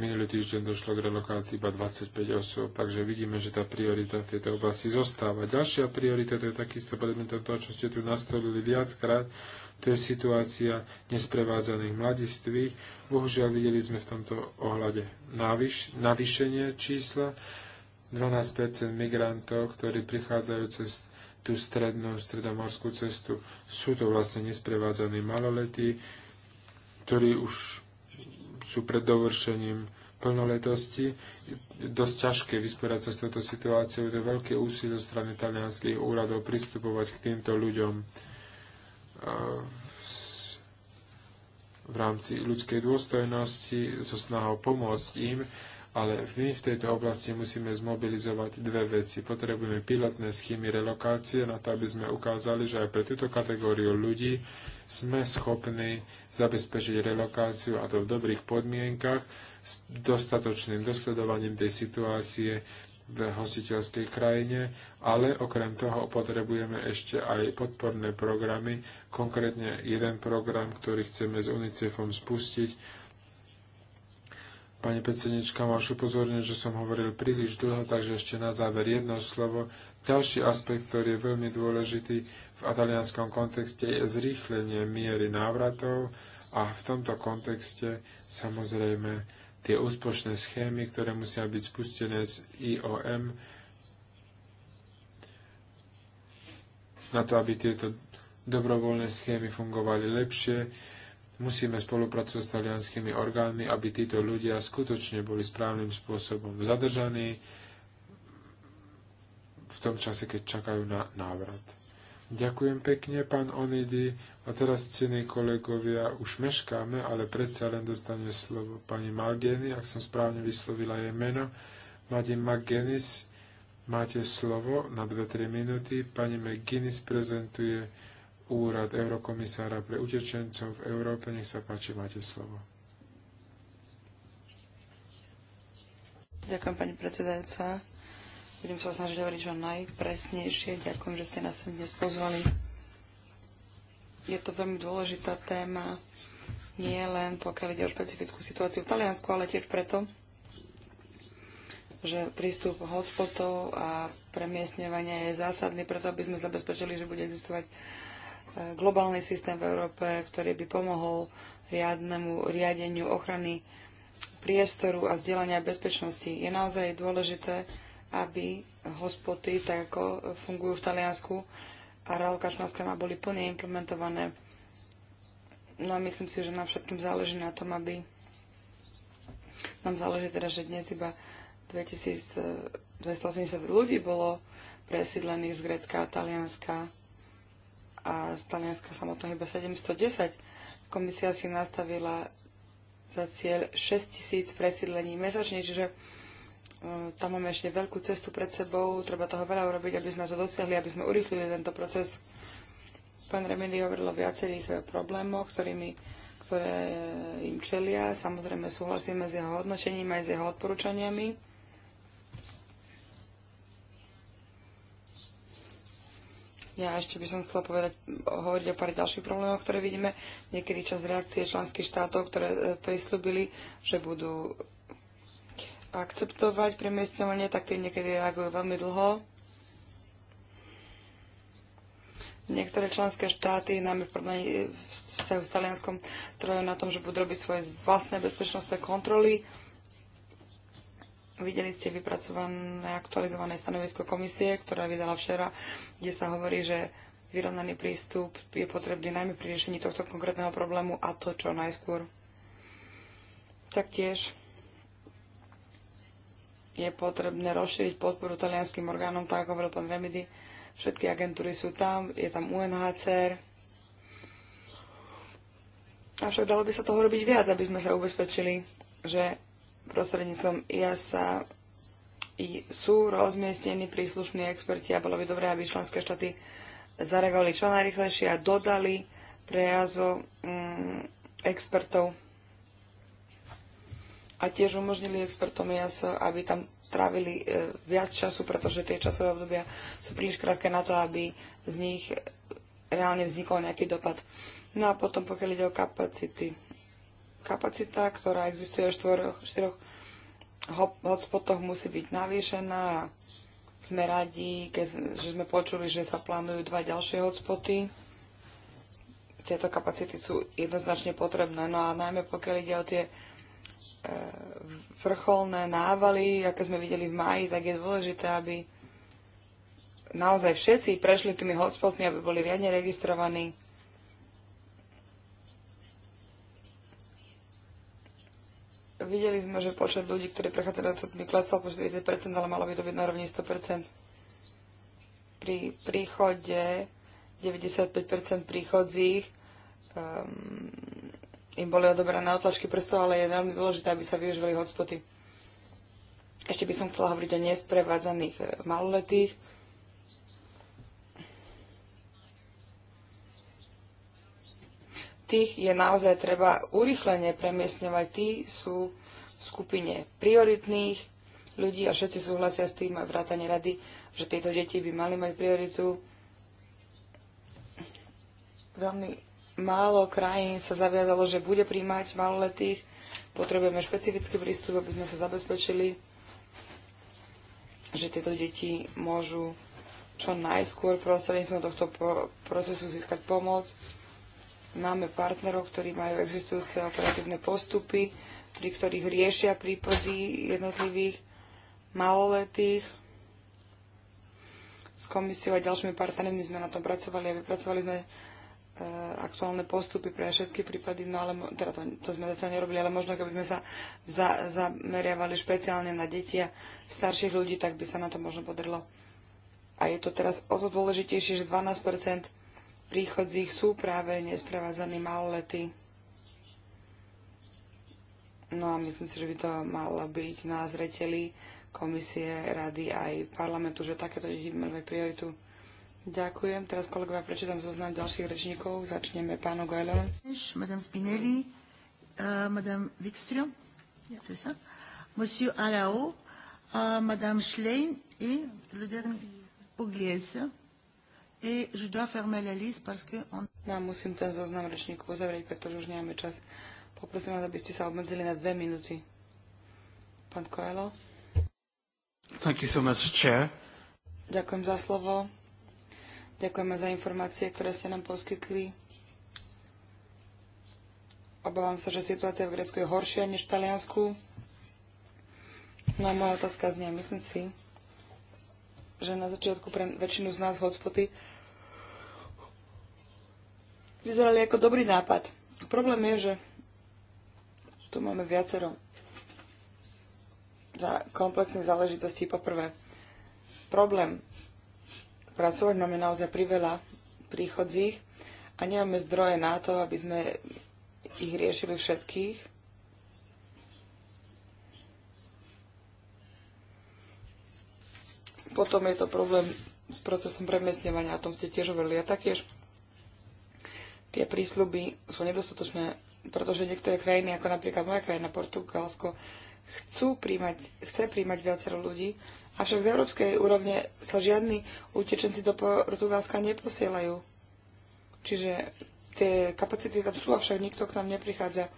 Minulý týždeň došlo k relokácii iba 25 osôb, takže vidíme, že tá priorita v tejto oblasti zostáva. Ďalšia priorita, to je takisto predmetom toho, čo ste tu nastavili viackrát, to je situácia nesprevádzaných mladistvých. Bohužiaľ videli sme v tomto ohľade navyš, navýšenie čísla. 12 migrantov, ktorí prichádzajú cez tú strednú, stredomorskú cestu, sú to vlastne nesprevádzaní maloletí, ktorí už sú pred dovršením plnoletosti. Dosť ťažké vysporiadať sa s touto situáciou, je to veľké úsilie zo strany talianských úradov pristupovať k týmto ľuďom. rámci ľudskej dôstojnosti so snahou pomôcť im, ale my v tejto oblasti musíme zmobilizovať dve veci. Potrebujeme pilotné schémy relokácie na to, aby sme ukázali, že aj pre túto kategóriu ľudí sme schopní zabezpečiť relokáciu a to v dobrých podmienkach s dostatočným dosledovaním tej situácie v hostiteľskej krajine, ale okrem toho potrebujeme ešte aj podporné programy, konkrétne jeden program, ktorý chceme s UNICEFom spustiť. Pani predsednička, máš upozorniť, že som hovoril príliš dlho, takže ešte na záver jedno slovo. Ďalší aspekt, ktorý je veľmi dôležitý v atalianskom kontexte, je zrýchlenie miery návratov a v tomto kontexte samozrejme tie úspešné schémy, ktoré musia byť spustené z IOM, na to, aby tieto dobrovoľné schémy fungovali lepšie. Musíme spolupracovať s talianskými orgánmi, aby títo ľudia skutočne boli správnym spôsobom zadržaní v tom čase, keď čakajú na návrat. Ďakujem pekne, pán Onidy. A teraz, cení kolegovia, už meškáme, ale predsa len dostane slovo pani Malgeny, ak som správne vyslovila jej meno. Madi Magenis, máte slovo na 2-3 minúty. Pani McGuinness prezentuje úrad Eurokomisára pre utečencov v Európe. Nech sa páči, máte slovo. Ďakujem, pani predsedajúca. Budem sa snažiť hovoriť čo najpresnejšie. Ďakujem, že ste nás sem dnes pozvali. Je to veľmi dôležitá téma, nie len pokiaľ ide o špecifickú situáciu v Taliansku, ale tiež preto, že prístup hotspotov a premiesňovania je zásadný preto, aby sme zabezpečili, že bude existovať e, globálny systém v Európe, ktorý by pomohol riadnemu riadeniu ochrany priestoru a zdieľania bezpečnosti. Je naozaj dôležité, aby hospody, tak ako fungujú v Taliansku, a relokačná schéma boli plne implementované. No a myslím si, že nám všetkým záleží na tom, aby nám záleží teda, že dnes iba 2280 ľudí bolo presídlených z Grécka a Talianska a z Talianska samotného iba 710. Komisia si nastavila za cieľ 6000 presídlení mesačne, čiže E, tam máme ešte veľkú cestu pred sebou, treba toho veľa urobiť, aby sme to dosiahli, aby sme urýchlili tento proces. Pán Remedy hovoril o viacerých e, problémoch, ktorými, ktoré e, im čelia. Samozrejme súhlasíme s jeho hodnočením aj s jeho odporúčaniami. Ja ešte by som chcela povedať, hovoriť o pár ďalších problémoch, ktoré vidíme. Niekedy čas reakcie členských štátov, ktoré prislúbili, že budú akceptovať premiestňovanie, tak tie niekedy reagujú veľmi dlho. Niektoré členské štáty, najmä v prvnej vzťahu s Talianskom, trojú na tom, že budú robiť svoje vlastné bezpečnostné kontroly. Videli ste vypracované aktualizované stanovisko komisie, ktorá vydala včera, kde sa hovorí, že vyrovnaný prístup je potrebný najmä pri riešení tohto konkrétneho problému a to čo najskôr. Taktiež je potrebné rozšíriť podporu talianským orgánom, tak ako hovoril pán Remedy. Všetky agentúry sú tam, je tam UNHCR. Avšak dalo by sa toho robiť viac, aby sme sa ubezpečili, že prostredníctvom IASA sú rozmiestnení príslušní experti a bolo by dobré, aby členské štáty zareagovali čo najrychlejšie a dodali prejazo mm, expertov a tiež umožnili expertom JAS, aby tam trávili e, viac času, pretože tie časové obdobia sú príliš krátke na to, aby z nich e, reálne vznikol nejaký dopad. No a potom pokiaľ ide o kapacity. Kapacita, ktorá existuje v štvoroch, štyroch hotspotoch, musí byť navýšená a sme radi, keď, že sme počuli, že sa plánujú dva ďalšie hotspoty. Tieto kapacity sú jednoznačne potrebné. No a najmä pokiaľ ide o tie E, vrcholné návaly, ako sme videli v maji, tak je dôležité, aby naozaj všetci prešli tými hotspotmi, aby boli riadne registrovaní. Videli sme, že počet ľudí, ktorí prechádzajú hotspotmi, klesol po 40%, ale malo by to byť na rovni 100%. Pri príchode 95% príchodzích um, im boli odobrané otlačky prstov, ale je veľmi dôležité, aby sa využívali hotspoty. Ešte by som chcela hovoriť o nesprevádzaných e, maloletých. Tých je naozaj treba urychlene premiesňovať. Tí sú v skupine prioritných ľudí a všetci súhlasia s tým a vrátane rady, že tieto deti by mali mať prioritu. Veľmi málo krajín sa zaviazalo, že bude príjmať maloletých. Potrebujeme špecifický prístup, aby sme sa zabezpečili, že tieto deti môžu čo najskôr prostredníctvom tohto procesu získať pomoc. Máme partnerov, ktorí majú existujúce operatívne postupy, pri ktorých riešia prípady jednotlivých maloletých. S komisiou a ďalšími partnermi sme na tom pracovali a vypracovali sme E, aktuálne postupy pre všetky prípady, no ale teda to, to sme zatiaľ nerobili, ale možno keby sme sa za, zameriavali špeciálne na deti a starších ľudí, tak by sa na to možno podarilo. A je to teraz o to dôležitejšie, že 12% príchodzích sú práve nesprevádzaní malolety. No a myslím si, že by to malo byť na zreteli komisie, rady aj parlamentu, že takéto deti mali prioritu Ďakujem. Teraz kolegovia prečítam zoznam ďalších rečníkov. Začneme pánu Gojlom. Madame Spinelli, uh, Madame Wikström, yeah. Monsieur Alao, uh, Madame Schlein et le dernier Pugliese. Et je dois fermer la liste parce que on... Ja no, musím ten zoznam rečníkov uzavrieť, pretože už nemáme čas. Poprosím vás, aby ste sa obmedzili na dve minúty. Pán Koelo. Thank you so much, Chair. Ďakujem za slovo. Ďakujeme za informácie, ktoré ste nám poskytli. Obávam sa, že situácia v Grécku je horšia než v Taliansku. No a moja otázka znie, myslím si, že na začiatku pre väčšinu z nás hotspoty vyzerali ako dobrý nápad. Problém je, že tu máme viacero za komplexných záležitostí. Poprvé, problém pracovať. Máme naozaj priveľa príchodzích a nemáme zdroje na to, aby sme ich riešili všetkých. Potom je to problém s procesom premiestňovania, o tom ste tiež hovorili. A taktiež tie prísľuby sú nedostatočné, pretože niektoré krajiny, ako napríklad moja krajina Portugalsko, chcú príjmať, chce príjmať viacero ľudí, Avšak z európskej úrovne sa žiadni utečenci do Portugalska neposielajú. Čiže tie kapacity tam sú, avšak nikto k nám neprichádza.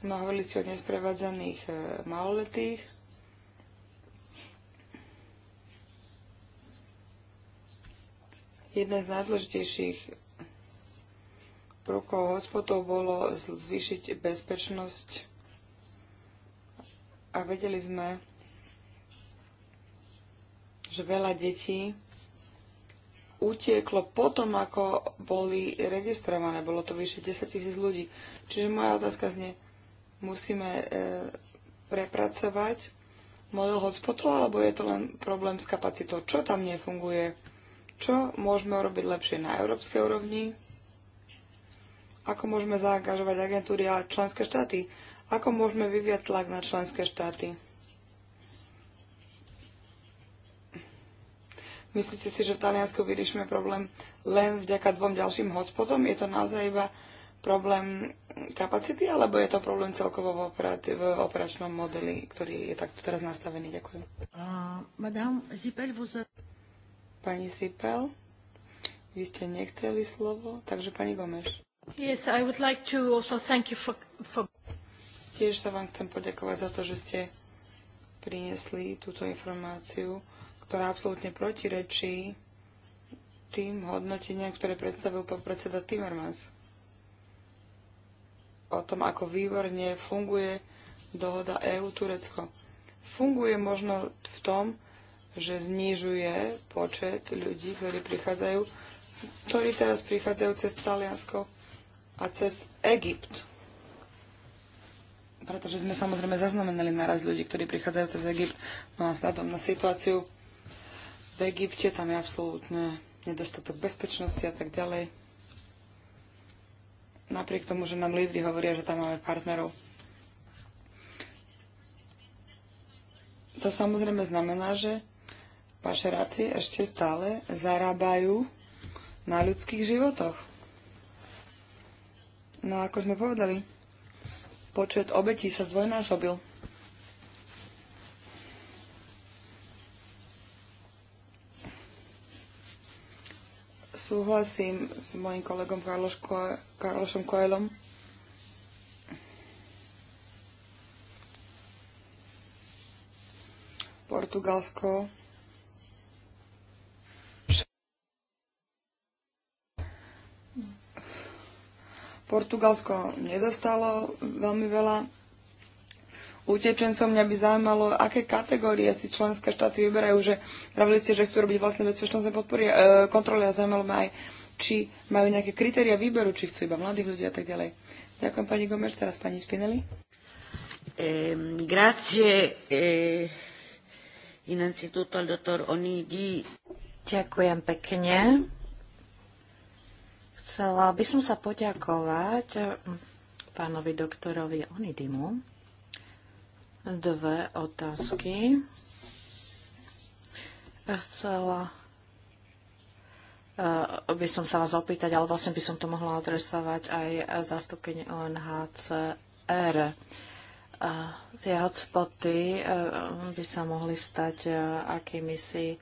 No hovorili ste o nesprevádzaných e, maloletých. Jedna z najdôležitejších prvkov hospodov bolo zvýšiť bezpečnosť a vedeli sme, že veľa detí utieklo potom, ako boli registrované. Bolo to vyše 10 tisíc ľudí. Čiže moja otázka znie, musíme e, prepracovať model hotspotov, alebo je to len problém s kapacitou? Čo tam nefunguje? Čo môžeme urobiť lepšie na európskej úrovni? Ako môžeme zaangažovať agentúry a členské štáty? Ako môžeme vyviať tlak na členské štáty? Myslíte si, že v Taliansku vyriešime problém len vďaka dvom ďalším hospodom? Je to naozaj iba problém kapacity, alebo je to problém celkovo v, operat- v operačnom modeli, ktorý je takto teraz nastavený? Ďakujem. Uh, Madame Zipel, vous... Pani vy ste nechceli slovo, takže pani Gomeš. Yes, I would like to also thank you for, for... Tiež sa vám chcem poďakovať za to, že ste priniesli túto informáciu ktorá absolútne protirečí tým hodnoteniam, ktoré predstavil predseda Timmermans o tom, ako výborne funguje dohoda EU-Turecko. Funguje možno v tom, že znižuje počet ľudí, ktorí prichádzajú, ktorí teraz prichádzajú cez Taliansko a cez Egypt. Pretože sme samozrejme zaznamenali naraz ľudí, ktorí prichádzajú cez Egypt. No a vzhľadom na situáciu v Egypte, tam je absolútne nedostatok bezpečnosti a tak ďalej. Napriek tomu, že nám lídry hovoria, že tam máme partnerov. To samozrejme znamená, že pašeráci ešte stále zarábajú na ľudských životoch. No ako sme povedali, počet obetí sa zdvojnásobil. súhlasím s mojim kolegom Karlošom Koelom. Portugalsko Portugalsko nedostalo veľmi veľa utečencov. Mňa by zaujímalo, aké kategórie si členské štáty vyberajú, že pravili ste, že chcú robiť vlastné bezpečnostné podpory, e, kontroly a zaujímalo ma aj, či majú nejaké kritéria výberu, či chcú iba mladých ľudí a tak ďalej. Ďakujem pani Gomeš, teraz pani Spinelli. Ehm, grazie eh, innanzitutto al dottor Onidi. Ďakujem pekne. Chcela by som sa poďakovať e, pánovi doktorovi Onidimu dve otázky. Chcela eh, by som sa vás opýtať, ale vlastne by som to mohla adresovať aj zástupkyni UNHCR. Eh, tie hotspoty eh, by sa mohli stať akými si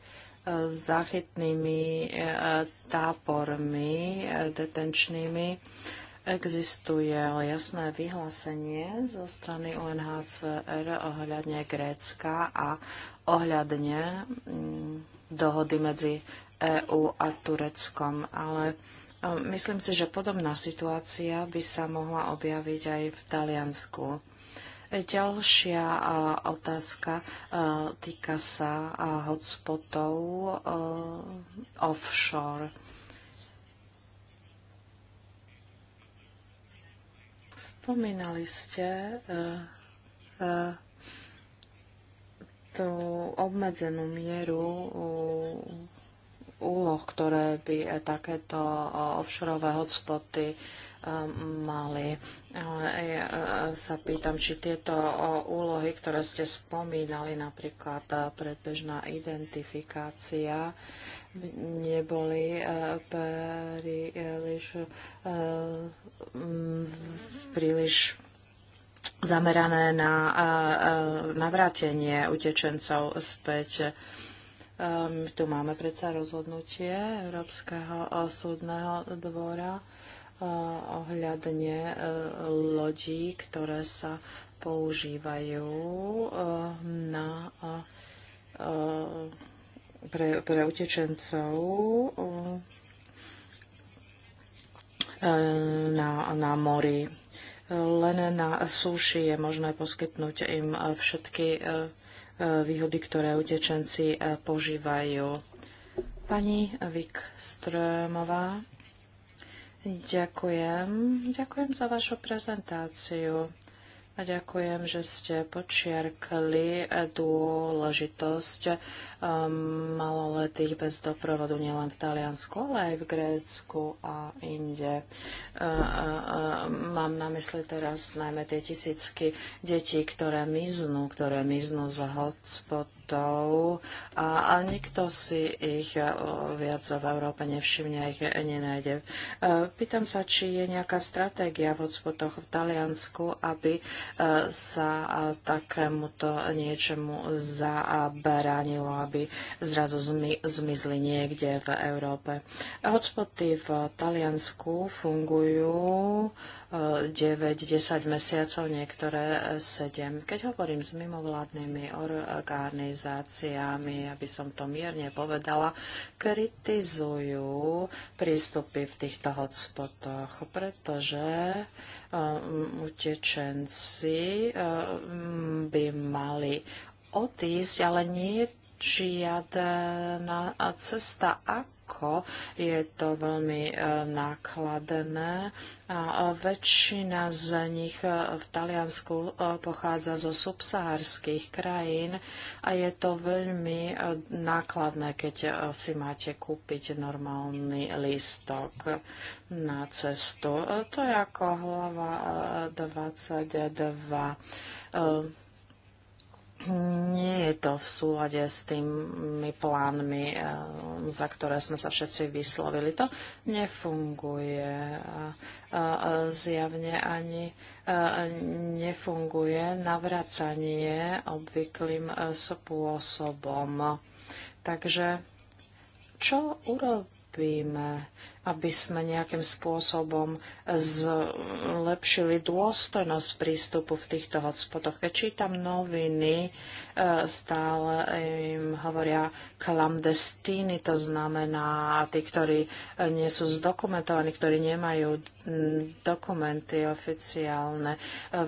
záchytnými tápormi detenčnými Existuje ale jasné vyhlásenie zo strany UNHCR ohľadne Grécka a ohľadne mm, dohody medzi EÚ a Tureckom, ale um, myslím si, že podobná situácia by sa mohla objaviť aj v Taliansku. Ďalšia otázka týka sa hotspotov offshore. Spomínali ste uh, uh, tú obmedzenú mieru úloh, ktoré by e, takéto offshore hotspoty mali. Ja sa pýtam, či tieto úlohy, ktoré ste spomínali, napríklad predbežná identifikácia, neboli eh, príliš, eh, príliš zamerané na eh, navrátenie utečencov späť. Ehm, tu máme predsa rozhodnutie Európskeho súdneho dvora ohľadne lodí, ktoré sa používajú na pre, pre utečencov eh, na, na mori. Len na súši je možné poskytnúť im všetky eh, eh, výhody, ktoré utečenci požívajú. Pani Vikströmová, ďakujem. Ďakujem za vašu prezentáciu. A ďakujem, že ste počiarkali dôležitosť um, maloletých bez doprovodu nielen v Taliansku, ale aj v Grécku a inde. Uh, uh, um, mám na mysli teraz najmä tie tisícky detí, ktoré miznú, ktoré miznú z hotspot produktov a, a nikto si ich e, viac v Európe nevšimne a ich nenájde. E, pýtam sa, či je nejaká stratégia v hotspotoch v Taliansku, aby e, sa takémuto niečomu zabránilo, aby zrazu zmizli niekde v Európe. Hotspoty v Taliansku fungujú 9-10 mesiacov, niektoré 7. E, Keď hovorím s mimovládnymi organizáciami, aby som to mierne povedala, kritizujú prístupy v týchto hotspotoch, pretože e, utečenci e, by mali odísť, ale nie žiadna cesta, ako ako Je to veľmi e, nákladné a e, väčšina z nich e, v Taliansku pochádza zo subsahárských krajín a je to veľmi nákladné, keď si máte kúpiť normálny lístok na cestu. To je ako hlava 22 nie je to v súlade s tými plánmi, eh, za ktoré sme sa všetci vyslovili. To nefunguje. Eh, eh, zjavne ani nefunguje navracanie obvyklým spôsobom. Takže čo urobíme? aby sme nejakým spôsobom zlepšili dôstojnosť prístupu v týchto hotspotoch. Keď čítam noviny, e, stále im hovoria klamdestíny, to znamená tí, ktorí nie sú zdokumentovaní, ktorí nemajú dokumenty oficiálne.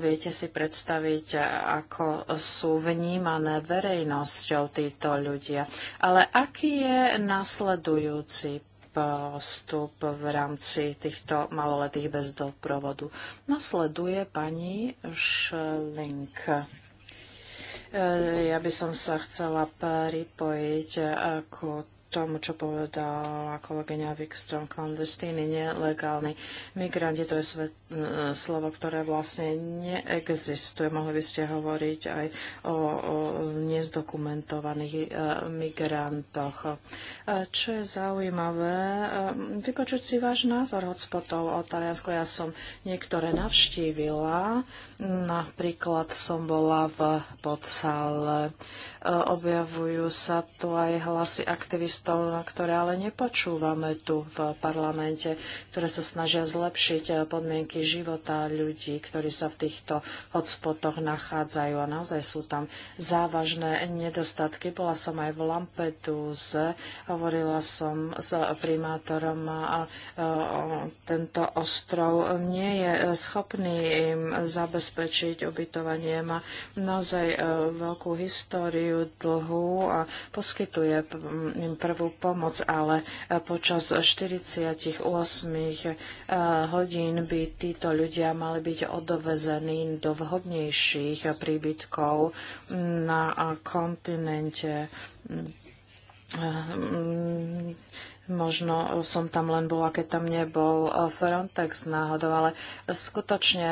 Viete si predstaviť, ako sú vnímané verejnosťou títo ľudia. Ale aký je nasledujúci postup v rámci týchto maloletých bez doprovodu. Nasleduje pani Šlink. E, ja by som sa chcela pripojiť ako tomu, čo povedala kolegyňa Wikström, klandestíny, nelegálni migranti, to je svet, eh, slovo, ktoré vlastne neexistuje. Mohli by ste hovoriť aj o, o nezdokumentovaných eh, migrantoch. Čo je zaujímavé, eh, vypočuť si váš názor hotspotov o Taliansku. Ja som niektoré navštívila Napríklad som bola v podsále. E, objavujú sa tu aj hlasy aktivistov, ktoré ale nepočúvame tu v parlamente, ktoré sa snažia zlepšiť e, podmienky života ľudí, ktorí sa v týchto hotspotoch nachádzajú. A naozaj sú tam závažné nedostatky. Bola som aj v Lampeduse, hovorila som s primátorom a tento ostrov nie je e, schopný im zabezpečiť zabezpečiť ubytovanie. Má naozaj e, veľkú históriu dlhú a poskytuje im prvú pomoc, ale e, počas 48 e, hodín by títo ľudia mali byť odovezení do vhodnejších príbytkov na kontinente ehm, možno som tam len bola, keď tam nebol Frontex náhodou, ale skutočne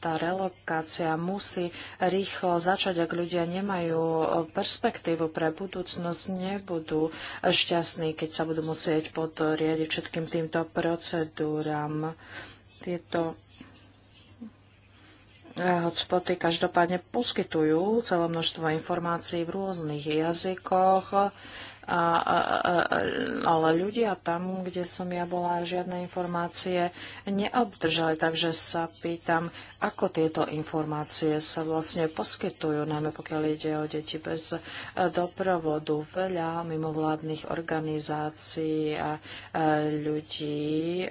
tá relokácia musí rýchlo začať, ak ľudia nemajú e, perspektívu pre budúcnosť, nebudú šťastní, keď sa budú musieť podriadiť všetkým týmto procedúram. Tieto e, hotspoty každopádne poskytujú celé množstvo informácií v rôznych jazykoch a, a, a, ale ľudia tam, kde som ja bola, žiadne informácie neobdržali. Takže sa pýtam, ako tieto informácie sa vlastne poskytujú, najmä pokiaľ ide o deti bez e, doprovodu. Veľa mimovládnych organizácií a e, ľudí e,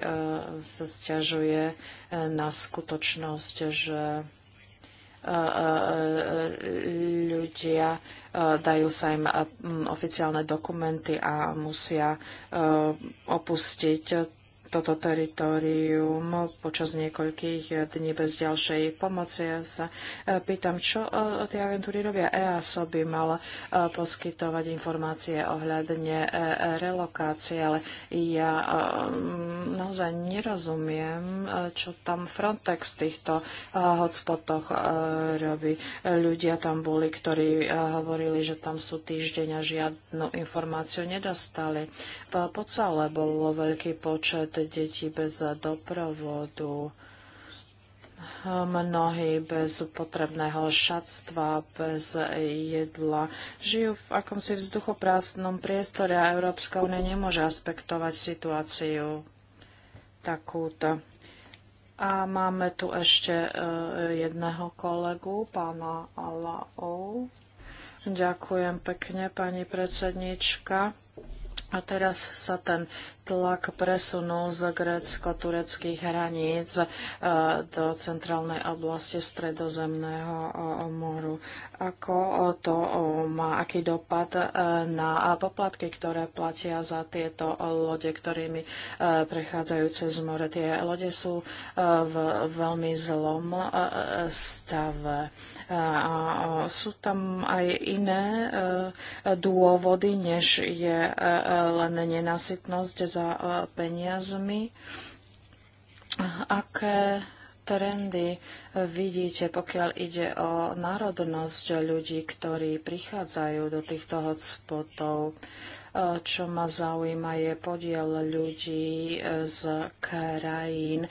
sa stiažuje na skutočnosť, že ľudia, dajú sa im oficiálne dokumenty a musia opustiť toto teritorium počas niekoľkých dní bez ďalšej pomoci. Ja sa e, pýtam, čo e, tie agentúry robia. EASO by mal e, poskytovať informácie ohľadne relokácie, ale ja naozaj nerozumiem, čo tam Frontex v týchto hotspotoch robí. Ľudia tam boli, ktorí hovorili, že tam sú týždeň a žiadnu informáciu nedostali. V celé bol veľký počet detí bez doprovodu, mnohí bez potrebného šatstva, bez jedla. Žijú v akomsi vzduchoprázdnom priestore a Európska únia nemôže aspektovať situáciu takúto. A máme tu ešte e, jedného kolegu, pána Alaou. Ďakujem pekne, pani predsednička. A teraz sa ten tlak presunul z grécko-tureckých hraníc e, do centrálnej oblasti Stredozemného e, moru. Ako to má aký dopad e, na poplatky, ktoré platia za tieto lode, ktorými prechádzajú cez more? Tie lode sú v veľmi zlom stave. Sú tam aj iné dôvody, než je len nenasytnosť za e, peniazmi. Aké trendy vidíte, pokiaľ ide o národnosť ľudí, ktorí prichádzajú do týchto hotspotov? Čo ma zaujíma je podiel ľudí e, z krajín, e,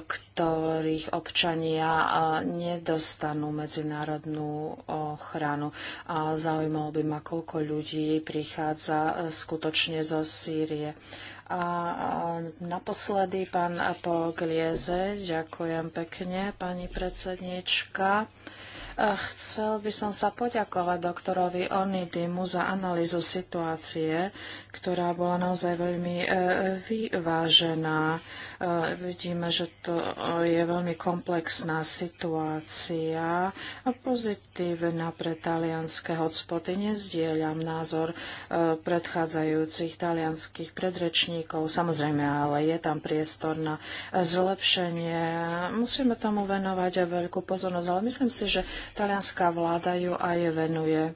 ktorých občania e, nedostanú medzinárodnú ochranu. A zaujímalo by ma, koľko ľudí prichádza skutočne zo Sýrie. A naposledy pán Apoglieze, ďakujem pekne, pani predsednička. Chcel by som sa poďakovať doktorovi Onidimu za analýzu situácie, ktorá bola naozaj veľmi e, vyvážená. E, vidíme, že to je veľmi komplexná situácia a pozitívna pre talianské hotspoty. Nezdieľam názor e, predchádzajúcich talianských predrečníkov. Samozrejme, ale je tam priestor na zlepšenie. Musíme tomu venovať veľkú pozornosť, ale myslím si, že Talianská vláda ju aj venuje. E,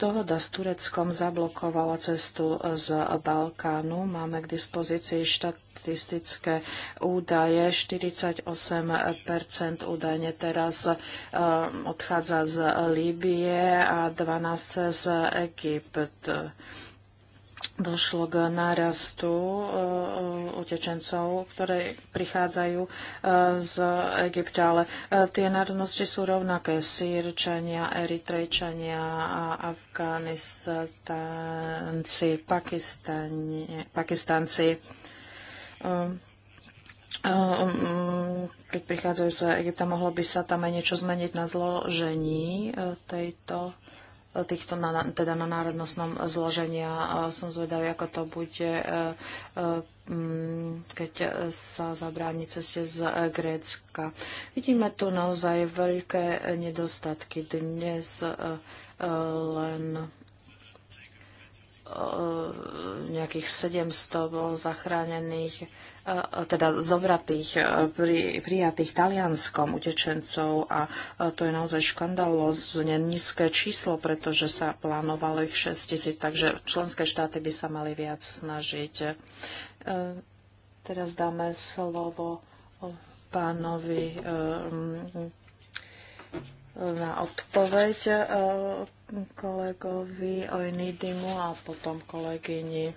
dohoda s Tureckom zablokovala cestu z Balkánu. Máme k dispozícii štát štatistické údaje. 48 údajne teraz e, odchádza z Líbie a 12 z Egypt došlo k nárastu eh, utečencov, ktoré prichádzajú eh, z Egypta, ale eh, tie národnosti sú rovnaké. Sýrčania, Eritrejčania, Afganistanci, Pakistanci keď prichádzajú z Egypta, mohlo by sa tam aj niečo zmeniť na zložení tejto týchto na, teda na národnostnom a Som zvedavý, ako to bude e, e, mm, keď sa zabráni ceste z Grécka. Vidíme tu naozaj veľké nedostatky dnes e, len E, nejakých 700 bol zachránených, e, e, teda zobratých, pri, prijatých Talianskom utečencov a to je naozaj škandalozne nízke číslo, pretože sa plánovalo ich 6 tisíc, takže členské štáty by sa mali viac snažiť. Teraz dáme slovo pánovi na odpoveď kolegovi Ojnidimu a potom kolegyni.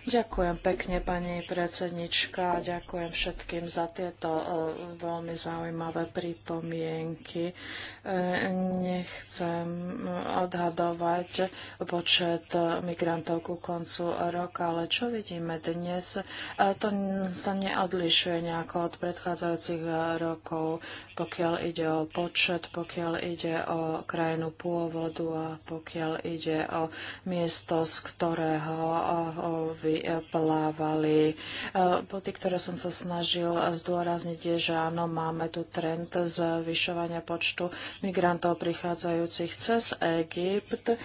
Ďakujem pekne, pani predsednička, ďakujem všetkým za tieto e, veľmi zaujímavé pripomienky. E, nechcem odhadovať počet migrantov ku koncu roka, ale čo vidíme dnes, e, to sa neodlišuje nejako od predchádzajúcich rokov, pokiaľ ide o počet, pokiaľ ide o krajinu pôvodu, a pokiaľ ide o miesto, z ktorého vyplávali. E, po e, tých, ktoré som sa snažil zdôrazniť, je, že áno, máme tu trend zvyšovania počtu migrantov prichádzajúcich cez Egypt. E,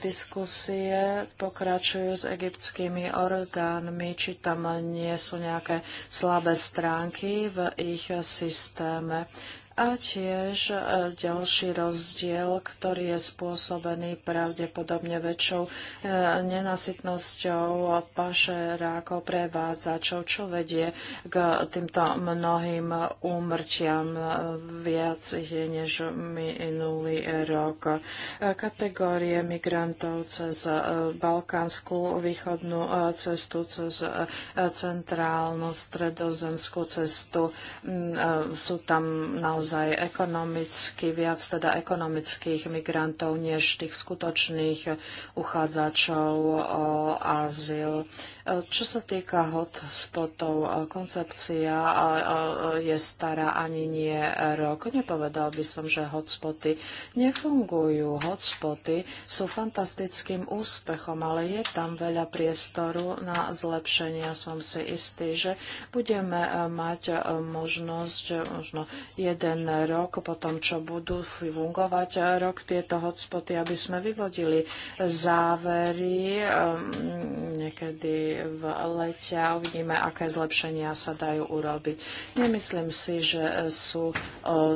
diskusie pokračujú s egyptskými orgánmi, či tam nie sú nejaké slabé stránky v ich systéme a tiež e, ďalší rozdiel, ktorý je spôsobený pravdepodobne väčšou e, nenasytnosťou pašerákov, prevádzačov, čo vedie k týmto mnohým úmrtiam e, viac je než minulý rok. Kategórie migrantov cez Balkánsku východnú cestu, cez centrálnu stredozemskú cestu mm, sú tam naozaj naozaj ekonomicky, viac teda ekonomických migrantov, než tých skutočných uchádzačov o azyl. Čo sa týka hotspotov, koncepcia je stará ani nie rok. Nepovedal by som, že hotspoty nefungujú. Hotspoty sú fantastickým úspechom, ale je tam veľa priestoru na zlepšenia. Som si istý, že budeme e, mať e, možnosť e, možno jeden jeden rok po tom, čo budú fungovať eh, rok tieto hotspoty, aby sme vyvodili závery ehm, niekedy v lete a uvidíme, aké zlepšenia sa dajú urobiť. Nemyslím si, že eh, sú eh,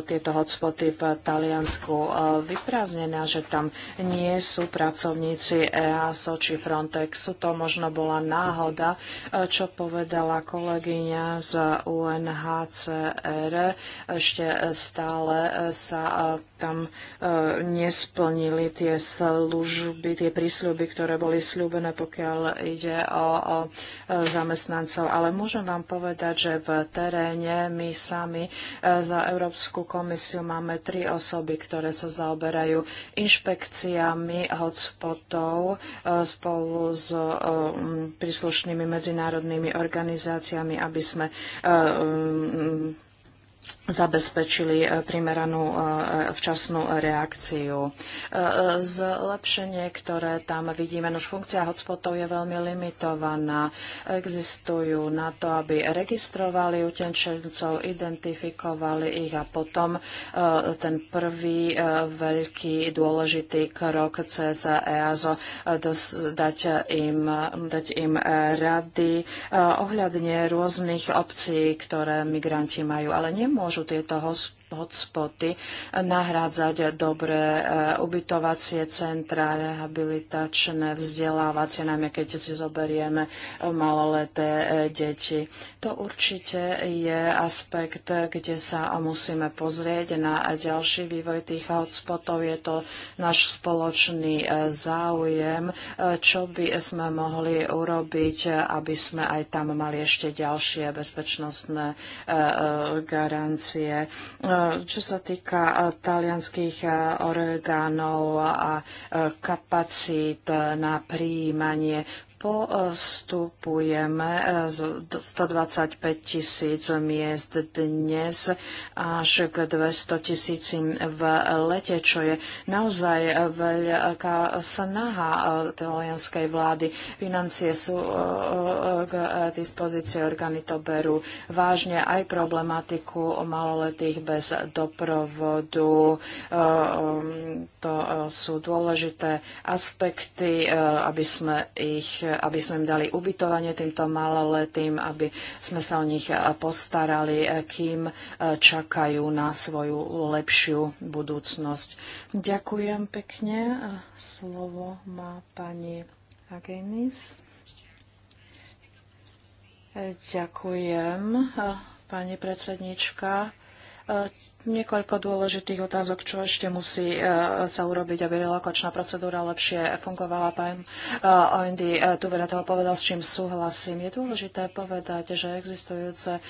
tieto hotspoty v Taliansku vyprázdnené a že tam nie sú pracovníci EASO či Frontexu. To možno bola náhoda, čo povedala kolegyňa z UNHCR ešte stále e, sa e, tam e, nesplnili tie služby, tie prísľuby, ktoré boli slúbené, pokiaľ ide o, o zamestnancov. Ale môžem vám povedať, že v teréne my sami za Európsku komisiu máme tri osoby, ktoré sa zaoberajú inšpekciami hotspotov spolu s príslušnými medzinárodnými organizáciami, aby sme zabezpečili e, primeranú e, e, včasnú reakciu. Zlepšenie, ktoré tam vidíme, už funkcia hotspotov je veľmi limitovaná. Existujú na to, aby registrovali utenčencov, identifikovali ich a potom ten prvý veľký dôležitý krok cez EASO dať im, dať im rady ohľadne rôznych obcí, ktoré migranti majú, ale nemôžu tieto hosp- hotspoty, nahrádzať dobré eh, ubytovacie centra, rehabilitačné, vzdelávacie, najmä keď si zoberieme maloleté eh, deti. To určite je aspekt, kde sa musíme pozrieť na ďalší vývoj tých hotspotov. Je to náš spoločný eh, záujem, čo by sme mohli urobiť, aby sme aj tam mali ešte ďalšie bezpečnostné garancie čo sa týka e, talianských e, orgánov a e, kapacít na príjmanie, postupujeme e, z 125 tisíc miest dnes až k 200 tisícim v lete, čo je naozaj veľká snaha e, talianskej vlády. Financie sú e, k dispozícii, orgány to berú vážne aj problematiku maloletých bez doprovodu. To sú dôležité aspekty, aby sme ich aby sme im dali ubytovanie týmto maloletým, aby sme sa o nich postarali, e, kým e, čakajú na svoju lepšiu budúcnosť. Ďakujem pekne. Slovo má pani Agenis. E, ďakujem, pani predsednička Niekoľko dôležitých otázok, čo ešte musí e, sa urobiť, aby relokačná procedúra lepšie fungovala. Pán Oendy e, tu veľa toho povedal, s čím súhlasím. Je dôležité povedať, že existujúce e,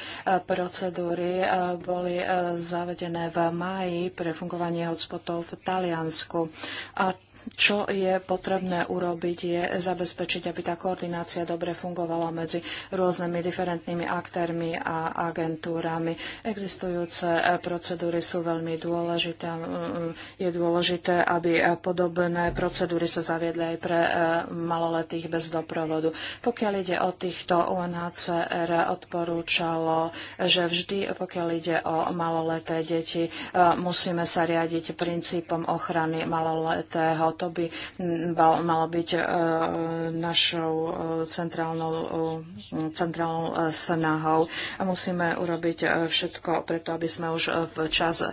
procedúry boli zavedené v máji pre fungovanie hotspotov v Taliansku. A čo je potrebné urobiť, je zabezpečiť, aby tá koordinácia dobre fungovala medzi rôznymi diferentnými aktérmi a agentúrami. Existujúce procedúry sú veľmi dôležité. Je dôležité, aby podobné procedúry sa zaviedli aj pre e, maloletých bez doprovodu. Pokiaľ ide o týchto, UNHCR odporúčalo, že vždy, pokiaľ ide o maloleté deti, e, musíme sa riadiť princípom ochrany maloletého ale To by malo byť e, našou e, centrálnou, e, centrálnou snahou. Musíme urobiť všetko preto, aby sme už včas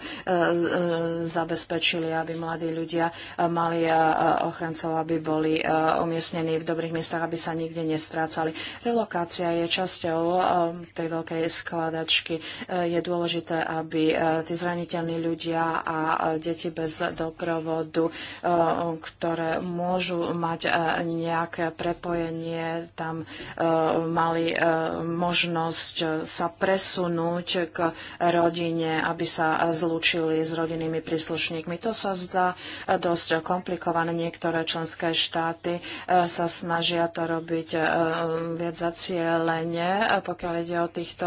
zabezpečili, aby mladí ľudia mali ochrancov, aby boli umiestnení v dobrých miestach, aby sa nikde nestrácali. Relokácia je časťou tej veľkej skladačky. Je dôležité, aby tí zraniteľní ľudia a deti bez doprovodu ktoré môžu mať e, nejaké prepojenie, tam e, mali e, možnosť sa presunúť k rodine, aby sa zlúčili s rodinnými príslušníkmi. To sa zdá dosť komplikované. Niektoré členské štáty sa snažia to robiť viac zacielene, pokiaľ ide o týchto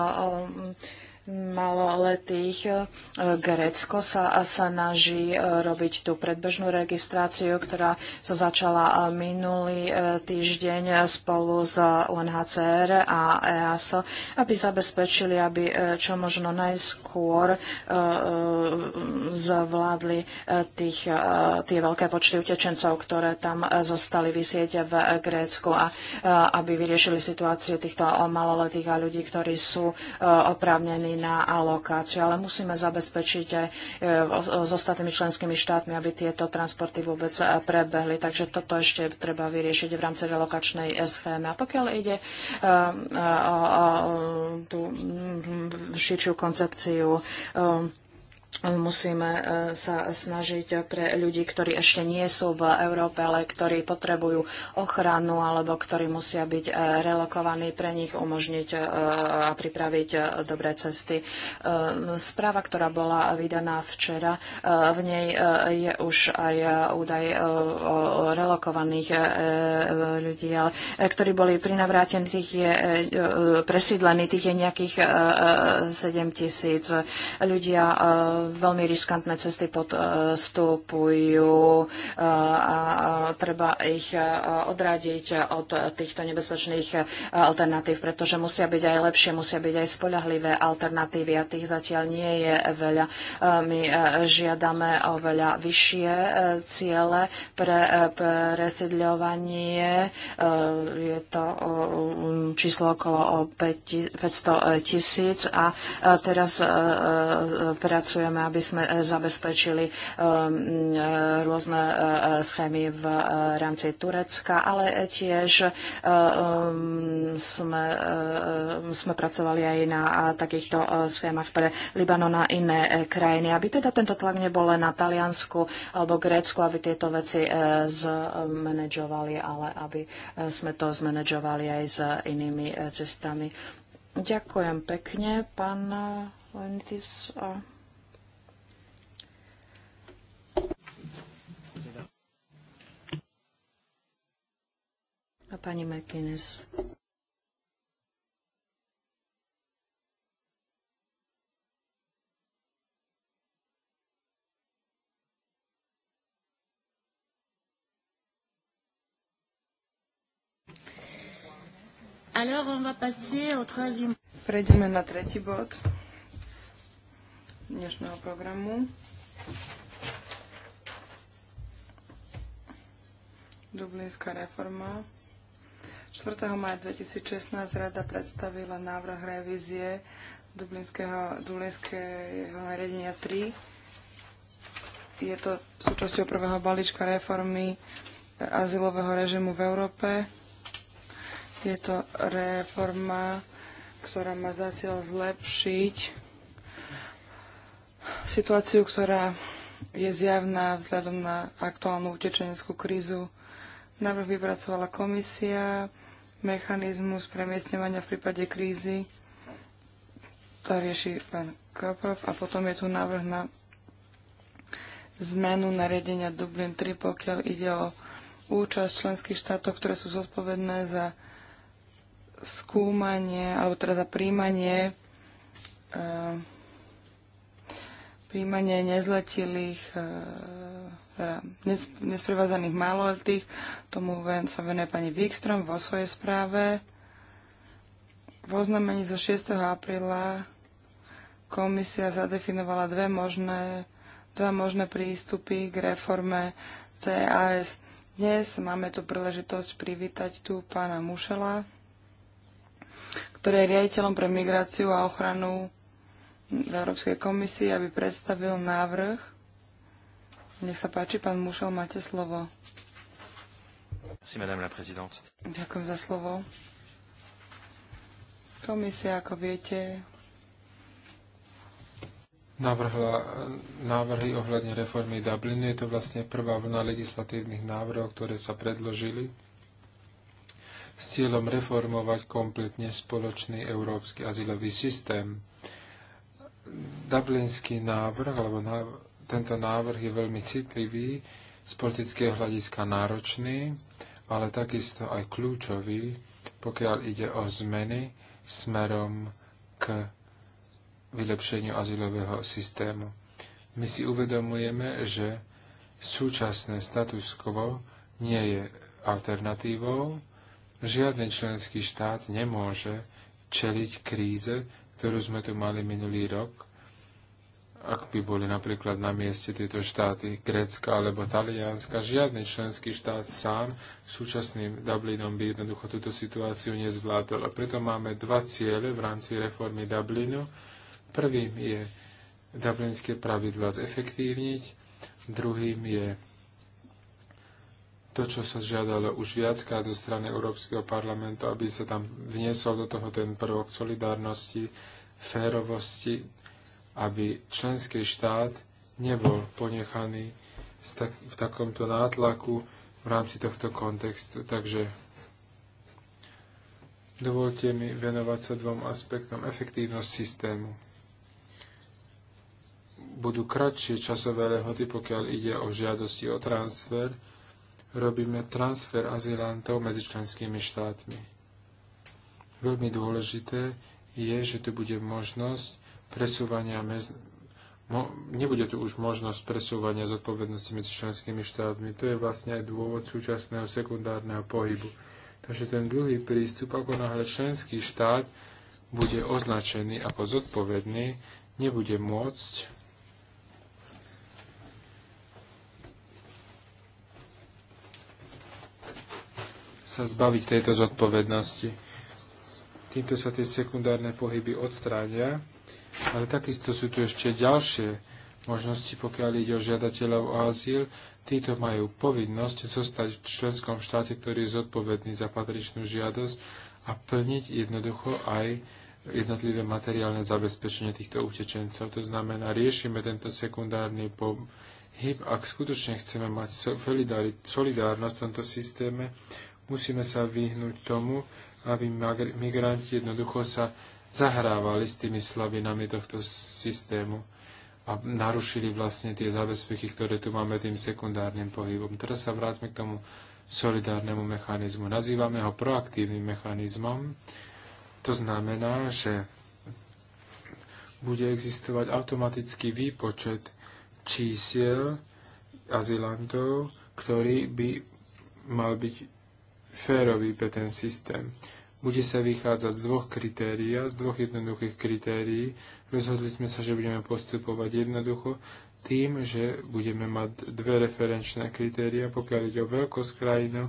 maloletých. E, Grécko sa snaží e, robiť tú predbežnú registráciu, ktorá sa začala e, minulý týždeň spolu s UNHCR a EASO, aby zabezpečili, aby čo možno najskôr zvládli tých, tie veľké počty utečencov, ktoré tam zostali vysieť v Grécku a aby vyriešili situáciu týchto maloletých a ľudí, ktorí sú oprávnení na alokáciu, ale musíme zabezpečiť aj e, s ostatnými členskými štátmi, aby tieto transporty vôbec e, prebehli. Takže toto ešte treba vyriešiť v rámci relokačnej schémy. A pokiaľ ide e, o tú širšiu koncepciu musíme e, sa snažiť pre ľudí, ktorí ešte nie sú v Európe, ale ktorí potrebujú ochranu alebo ktorí musia byť e, relokovaní, pre nich umožniť e, a pripraviť dobré cesty. Správa, ktorá bola vydaná včera, v nej je už aj údaj o relokovaných ľudí, ale ktorí boli prinavrátení, tých je presídlených, tých je nejakých 7 tisíc ľudia veľmi riskantné cesty podstupujú eh, a treba ich eh, odradiť od týchto nebezpečných eh, alternatív, pretože musia byť aj lepšie, musia byť aj spolahlivé alternatívy a tých zatiaľ nie je veľa. My žiadame o veľa vyššie ciele pre presídľovanie. Je to číslo okolo 500 tisíc a teraz pracujeme potrebujeme, aby sme eh, zabezpečili eh, eh, rôzne schémy v rámci Turecka, ale tiež sme, sme pracovali aj na takýchto schémach pre Libanon a iné krajiny, aby teda tento tlak nebol len na Taliansku alebo Grécku, aby tieto veci zmanéžovali, ale aby sme to zmanéžovali aj s inými cestami. Ďakujem pekne, pán Lenitis. A pani McInnes. Prejdeme na tretí bod dnešného programu. Dublinská reforma. 4. maja 2016 rada predstavila návrh revízie Dublinského, Dublinského nariadenia 3. Je to súčasťou prvého balíčka reformy azylového režimu v Európe. Je to reforma, ktorá má za cieľ zlepšiť situáciu, ktorá je zjavná vzhľadom na aktuálnu utečeneckú krízu. Návrh vypracovala komisia mechanizmus premiestňovania v prípade krízy. To rieši pán Kopov. A potom je tu návrh na zmenu nariadenia Dublin 3, pokiaľ ide o účasť členských štátov, ktoré sú zodpovedné za skúmanie, alebo teda za príjmanie e, príjmanie nezletilých eh, teda nesprevázaných maloletých. Tomu ven, sa venuje pani Wikström vo svojej správe. V oznamení zo 6. apríla komisia zadefinovala dve možné, dva možné prístupy k reforme CAS. Dnes máme tu príležitosť privítať tu pána Mušela, ktorý je riaditeľom pre migráciu a ochranu v Európskej komisii, aby predstavil návrh nech sa páči, pán Mušel, máte slovo. Si, madame la présidente. Ďakujem za slovo. Komisia, ako viete, navrhla eh, návrhy ohľadne reformy Dublinu. Je to vlastne prvá vlna legislatívnych návrhov, ktoré sa predložili s cieľom reformovať kompletne spoločný európsky azylový systém. Dublinský návrh, alebo návrh, tento návrh je veľmi citlivý, z politického hľadiska náročný, ale takisto aj kľúčový, pokiaľ ide o zmeny smerom k vylepšeniu azylového systému. My si uvedomujeme, že súčasné status quo nie je alternatívou. Žiadny členský štát nemôže čeliť kríze, ktorú sme tu mali minulý rok, ak by boli napríklad na mieste tieto štáty Grécka alebo Talianska, žiadny členský štát sám súčasným Dublinom by jednoducho túto situáciu nezvládol. A preto máme dva ciele v rámci reformy Dublinu. Prvým je dublinské pravidla zefektívniť, druhým je to, čo sa žiadalo už viackrát zo strany Európskeho parlamentu, aby sa tam vniesol do toho ten prvok solidárnosti, férovosti, aby členský štát nebol ponechaný v takomto nátlaku v rámci tohto kontextu. Takže dovolte mi venovať sa dvom aspektom. Efektívnosť systému. Budú kratšie časové lehoty, pokiaľ ide o žiadosti o transfer. Robíme transfer azylantov medzi členskými štátmi. Veľmi dôležité je, že tu bude možnosť presúvania mez... Mo... Nebude tu už možnosť presúvania zodpovednosti medzi členskými štátmi. To je vlastne aj dôvod súčasného sekundárneho pohybu. Takže ten druhý prístup, ako náhle členský štát bude označený ako zodpovedný, nebude môcť sa zbaviť tejto zodpovednosti. Týmto sa tie sekundárne pohyby odstránia ale takisto sú tu ešte ďalšie možnosti, pokiaľ ide o žiadateľov o azyl. Títo majú povinnosť zostať v členskom štáte, ktorý je zodpovedný za patričnú žiadosť a plniť jednoducho aj jednotlivé materiálne zabezpečenie týchto utečencov. To znamená, riešime tento sekundárny pohyb. Ak skutočne chceme mať solidárnosť v tomto systéme, musíme sa vyhnúť tomu, aby migranti jednoducho sa zahrávali s tými slabinami tohto systému a narušili vlastne tie zábezpeky, ktoré tu máme tým sekundárnym pohybom. Teraz sa vrátme k tomu solidárnemu mechanizmu. Nazývame ho proaktívnym mechanizmom. To znamená, že bude existovať automatický výpočet čísiel azylantov, ktorý by mal byť férový pre ten systém. Bude sa vychádzať z dvoch kritérií, z dvoch jednoduchých kritérií. Rozhodli sme sa, že budeme postupovať jednoducho tým, že budeme mať dve referenčné kritéria, pokiaľ ide o veľkosť krajinu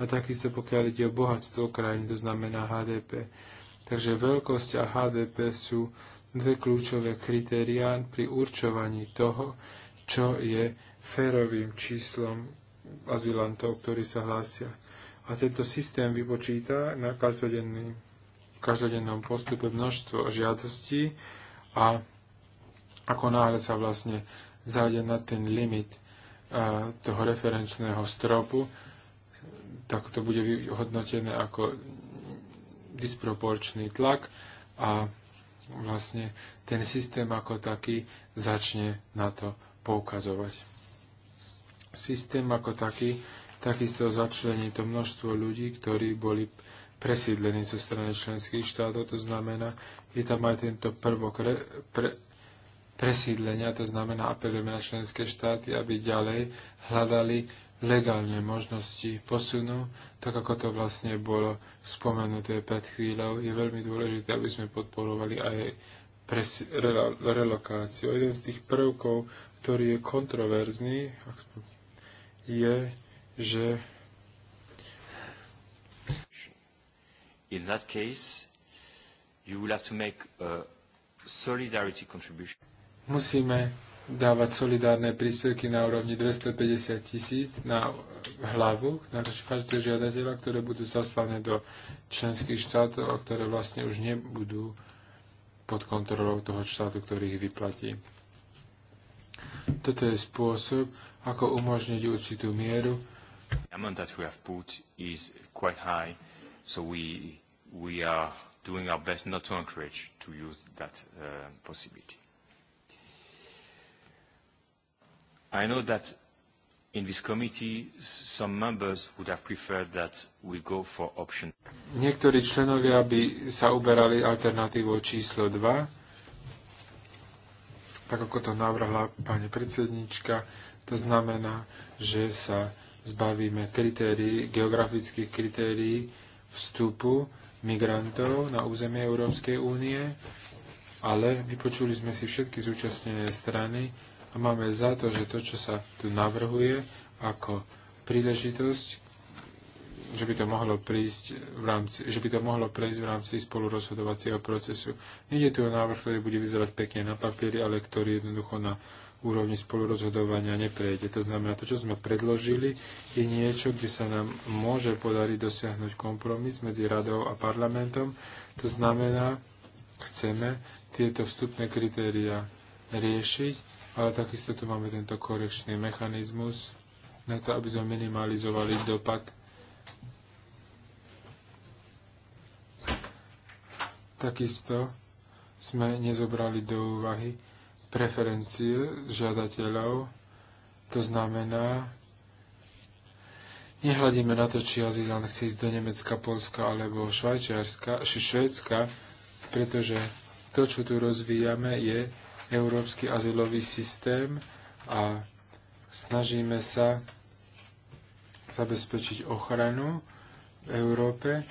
a takisto pokiaľ ide o bohatstvo krajiny, to znamená HDP. Takže veľkosť a HDP sú dve kľúčové kritériá pri určovaní toho, čo je férovým číslom azylantov, ktorí sa hlásia a tento systém vypočíta na každodenný, každodennom postupe množstvo žiadostí a ako náhle sa vlastne zájde na ten limit a, e, toho referenčného stropu, tak to bude vyhodnotené ako disproporčný tlak a vlastne ten systém ako taký začne na to poukazovať. Systém ako taký takisto začlení to množstvo ľudí, ktorí boli presídlení zo strany členských štátov. To znamená, je tam aj tento prvok re, pre, presídlenia, to znamená apelujeme na členské štáty, aby ďalej hľadali legálne možnosti posunu, tak ako to vlastne bolo spomenuté pred chvíľou. Je veľmi dôležité, aby sme podporovali aj pres, relo, relokáciu. Jeden z tých prvkov, ktorý je kontroverzný, je že In that case, you will have to make a solidarity contribution. Musíme dávať solidárne príspevky na úrovni 250 tisíc na hlavu na každého žiadateľa, ktoré budú zaslané do členských štátov a ktoré vlastne už nebudú pod kontrolou toho štátu, ktorý ich vyplatí. Toto je spôsob, ako umožniť určitú mieru The amount that we have put is quite high, so we, we are doing our best not to encourage to use that uh, possibility. I know that in this committee some members would have preferred that we go for option. Niektorí členovia by sa uberali alternatívou číslo 2, tak ako to navrhla pani predsednička. To znamená, že sa zbavíme kritérií, geografických kritérií vstupu migrantov na územie Európskej únie, ale vypočuli sme si všetky zúčastnené strany a máme za to, že to, čo sa tu navrhuje ako príležitosť, že by to mohlo prísť v rámci, že by to mohlo prejsť v rámci spolurozhodovacieho procesu. Nie je tu o návrh, ktorý bude vyzerať pekne na papieri, ale ktorý jednoducho na úrovni spolurozhodovania neprejde. To znamená, to, čo sme predložili, je niečo, kde sa nám môže podariť dosiahnuť kompromis medzi radou a parlamentom. To znamená, chceme tieto vstupné kritéria riešiť, ale takisto tu máme tento korekčný mechanizmus na to, aby sme minimalizovali dopad Takisto sme nezobrali do úvahy preferencie žiadateľov. To znamená, nehľadíme na to, či azylant chce ísť do Nemecka, Polska alebo Švajčiarska, či Švédska, pretože to, čo tu rozvíjame, je európsky azylový systém a snažíme sa zabezpečiť ochranu v Európe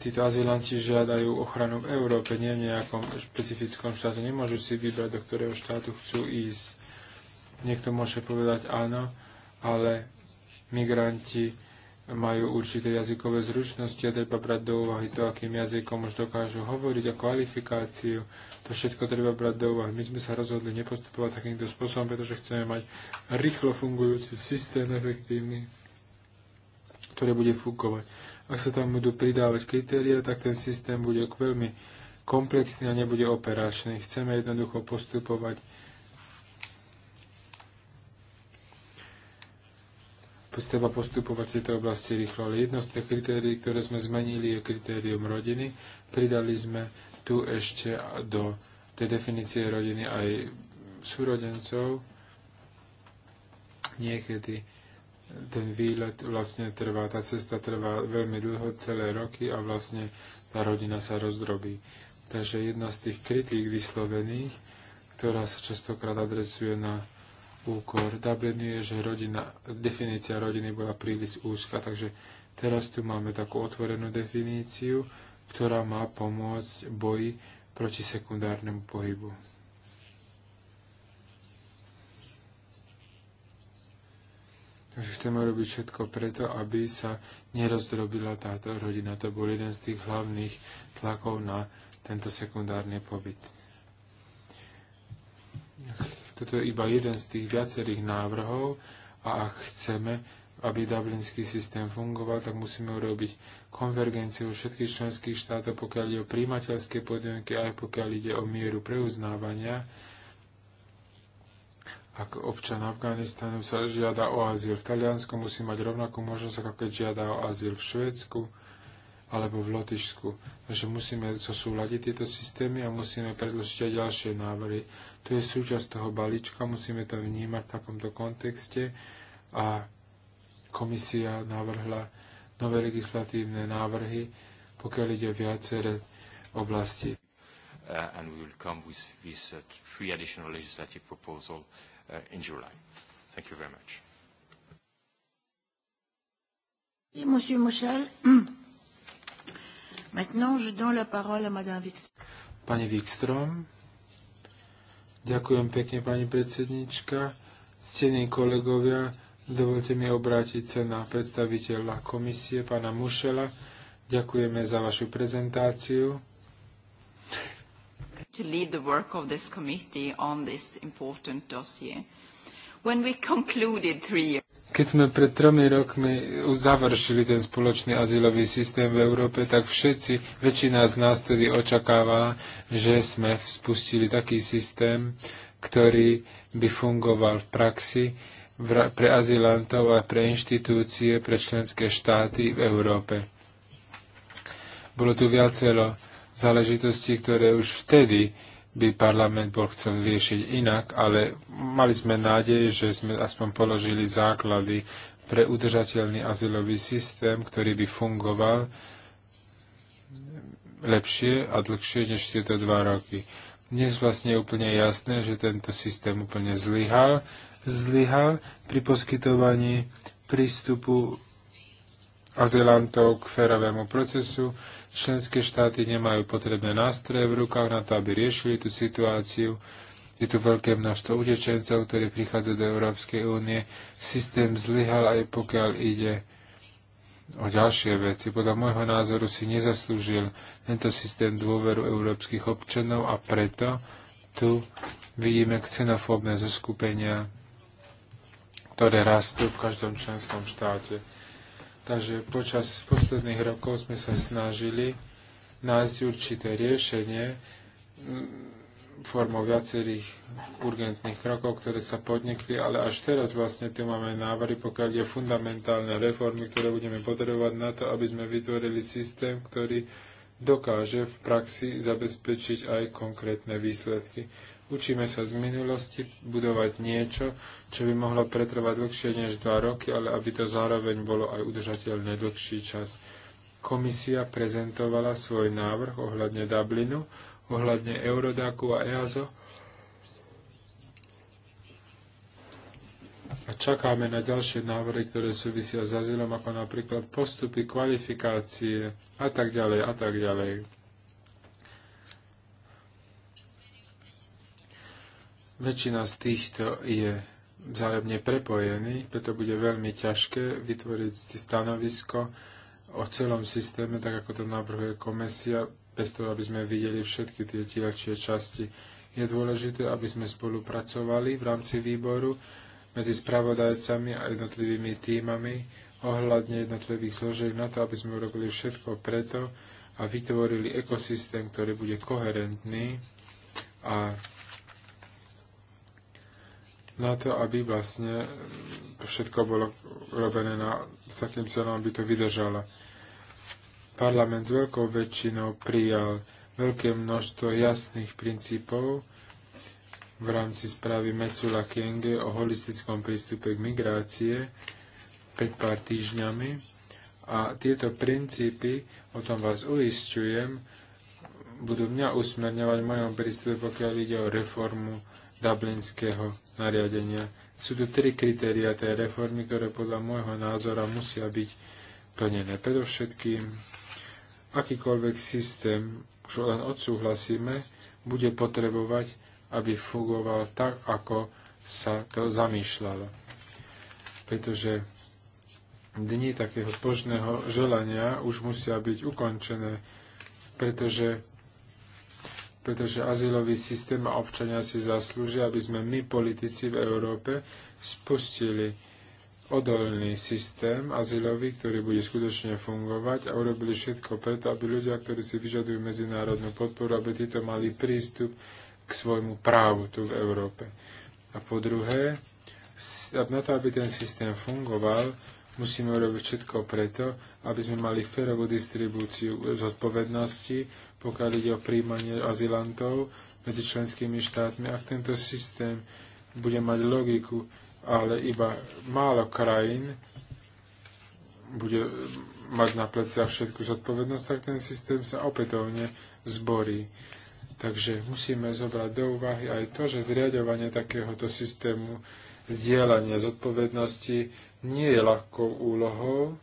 títo azylanti žiadajú ochranu v Európe, nie v nejakom špecifickom štátu. Nemôžu si vybrať, do ktorého štátu chcú ísť. Niekto môže povedať áno, ale migranti majú určité jazykové zručnosti a treba brať do úvahy to, akým jazykom už dokážu hovoriť a kvalifikáciu. To všetko treba brať do úvahy. My sme sa rozhodli nepostupovať takýmto spôsobom, pretože chceme mať rýchlo fungujúci systém efektívny, ktorý bude fungovať ak sa tam budú pridávať kritéria, tak ten systém bude veľmi komplexný a nebude operačný. Chceme jednoducho postupovať treba postupovať v tejto oblasti rýchlo. Ale jedno z tých kritérií, ktoré sme zmenili, je kritérium rodiny. Pridali sme tu ešte do tej definície rodiny aj súrodencov. Niekedy ten výlet vlastne trvá, tá cesta trvá veľmi dlho, celé roky a vlastne tá rodina sa rozdrobí. Takže jedna z tých kritík vyslovených, ktorá sa častokrát adresuje na úkor Dublinu, je, že rodina, definícia rodiny bola príliš úzka, takže teraz tu máme takú otvorenú definíciu, ktorá má pomôcť boji proti sekundárnemu pohybu. Takže chceme robiť všetko preto, aby sa nerozdrobila táto rodina. To bol jeden z tých hlavných tlakov na tento sekundárny pobyt. Toto je iba jeden z tých viacerých návrhov a ak chceme, aby dublinský systém fungoval, tak musíme urobiť konvergenciu všetkých členských štátov, pokiaľ ide o príjimateľské podmienky, aj pokiaľ ide o mieru preuznávania ak občan Afganistanu sa žiada o azyl v Taliansku, musí mať rovnakú možnosť, ako keď žiada o azyl v Švédsku alebo v Lotyšsku. Takže musíme zosúľadiť tieto systémy a musíme predložiť aj ďalšie návrhy. To je súčasť toho balíčka, musíme to vnímať v takomto kontexte a komisia navrhla nové legislatívne návrhy, pokiaľ ide viaceré oblasti. Uh, and we will come with with uh, three additional legislative proposals Uh, in July. Thank you very much. Monsieur Michel, maintenant je donne la parole à Madame Wikström. Pani Wikström, ďakujem pekne, pani predsednička. Ctení kolegovia, dovolte mi obrátiť sa na predstaviteľa komisie, pána Mušela. Ďakujeme za vašu prezentáciu to lead the work of this committee on this important dossier. When we concluded three years... Keď sme pred tromi rokmi završili ten spoločný azylový systém v Európe, tak všetci, väčšina z nás tedy očakávala, že sme spustili taký systém, ktorý by fungoval v praxi pre azylantov a pre inštitúcie, pre členské štáty v Európe. Bolo tu viacero záležitosti, ktoré už vtedy by parlament bol chcel riešiť inak, ale mali sme nádej, že sme aspoň položili základy pre udržateľný azylový systém, ktorý by fungoval lepšie a dlhšie než tieto dva roky. Dnes vlastne je úplne jasné, že tento systém úplne zlyhal, zlyhal pri poskytovaní prístupu azylantov k férovému procesu, Členské štáty nemajú potrebné nástroje v rukách na to, aby riešili tú situáciu. Je tu veľké množstvo utečencov, ktorí prichádzajú do Európskej únie. Systém zlyhal aj pokiaľ ide o ďalšie veci. Podľa môjho názoru si nezaslúžil tento systém dôveru európskych občanov a preto tu vidíme xenofóbne zoskupenia, ktoré rastú v každom členskom štáte. Takže počas posledných rokov sme sa snažili nájsť určité riešenie formou viacerých urgentných krokov, ktoré sa podnikli, ale až teraz vlastne tu máme návrhy, pokiaľ je fundamentálne reformy, ktoré budeme potrebovať na to, aby sme vytvorili systém, ktorý dokáže v praxi zabezpečiť aj konkrétne výsledky. Učíme sa z minulosti budovať niečo, čo by mohlo pretrvať dlhšie než 2 roky, ale aby to zároveň bolo aj udržateľné dlhší čas. Komisia prezentovala svoj návrh ohľadne Dublinu, ohľadne Eurodaku a EASO a čakáme na ďalšie návrhy, ktoré súvisia s azylom, ako napríklad postupy, kvalifikácie a tak ďalej a tak ďalej. Väčšina z týchto je vzájomne prepojený, preto bude veľmi ťažké vytvoriť stanovisko o celom systéme, tak ako to navrhuje komisia, bez toho, aby sme videli všetky tie dielčie časti. Je dôležité, aby sme spolupracovali v rámci výboru medzi spravodajcami a jednotlivými týmami ohľadne jednotlivých zložiek na to, aby sme urobili všetko preto a vytvorili ekosystém, ktorý bude koherentný a na to, aby vlastne všetko bolo robené na, s takým cieľom, aby to vydržalo. Parlament s veľkou väčšinou prijal veľké množstvo jasných princípov v rámci správy Metsula Kienge o holistickom prístupe k migrácie pred pár týždňami. A tieto princípy, o tom vás uistujem, budú mňa usmerňovať v mojom prístupe, pokiaľ ide o reformu Dublinského nariadenia. Sú tu tri kritéria tej reformy, ktoré podľa môjho názora musia byť plnené. Predovšetkým, akýkoľvek systém, už len odsúhlasíme, bude potrebovať, aby fungoval tak, ako sa to zamýšľalo. Pretože dni takého požného želania už musia byť ukončené, pretože pretože azylový systém a občania si zaslúžia, aby sme my, politici v Európe, spustili odolný systém azylový, ktorý bude skutočne fungovať a urobili všetko preto, aby ľudia, ktorí si vyžadujú medzinárodnú podporu, aby títo mali prístup k svojmu právu tu v Európe. A po druhé, na to, aby ten systém fungoval, musíme urobiť všetko preto, aby sme mali férovú distribúciu zodpovednosti, pokiaľ ide o príjmanie azylantov medzi členskými štátmi. Ak tento systém bude mať logiku, ale iba málo krajín bude mať na a všetku zodpovednosť, tak ten systém sa opätovne zborí. Takže musíme zobrať do úvahy aj to, že zriadovanie takéhoto systému zdieľania zodpovednosti nie je ľahkou úlohou,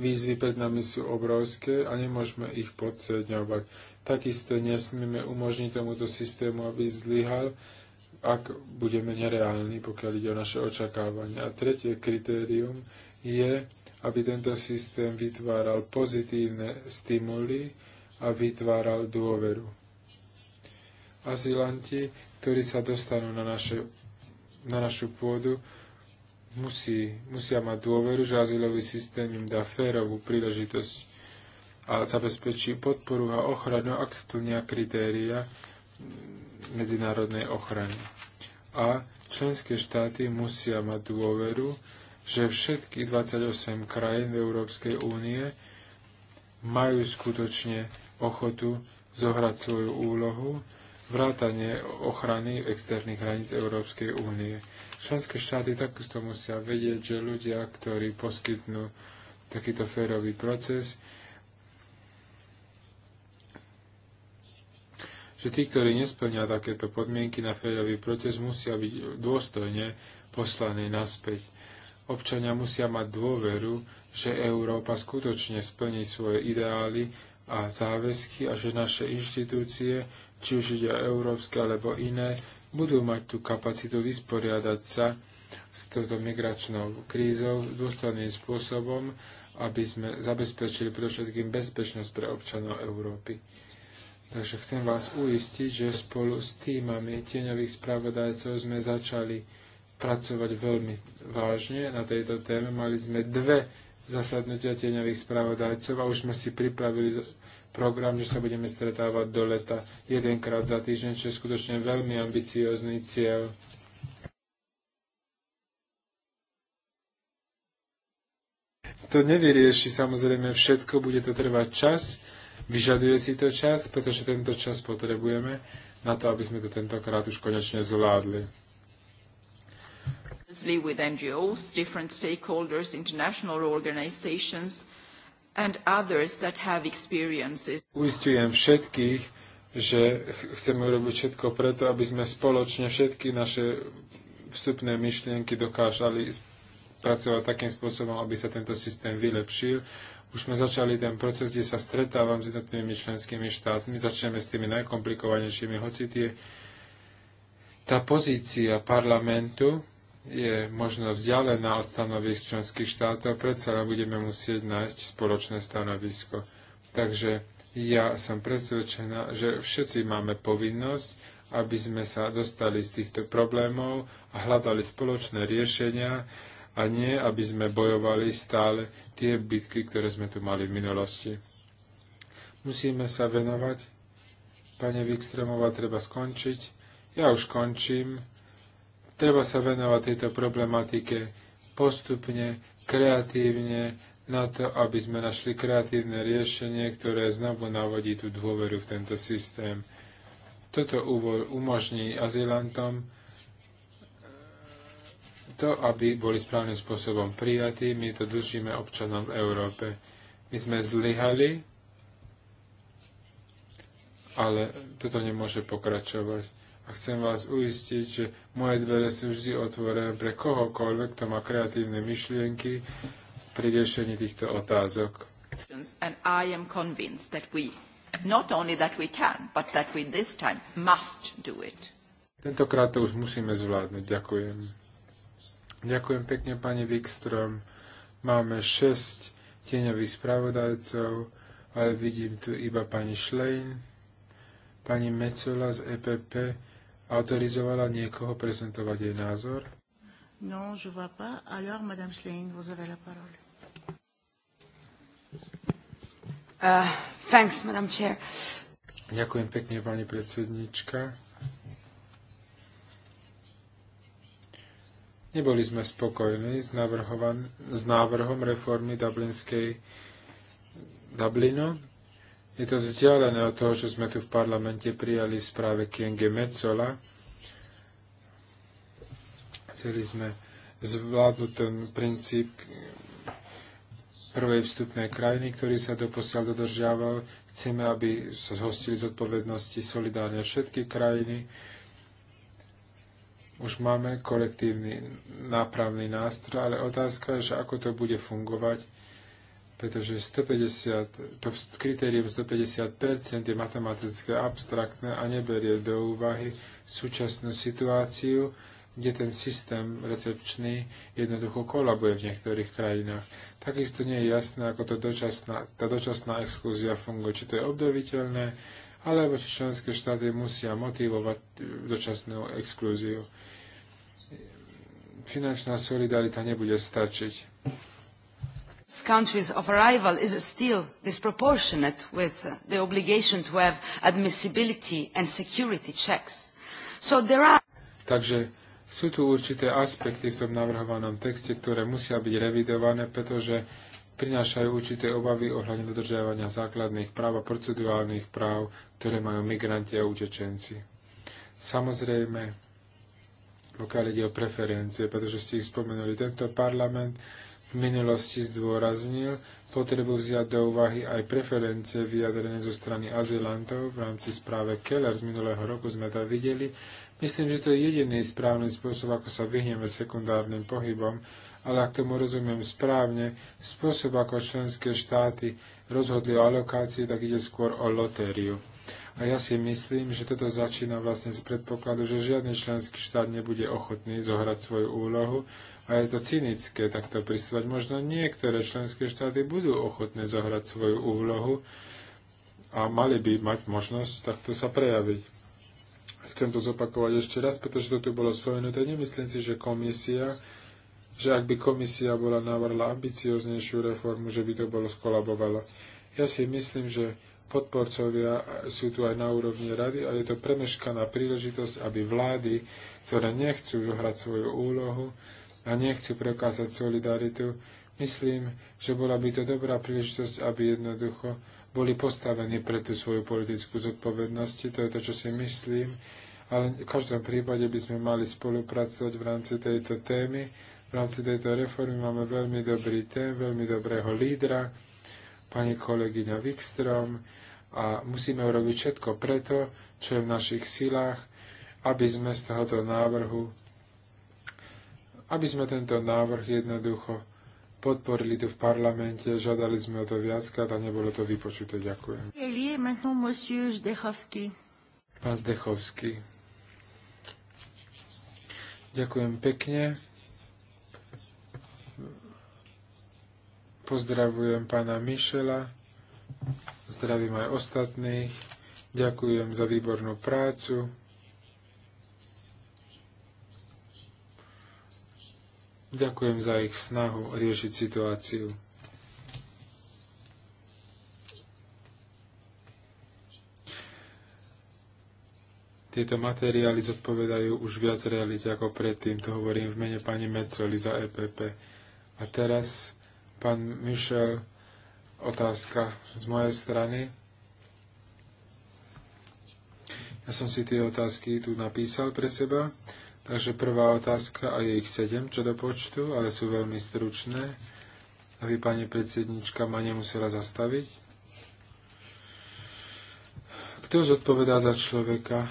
Výzvy pred nami sú obrovské a nemôžeme ich podceňovať. Takisto nesmieme umožniť tomuto systému, aby zlyhal, ak budeme nereálni, pokiaľ ide o naše očakávania. A tretie kritérium je, aby tento systém vytváral pozitívne stimuly a vytváral dôveru. Azilanti, ktorí sa dostanú na, naše, na našu pôdu, musí, musia mať dôveru, že azylový systém im dá férovú príležitosť a zabezpečí podporu a ochranu, ak splnia kritéria medzinárodnej ochrany. A členské štáty musia mať dôveru, že všetky 28 krajín v Európskej únie majú skutočne ochotu zohrať svoju úlohu vrátanie ochrany externých hraníc Európskej únie. Členské štáty takisto musia vedieť, že ľudia, ktorí poskytnú takýto férový proces, že tí, ktorí nesplňajú takéto podmienky na férový proces, musia byť dôstojne poslaní naspäť. Občania musia mať dôveru, že Európa skutočne splní svoje ideály a záväzky a že naše inštitúcie či už ide o európske alebo iné, budú mať tú kapacitu vysporiadať sa s touto migračnou krízou dôstojným spôsobom, aby sme zabezpečili predovšetkým bezpečnosť pre občanov Európy. Takže chcem vás uistiť, že spolu s týmami tieňových spravodajcov sme začali pracovať veľmi vážne na tejto téme. Mali sme dve zasadnutia tieňových spravodajcov a už sme si pripravili program, že sa budeme stretávať do leta jedenkrát za týždeň, čo je skutočne veľmi ambiciózny cieľ. To nevyrieši samozrejme všetko, bude to trvať čas, vyžaduje si to čas, pretože tento čas potrebujeme na to, aby sme to tentokrát už konečne zvládli with NGOs, different stakeholders, international organizations, and others that have experiences. Uistujem všetkých, že chceme urobiť všetko preto, aby sme spoločne všetky naše vstupné myšlienky dokážali pracovať takým spôsobom, aby sa tento systém vylepšil. Už sme začali ten proces, kde sa stretávam s jednotnými členskými štátmi, začneme s tými najkomplikovanejšími, hoci tie, tá pozícia parlamentu je možno vzdialená od stanovisk členských štátov, predsa len budeme musieť nájsť spoločné stanovisko. Takže ja som presvedčená, že všetci máme povinnosť, aby sme sa dostali z týchto problémov a hľadali spoločné riešenia a nie, aby sme bojovali stále tie bitky, ktoré sme tu mali v minulosti. Musíme sa venovať. Pane Vikstremová, treba skončiť. Ja už končím. Treba sa venovať tejto problematike postupne, kreatívne, na to, aby sme našli kreatívne riešenie, ktoré znovu navodí tú dôveru v tento systém. Toto umožní azylantom to, aby boli správnym spôsobom prijatí. My to držíme občanom v Európe. My sme zlyhali, ale toto nemôže pokračovať a chcem vás uistiť, že moje dvere sú vždy otvorené pre kohokoľvek, kto má kreatívne myšlienky pri riešení týchto otázok. And I am convinced that we, not only that we can, but that we this time must do it. Tentokrát to už musíme zvládnuť. Ďakujem. Ďakujem pekne, pani Wikström. Máme šesť tieňových spravodajcov, ale vidím tu iba pani Schlein, pani Mecola z EPP autorizovala niekoho prezentovať jej názor? Non, je vois pas. Alors, Madame Schlein, vous avez la parole. Uh, thanks, Madame Chair. Ďakujem pekne, pani predsednička. Neboli sme spokojní s, s návrhom reformy Dublinskej Dublinu, je to vzdialené od toho, čo sme tu v parlamente prijali v správe Kienge Metzola. Chceli sme zvládnuť ten princíp prvej vstupnej krajiny, ktorý sa doposiaľ dodržiaval. Chceme, aby sa zhostili zodpovednosti solidárne všetky krajiny. Už máme kolektívny nápravný nástroj, ale otázka je, že ako to bude fungovať pretože 150, to kritérium 150% je matematické abstraktné a neberie do úvahy súčasnú situáciu, kde ten systém recepčný jednoducho kolabuje v niektorých krajinách. Takisto nie je jasné, ako to dočasná, tá dočasná exkluzia funguje, či to je obdoviteľné, alebo či členské štáty musia motivovať dočasnú exkluziu. Finančná solidarita nebude stačiť countries of arrival is still disproportionate with uh, the obligation to have admissibility and security checks. So there are... Takže sú tu určité aspekty v tom navrhovanom texte, ktoré musia byť revidované, pretože prinášajú určité obavy ohľadne dodržiavania základných práv a procedurálnych práv, ktoré majú migranti a utečenci. Samozrejme, pokiaľ ide o preferencie, pretože ste ich spomenuli, tento parlament v minulosti zdôraznil potrebu vziať do úvahy aj preferencie vyjadrené zo strany azylantov. V rámci správe Keller z minulého roku sme to videli. Myslím, že to je jediný správny spôsob, ako sa vyhneme sekundárnym pohybom, ale ak tomu rozumiem správne, spôsob, ako členské štáty rozhodli o alokácii, tak ide skôr o lotériu. A ja si myslím, že toto začína vlastne z predpokladu, že žiadny členský štát nebude ochotný zohrať svoju úlohu, a je to cynické takto pristúvať. Možno niektoré členské štáty budú ochotné zohrať svoju úlohu a mali by mať možnosť takto sa prejaviť. Chcem to zopakovať ešte raz, pretože to tu bolo spomenuté. Nemyslím si, že komisia, že ak by komisia bola navrhla ambicioznejšiu reformu, že by to bolo skolabovalo. Ja si myslím, že podporcovia sú tu aj na úrovni rady a je to premeškaná príležitosť, aby vlády, ktoré nechcú zohrať svoju úlohu, a nechcú prekázať solidaritu, myslím, že bola by to dobrá príležitosť, aby jednoducho boli postavení pre tú svoju politickú zodpovednosť. To je to, čo si myslím. Ale v každom prípade by sme mali spolupracovať v rámci tejto témy. V rámci tejto reformy máme veľmi dobrý tém, veľmi dobrého lídra, pani kolegyňa Wikstrom a musíme urobiť všetko preto, čo je v našich silách, aby sme z tohoto návrhu aby sme tento návrh jednoducho podporili tu v parlamente, žiadali sme o to viackrát a nebolo to vypočuté. Ďakujem. Pán Zdechovský. Ďakujem pekne. Pozdravujem pána Mišela. Zdravím aj ostatných. Ďakujem za výbornú prácu. Ďakujem za ich snahu riešiť situáciu. Tieto materiály zodpovedajú už viac realite ako predtým. To hovorím v mene pani Mecoli za EPP. A teraz, pán Michel, otázka z mojej strany. Ja som si tie otázky tu napísal pre seba Takže prvá otázka, a je ich sedem, čo do počtu, ale sú veľmi stručné, aby pani predsednička ma nemusela zastaviť. Kto zodpovedá za človeka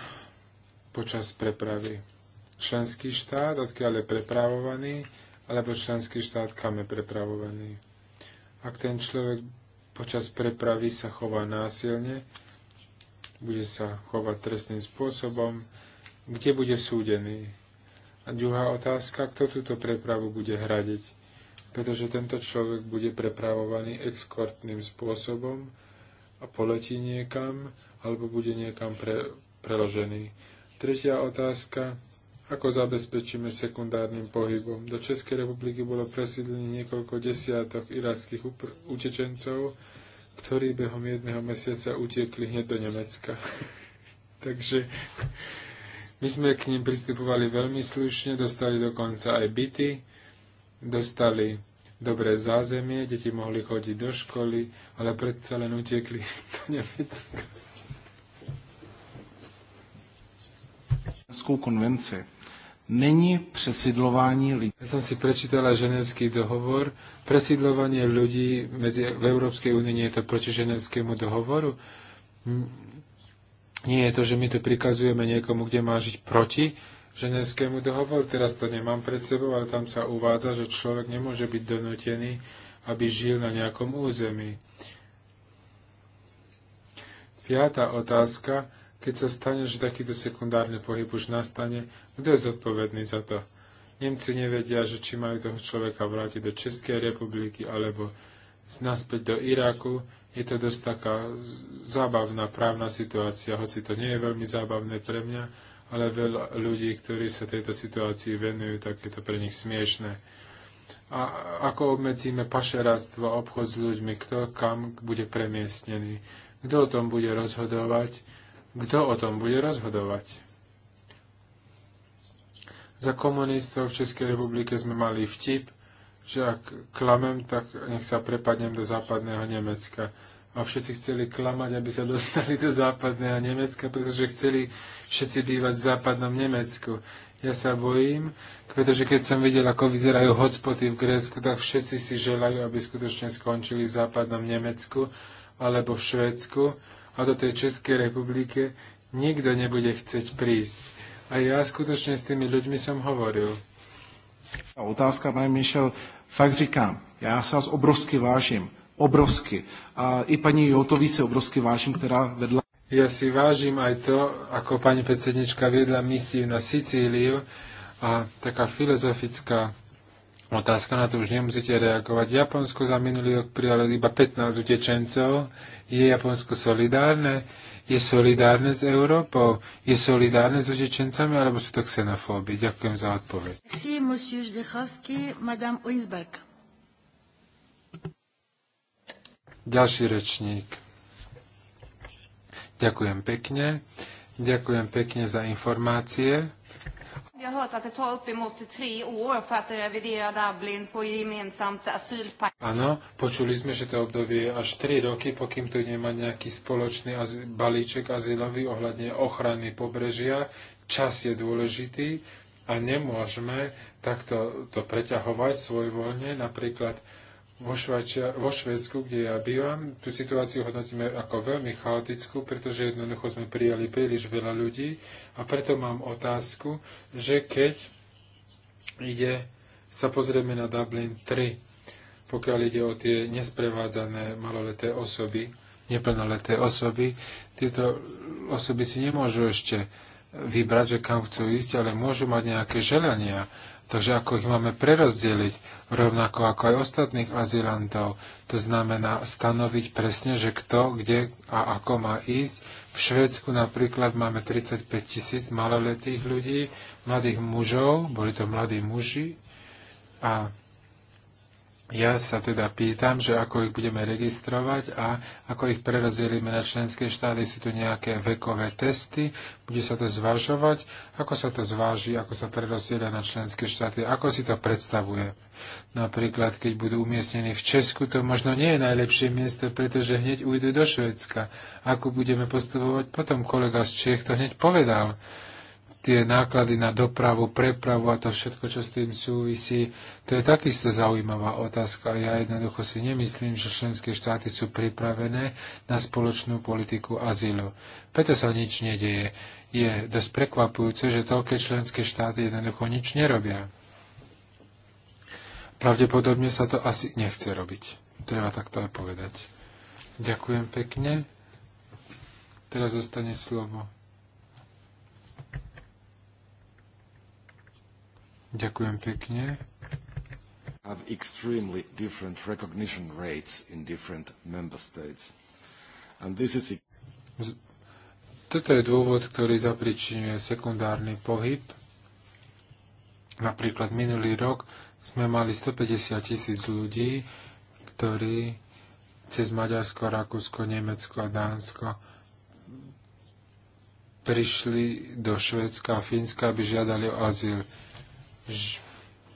počas prepravy? Členský štát, odkiaľ je prepravovaný, alebo členský štát, kam je prepravovaný? Ak ten človek počas prepravy sa chová násilne, bude sa chovať trestným spôsobom, kde bude súdený. A druhá otázka, kto túto prepravu bude hradiť? Pretože tento človek bude prepravovaný exkortným spôsobom a poletí niekam, alebo bude niekam pre, preložený. Tretia otázka, ako zabezpečíme sekundárnym pohybom. Do Českej republiky bolo presídlených niekoľko desiatok irackých utečencov, ktorí behom jedného mesiaca utekli hneď do Nemecka. Takže my sme k ním pristupovali veľmi slušne, dostali dokonca aj byty, dostali dobré zázemie, deti mohli chodiť do školy, ale predsa len utekli do Nemecka. konvence. není přesidlování lidí. Ja som si prečítala ženevský dohovor. Presidlovanie ľudí medzi, v Európskej únii nie je to proti ženevskému dohovoru. Nie je to, že my tu prikazujeme niekomu, kde má žiť proti ženevskému dohovoru. Teraz to nemám pred sebou, ale tam sa uvádza, že človek nemôže byť donútený, aby žil na nejakom území. Piatá otázka. Keď sa stane, že takýto sekundárny pohyb už nastane, kto je zodpovedný za to? Nemci nevedia, že či majú toho človeka vrátiť do Českej republiky alebo naspäť do Iraku, je to dosť taká zábavná právna situácia, hoci to nie je veľmi zábavné pre mňa, ale veľa ľudí, ktorí sa tejto situácii venujú, tak je to pre nich smiešné. A ako obmedzíme pašeráctvo obchod s ľuďmi, kto kam bude premiestnený, kto o tom bude rozhodovať, kto o tom bude rozhodovať. Za komunistov v Českej republike sme mali vtip, že ak klamem, tak nech sa prepadnem do západného Nemecka. A všetci chceli klamať, aby sa dostali do západného Nemecka, pretože chceli všetci bývať v západnom Nemecku. Ja sa bojím, pretože keď som videl, ako vyzerajú hotspoty v Grécku, tak všetci si želajú, aby skutočne skončili v západnom Nemecku alebo v Švédsku a do tej Českej republike nikto nebude chcieť prísť. A ja skutočne s tými ľuďmi som hovoril. Otázka, pán Mišel, Fakt říkám, já se vás obrovsky vážím, obrovsky. A i paní Joutový se obrovsky vážím, která vedla. Ja si vážim aj to, ako pani predsednička viedla misiu na Sicíliu a taká filozofická Otázka na to už nemusíte reagovať. Japonsko za minulý rok prijalo iba 15 utečencov. Je Japonsko solidárne? Je solidárne s Európou? Je solidárne s utečencami? Alebo sú to xenofóby? Ďakujem za odpoveď. Ďalší rečník. Ďakujem pekne. Ďakujem pekne za informácie. Vi har hört att det tar upp uppemot tre år för att revidera Dublin, få gemensamt asylpakt. Áno, počuli sme, že to obdobie je až 3 roky, pokým tu nemá nejaký spoločný az- balíček azylový ohľadne ochrany pobrežia. Čas je dôležitý a nemôžeme takto to preťahovať svojvoľne. Napríklad vo, Švajčia, vo Švedsku, kde ja bývam, tú situáciu hodnotíme ako veľmi chaotickú, pretože jednoducho sme prijali príliš veľa ľudí a preto mám otázku, že keď ide, sa pozrieme na Dublin 3, pokiaľ ide o tie nesprevádzané maloleté osoby, neplnoleté osoby, tieto osoby si nemôžu ešte vybrať, že kam chcú ísť, ale môžu mať nejaké želania Takže ako ich máme prerozdeliť, rovnako ako aj ostatných azilantov, to znamená stanoviť presne, že kto, kde a ako má ísť. V Švédsku napríklad máme 35 tisíc maloletých ľudí, mladých mužov, boli to mladí muži, a ja sa teda pýtam, že ako ich budeme registrovať a ako ich prerozdelíme na členské štáty, sú tu nejaké vekové testy, bude sa to zvažovať, ako sa to zváži, ako sa prerozdelia na členské štáty, ako si to predstavuje. Napríklad, keď budú umiestnení v Česku, to možno nie je najlepšie miesto, pretože hneď ujdu do Švedska. Ako budeme postupovať potom? Kolega z Čech to hneď povedal tie náklady na dopravu, prepravu a to všetko, čo s tým súvisí, to je takisto zaujímavá otázka. Ja jednoducho si nemyslím, že členské štáty sú pripravené na spoločnú politiku azylu. Preto sa nič nedieje. Je dosť prekvapujúce, že toľké členské štáty jednoducho nič nerobia. Pravdepodobne sa to asi nechce robiť. Treba takto aj povedať. Ďakujem pekne. Teraz zostane slovo Ďakujem pekne. Have extremely different recognition rates in different member states. And this is... Toto je dôvod, ktorý zapričinuje sekundárny pohyb. Napríklad minulý rok sme mali 150 tisíc ľudí, ktorí cez Maďarsko, Rakúsko, Nemecko a Dánsko prišli do Švedska a Fínska, aby žiadali o azyl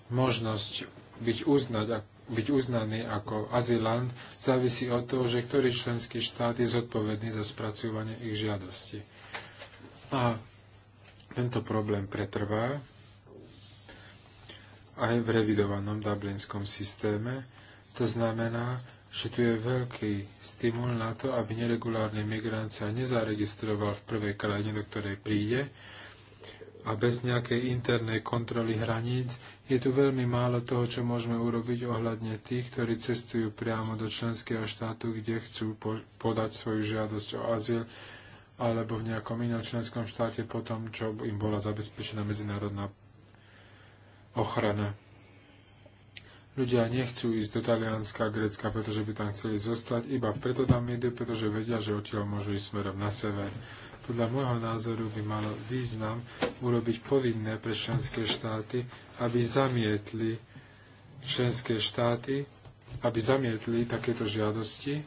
možnosť byť, uznať, byť uznaný ako azylant závisí od toho, že ktorý členský štát je zodpovedný za spracovanie ich žiadosti. A tento problém pretrvá aj v revidovanom dublinskom systéme. To znamená, že tu je veľký stimul na to, aby neregulárny migrant sa nezaregistroval v prvej krajine, do ktorej príde, a bez nejakej internej kontroly hraníc je tu veľmi málo toho, čo môžeme urobiť ohľadne tých, ktorí cestujú priamo do členského štátu, kde chcú podať svoju žiadosť o azyl alebo v nejakom inom členskom štáte po tom, čo im bola zabezpečená medzinárodná ochrana. Ľudia nechcú ísť do Talianska a Grécka, pretože by tam chceli zostať, iba preto tam idú, pretože vedia, že odtiaľ môžu ísť smerom na sever. Podľa môjho názoru by malo význam urobiť povinné pre členské štáty, aby zamietli členské štáty, aby zamietli takéto žiadosti.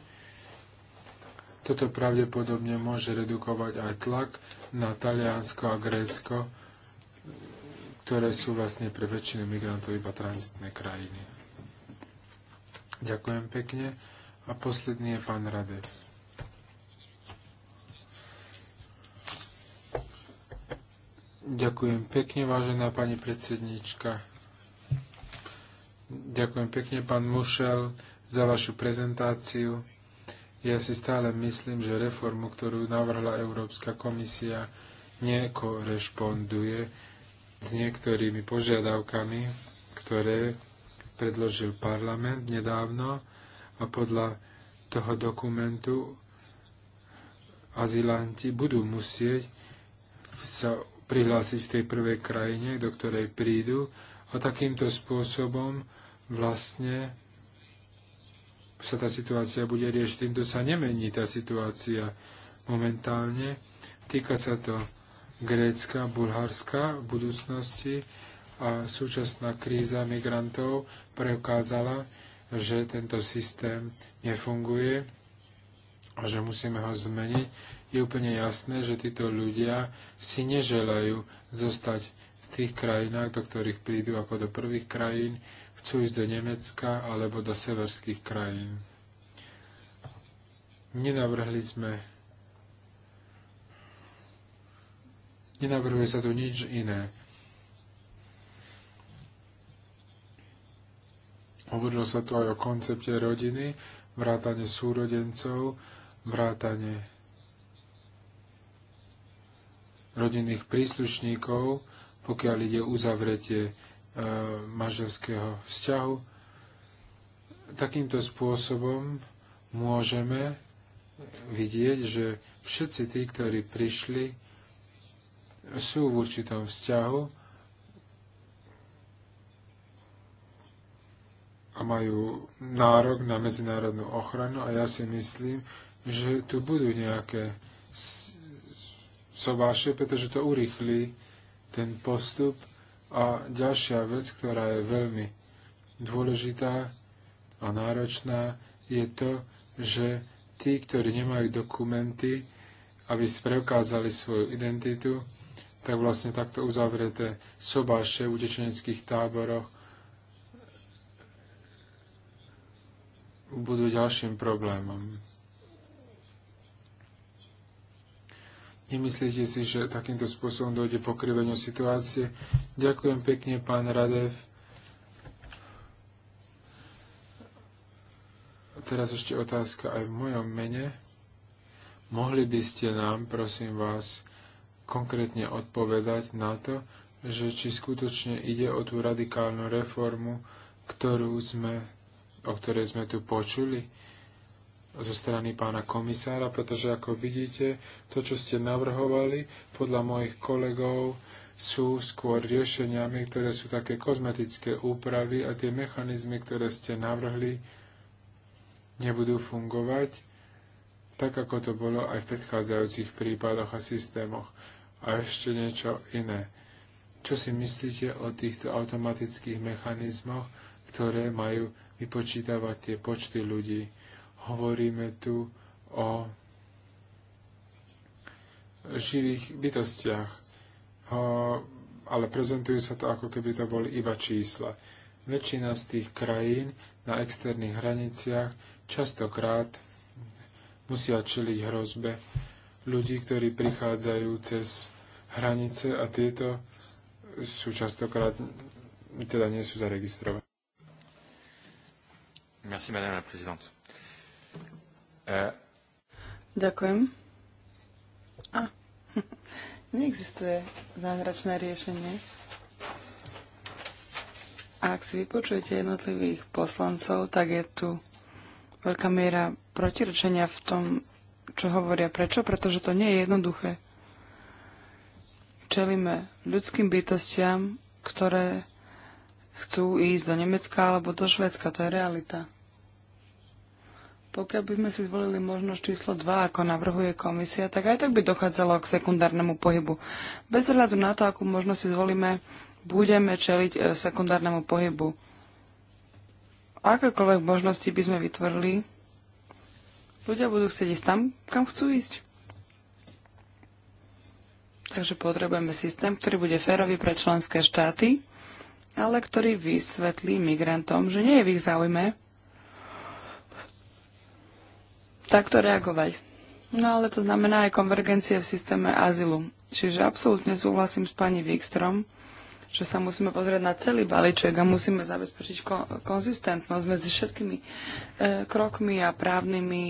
Toto pravdepodobne môže redukovať aj tlak na Taliansko a Grécko, ktoré sú vlastne pre väčšinu migrantov iba tranzitné krajiny. Ďakujem pekne. A posledný je pán Radev. Ďakujem pekne, vážená pani predsedníčka. Ďakujem pekne, pán Mušel, za vašu prezentáciu. Ja si stále myslím, že reformu, ktorú navrhla Európska komisia, nekorešponduje s niektorými požiadavkami, ktoré predložil parlament nedávno a podľa toho dokumentu azylanti budú musieť sa prihlásiť v tej prvej krajine, do ktorej prídu a takýmto spôsobom vlastne sa tá situácia bude riešiť. Týmto sa nemení tá situácia momentálne. Týka sa to Grécka, Bulharska v budúcnosti a súčasná kríza migrantov preukázala, že tento systém nefunguje a že musíme ho zmeniť je úplne jasné, že títo ľudia si neželajú zostať v tých krajinách, do ktorých prídu ako do prvých krajín, chcú ísť do Nemecka alebo do severských krajín. Nenavrhli sme Nenavrhuje sa tu nič iné. Hovorilo sa tu aj o koncepte rodiny, vrátane súrodencov, vrátane rodinných príslušníkov, pokiaľ ide uzavretie e, manželského vzťahu. Takýmto spôsobom môžeme vidieť, že všetci tí, ktorí prišli, sú v určitom vzťahu a majú nárok na medzinárodnú ochranu a ja si myslím, že tu budú nejaké Sováše, pretože to urýchli ten postup. A ďalšia vec, ktorá je veľmi dôležitá a náročná, je to, že tí, ktorí nemajú dokumenty, aby preukázali svoju identitu, tak vlastne takto uzavrete sobáše v utečeneckých táboroch budú ďalším problémom. Nemyslíte si, že takýmto spôsobom dojde pokriveniu situácie? Ďakujem pekne, pán Radev. Teraz ešte otázka aj v mojom mene. Mohli by ste nám, prosím vás, konkrétne odpovedať na to, že či skutočne ide o tú radikálnu reformu, ktorú sme, o ktorej sme tu počuli? zo strany pána komisára, pretože ako vidíte, to, čo ste navrhovali, podľa mojich kolegov, sú skôr riešeniami, ktoré sú také kozmetické úpravy a tie mechanizmy, ktoré ste navrhli, nebudú fungovať tak, ako to bolo aj v predchádzajúcich prípadoch a systémoch. A ešte niečo iné. Čo si myslíte o týchto automatických mechanizmoch, ktoré majú vypočítavať tie počty ľudí? Hovoríme tu o živých bytostiach, O, ale prezentujú sa to ako keby to boli iba čísla. Väčšina z tých krajín na externých hraniciach častokrát musia čeliť hrozbe ľudí, ktorí prichádzajú cez hranice a tieto sú častokrát teda nie sú zaregistrované. Merci, madame la présidente. Ďakujem. A, neexistuje zázračné riešenie. Ak si vypočujete jednotlivých poslancov, tak je tu veľká miera protirečenia v tom, čo hovoria. Prečo? Pretože to nie je jednoduché. Čelíme ľudským bytostiam, ktoré chcú ísť do Nemecka alebo do Švedska. To je realita. Pokiaľ by sme si zvolili možnosť číslo 2, ako navrhuje komisia, tak aj tak by dochádzalo k sekundárnemu pohybu. Bez ohľadu na to, akú možnosť si zvolíme, budeme čeliť e, sekundárnemu pohybu. Akékoľvek možnosti by sme vytvorili, ľudia budú chcieť ísť tam, kam chcú ísť. Takže potrebujeme systém, ktorý bude férový pre členské štáty, ale ktorý vysvetlí migrantom, že nie je v ich záujme takto reagovať. No ale to znamená aj konvergencie v systéme azylu. Čiže absolútne súhlasím s pani Wikstrom, že sa musíme pozrieť na celý balíček a musíme zabezpečiť ko- konzistentnosť medzi všetkými e, krokmi a právnymi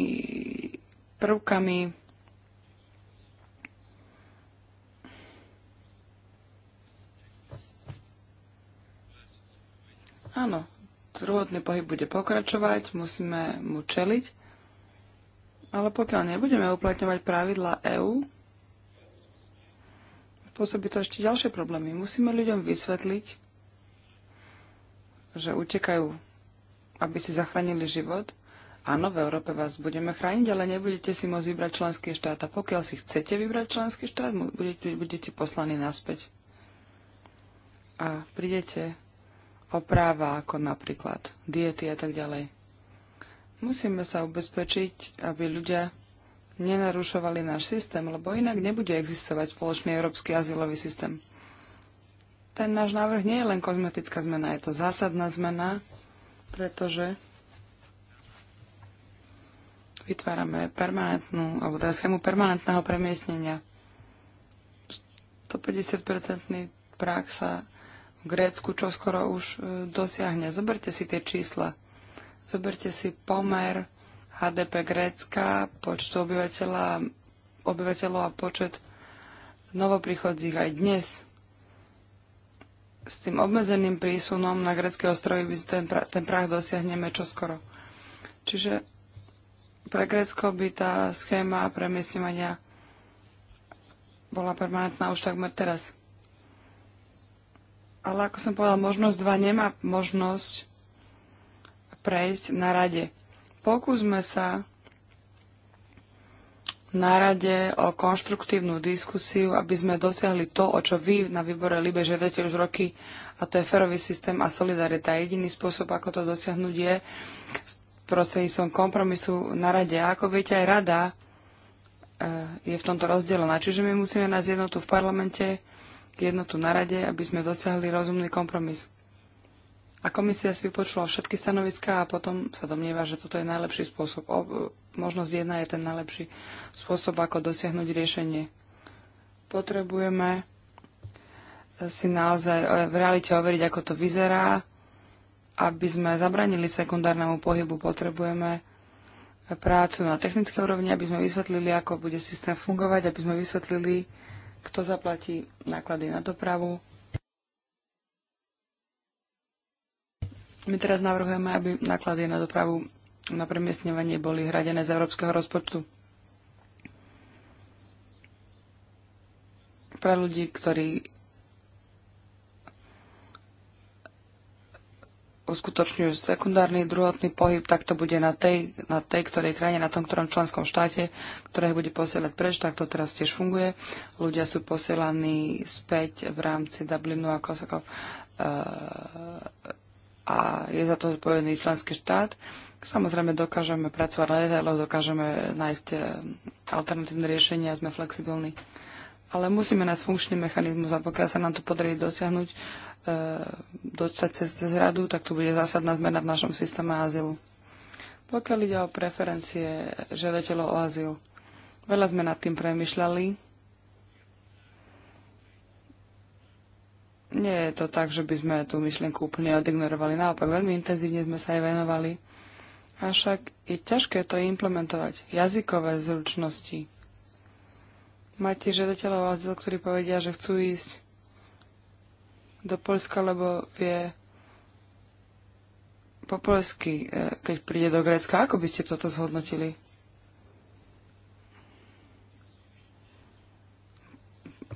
prvkami. Áno, druhotný pohyb bude pokračovať, musíme mu čeliť ale pokiaľ nebudeme uplatňovať pravidla EÚ, pôsobí to ešte ďalšie problémy. Musíme ľuďom vysvetliť, že utekajú, aby si zachránili život. Áno, v Európe vás budeme chrániť, ale nebudete si môcť vybrať členský štát. A pokiaľ si chcete vybrať členský štát, budete, budete poslaní naspäť. A prídete o práva, ako napríklad diety a tak ďalej. Musíme sa ubezpečiť, aby ľudia nenarušovali náš systém, lebo inak nebude existovať spoločný európsky azylový systém. Ten náš návrh nie je len kozmetická zmena, je to zásadná zmena, pretože vytvárame permanentnú, alebo teda schému permanentného premiestnenia. 150-percentný prák sa v Grécku čoskoro už e, dosiahne. Zoberte si tie čísla. Zoberte si pomer HDP Grécka, počtu obyvateľa, obyvateľov a počet novoprichodzích aj dnes. S tým obmedzeným prísunom na grecké ostrovy by ten, ten prach dosiahneme čoskoro. Čiže pre Grécko by tá schéma premiestňovania bola permanentná už takmer teraz. Ale ako som povedal, možnosť 2 nemá možnosť prejsť na rade. Pokúsme sa na rade o konštruktívnu diskusiu, aby sme dosiahli to, o čo vy na výbore Libe žiadate už roky, a to je ferový systém a solidarita. Jediný spôsob, ako to dosiahnuť, je prostredníctvom kompromisu na rade. A ako viete, aj rada eh, je v tomto rozdelená. Čiže my musíme nájsť jednotu v parlamente, jednotu na rade, aby sme dosiahli rozumný kompromis a komisia si vypočula všetky stanoviská a potom sa domnieva, že toto je najlepší spôsob. O, možnosť jedna je ten najlepší spôsob, ako dosiahnuť riešenie. Potrebujeme si naozaj v realite overiť, ako to vyzerá. Aby sme zabranili sekundárnemu pohybu, potrebujeme prácu na technické úrovni, aby sme vysvetlili, ako bude systém fungovať, aby sme vysvetlili, kto zaplatí náklady na dopravu, My teraz navrhujeme, aby náklady na dopravu na premiestňovanie boli hradené z európskeho rozpočtu. Pre ľudí, ktorí uskutočňujú sekundárny druhotný pohyb, tak to bude na tej, na tej ktorej krajine, na tom ktorom členskom štáte, ktoré bude posielať preč, tak to teraz tiež funguje. Ľudia sú posielaní späť v rámci Dublinu ako, ako eh, a je za to zodpovedný členský štát. Samozrejme, dokážeme pracovať na detailoch, dokážeme nájsť e, alternatívne riešenia, sme flexibilní. Ale musíme nájsť funkčný mechanizmus a pokiaľ sa nám to podarí dosiahnuť, e, dostať cez, cez radu, tak to bude zásadná zmena v našom systéme azylu. Pokiaľ ide o preferencie žiadateľov o azyl, veľa sme nad tým premyšľali Nie je to tak, že by sme tú myšlienku úplne odignorovali. Naopak, veľmi intenzívne sme sa jej venovali. Avšak je ťažké to implementovať. Jazykové zručnosti. Máte žiadateľov azyl, ktorí povedia, že chcú ísť do Polska, lebo vie po polsky, e, keď príde do Grécka. Ako by ste toto zhodnotili?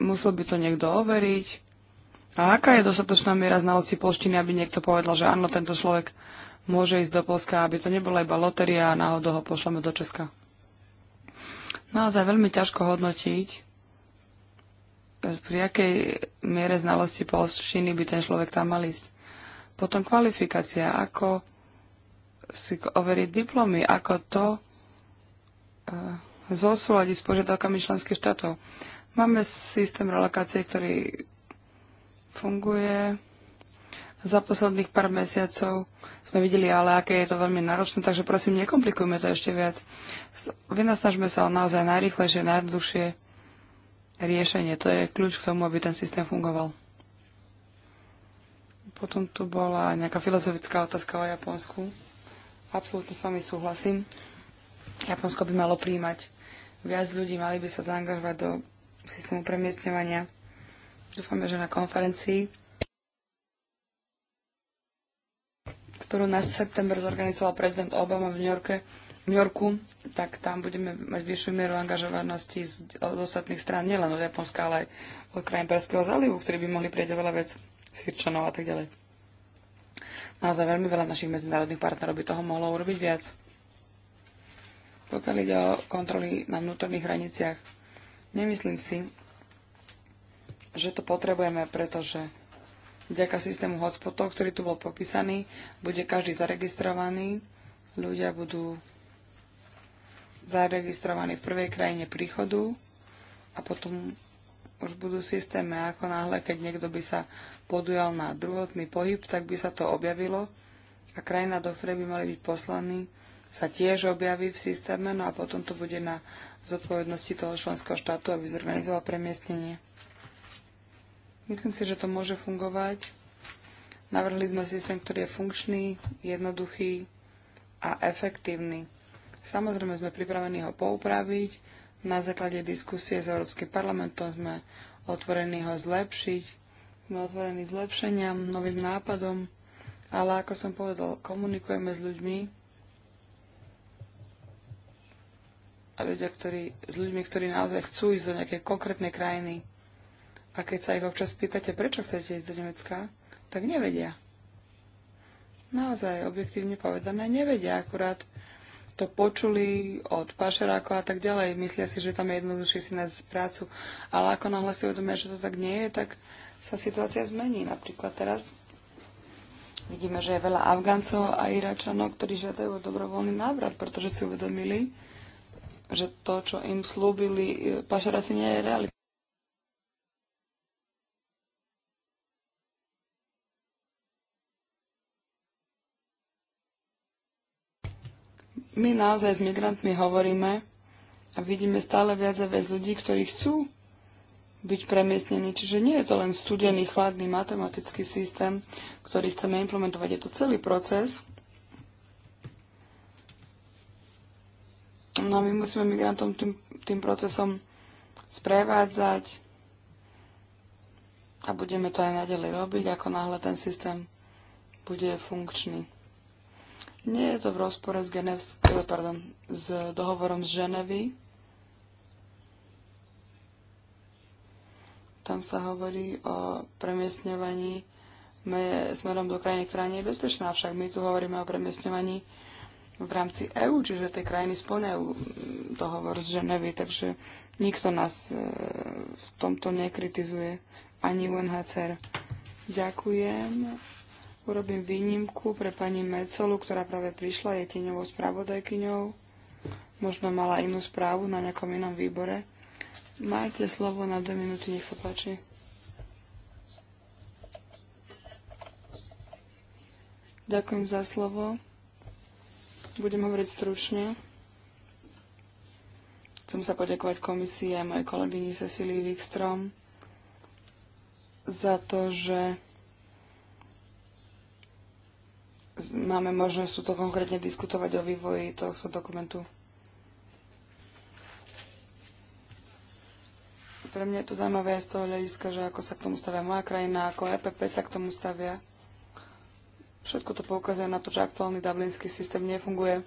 Musel by to niekto overiť, a aká je dostatočná miera znalosti polštiny, aby niekto povedal, že áno, tento človek môže ísť do Polska, aby to nebola iba lotéria a náhodou ho pošleme do Česka? Naozaj veľmi ťažko hodnotiť, pri akej miere znalosti polštiny by ten človek tam mal ísť. Potom kvalifikácia, ako si overiť diplomy, ako to e, zosúľadiť s požiadavkami členských štátov. Máme systém relokácie, ktorý funguje. Za posledných pár mesiacov sme videli, ale aké je to veľmi náročné, takže prosím, nekomplikujme to ešte viac. Vynasnažme sa o naozaj najrychlejšie, najjednoduchšie riešenie. To je kľúč k tomu, aby ten systém fungoval. Potom tu bola nejaká filozofická otázka o Japonsku. Absolútne s vami súhlasím. Japonsko by malo príjmať viac ľudí, mali by sa zaangažovať do systému premiestňovania Dúfame, že na konferencii, ktorú na september zorganizoval prezident Obama v New Yorku, v New Yorku, tak tam budeme mať vyššiu mieru angažovanosti z, z ostatných strán, nielen od Japonska, ale aj od krajín Perského zálivu, ktorí by mohli prieť veľa vec Sirčanov a tak ďalej. Naozaj no veľmi veľa našich medzinárodných partnerov by toho mohlo urobiť viac. Pokiaľ ide o kontroly na vnútorných hraniciach, nemyslím si, že to potrebujeme, pretože vďaka systému hotspotov, ktorý tu bol popísaný, bude každý zaregistrovaný, ľudia budú zaregistrovaní v prvej krajine príchodu a potom už budú systéme, ako náhle, keď niekto by sa podujal na druhotný pohyb, tak by sa to objavilo a krajina, do ktorej by mali byť poslaní, sa tiež objaví v systéme, no a potom to bude na zodpovednosti toho členského štátu, aby zorganizoval premiestnenie. Myslím si, že to môže fungovať. Navrhli sme systém, ktorý je funkčný, jednoduchý a efektívny. Samozrejme sme pripravení ho poupraviť. Na základe diskusie s Európskym parlamentom sme otvorení ho zlepšiť. Sme otvorení zlepšeniam, novým nápadom. Ale ako som povedal, komunikujeme s ľuďmi, a ľudia, ktorí, s ľuďmi, ktorí naozaj chcú ísť do nejakej konkrétnej krajiny a keď sa ich občas pýtate, prečo chcete ísť do Nemecka, tak nevedia. Naozaj, objektívne povedané, nevedia. Akurát to počuli od pašerákov a tak ďalej. Myslia si, že tam je jednoduchšie si nájsť prácu. Ale ako náhle si uvedomia, že to tak nie je, tak sa situácia zmení. Napríklad teraz vidíme, že je veľa Afgáncov a Iračanov, ktorí žiadajú o dobrovoľný návrat, pretože si uvedomili, že to, čo im slúbili, pašeráci nie je realita. my naozaj s migrantmi hovoríme a vidíme stále viac a viac ľudí, ktorí chcú byť premiestnení. Čiže nie je to len studený, chladný matematický systém, ktorý chceme implementovať. Je to celý proces. No a my musíme migrantom tým, tým procesom sprevádzať a budeme to aj naďalej robiť, ako náhle ten systém bude funkčný. Nie je to v rozpore s, Genevsk- eh, pardon, s dohovorom z Ženevy. Tam sa hovorí o premiestňovaní smerom do krajiny, ktorá nie je bezpečná. Však my tu hovoríme o premiestňovaní v rámci EÚ, čiže tie krajiny splňajú e mm, dohovor z Ženevy, takže nikto nás eh, v tomto nekritizuje, ani UNHCR. Ďakujem. Urobím výnimku pre pani Mecolu, ktorá práve prišla, je tieňovou spravodajkyňou. Možno mala inú správu na nejakom inom výbore. Majte slovo na dve minúty, nech sa páči. Ďakujem za slovo. Budem hovoriť stručne. Chcem sa poďakovať komisii a mojej kolegyni Cecilii Wikstrom za to, že máme možnosť tu konkrétne diskutovať o vývoji tohto dokumentu. Pre mňa je to zaujímavé z toho hľadiska, že ako sa k tomu stavia moja krajina, ako EPP sa k tomu stavia. Všetko to poukazuje na to, že aktuálny dublinský systém nefunguje.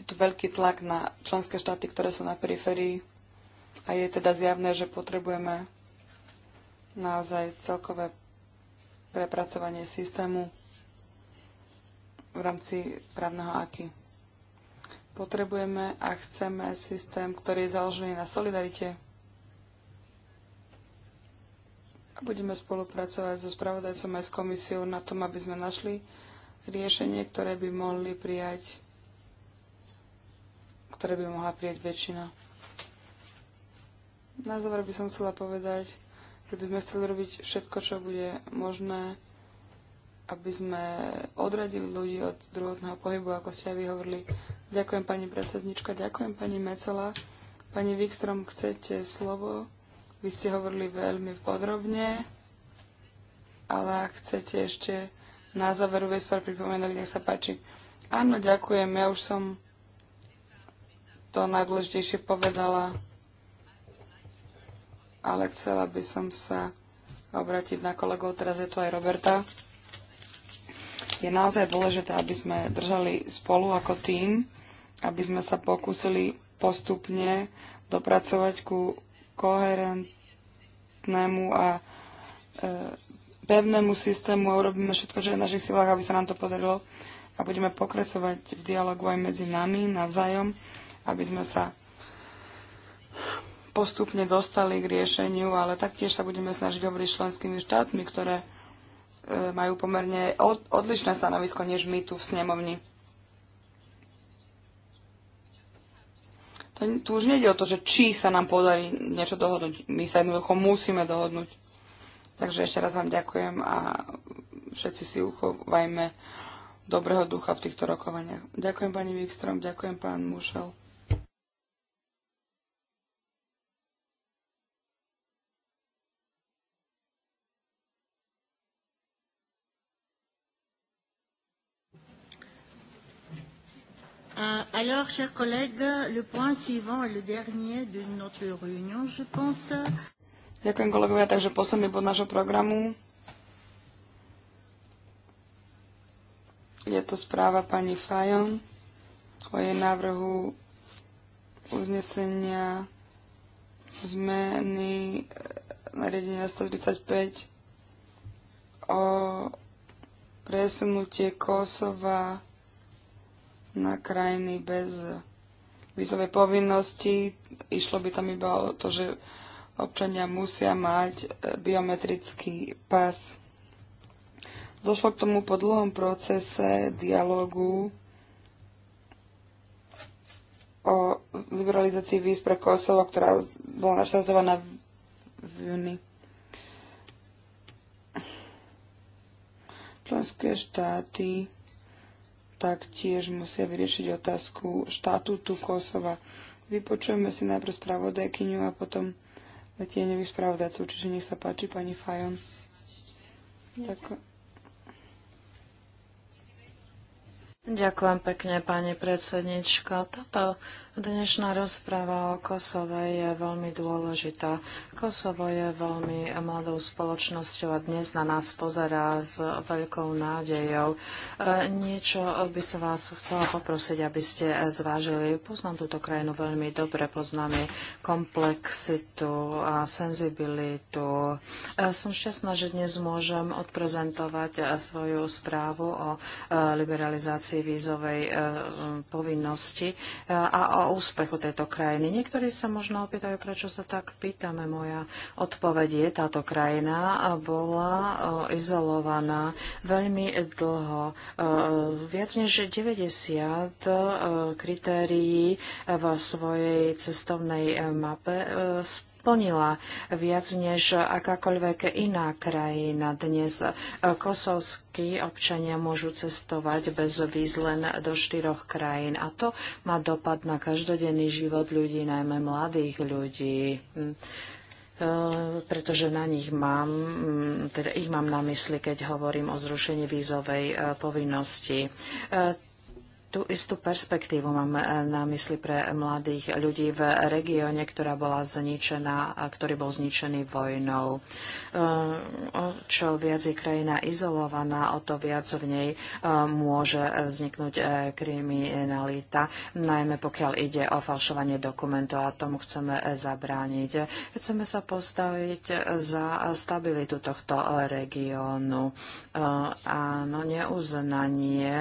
Je tu veľký tlak na členské štáty, ktoré sú na periférii a je teda zjavné, že potrebujeme naozaj celkové prepracovanie systému v rámci právneho aký. Potrebujeme a chceme systém, ktorý je založený na solidarite. A budeme spolupracovať so spravodajcom aj s komisiou na tom, aby sme našli riešenie, ktoré by mohli prijať, ktoré by mohla prijať väčšina. Na záver by som chcela povedať, že by sme chceli robiť všetko, čo bude možné, aby sme odradili ľudí od druhotného pohybu, ako ste aj vy hovorili. Ďakujem pani predsednička, ďakujem pani Mecola. Pani Wikstrom, chcete slovo? Vy ste hovorili veľmi podrobne, ale ak chcete ešte na záveru vec pripomenúť, nech sa páči. Áno, ďakujem, ja už som to najdôležitejšie povedala, ale chcela by som sa obrátiť na kolegov, teraz je tu aj Roberta je naozaj dôležité, aby sme držali spolu ako tým, aby sme sa pokúsili postupne dopracovať ku koherentnému a e, pevnému systému a urobíme všetko, čo je v našich silách, aby sa nám to podarilo a budeme pokračovať v dialogu aj medzi nami navzájom, aby sme sa postupne dostali k riešeniu, ale taktiež sa budeme snažiť hovoriť s členskými štátmi, ktoré E, majú pomerne odlišné stanovisko než my tu v snemovni. To, tu už nejde o to, že či sa nám podarí niečo dohodnúť. My sa jednoducho musíme dohodnúť. Takže ešte raz vám ďakujem a všetci si uchovajme dobrého ducha v týchto rokovaniach. Ďakujem pani Wikström, ďakujem pán Mušel. Euh, alors, chers collègues, le point suivant est le dernier de notre réunion, je pense. Ďakujem kolegovia, takže posledný bod nášho programu. Je to správa pani Fajon o jej návrhu uznesenia zmeny eh, nariadenia 135 o presunutie Kosova na krajiny bez vízovej povinnosti. Išlo by tam iba o to, že občania musia mať e, biometrický pas. Došlo k tomu po dlhom procese dialogu o liberalizácii víz pre Kosovo, ktorá bola naštartovaná v júni. Členské štáty tak tiež musia vyriešiť otázku štatútu Kosova. Vypočujeme si najprv spravodajkyňu a potom tieňových spravodajcov. Čiže nech sa páči, pani Fajon. Ďakujem. Ďakujem pekne, pani predsednička. Táto Dnešná rozpráva o Kosove je veľmi dôležitá. Kosovo je veľmi mladou spoločnosťou a dnes na nás pozerá s veľkou nádejou. E, niečo by som vás chcela poprosiť, aby ste zvážili. Poznám túto krajinu veľmi dobre, poznám jej komplexitu a senzibilitu. E, som šťastná, že dnes môžem odprezentovať svoju správu o e, liberalizácii vízovej povinnosti a o o úspechu tejto krajiny. Niektorí sa možno opýtajú, prečo sa tak pýtame. Moja odpoveď je, táto krajina eh, bola eh, izolovaná veľmi dlho. Eh, viac než 90 kritérií v svojej cestovnej mape plnila viac než akákoľvek iná krajina. Dnes kosovskí občania môžu cestovať bez víz len do štyroch krajín a to má dopad na každodenný život ľudí, najmä mladých ľudí hm. e, pretože na nich mám, hm, teda ich mám na mysli, keď hovorím o zrušení vízovej e, povinnosti. E, tú istú perspektívu mám e, na mysli pre mladých ľudí v regióne, ktorá bola zničená, a ktorý bol zničený vojnou. E, čo viac je krajina izolovaná, o to viac v nej e, môže vzniknúť kriminalita, najmä pokiaľ ide o falšovanie dokumentov a tomu chceme zabrániť. Chceme sa postaviť za stabilitu tohto regiónu. Áno, neuznanie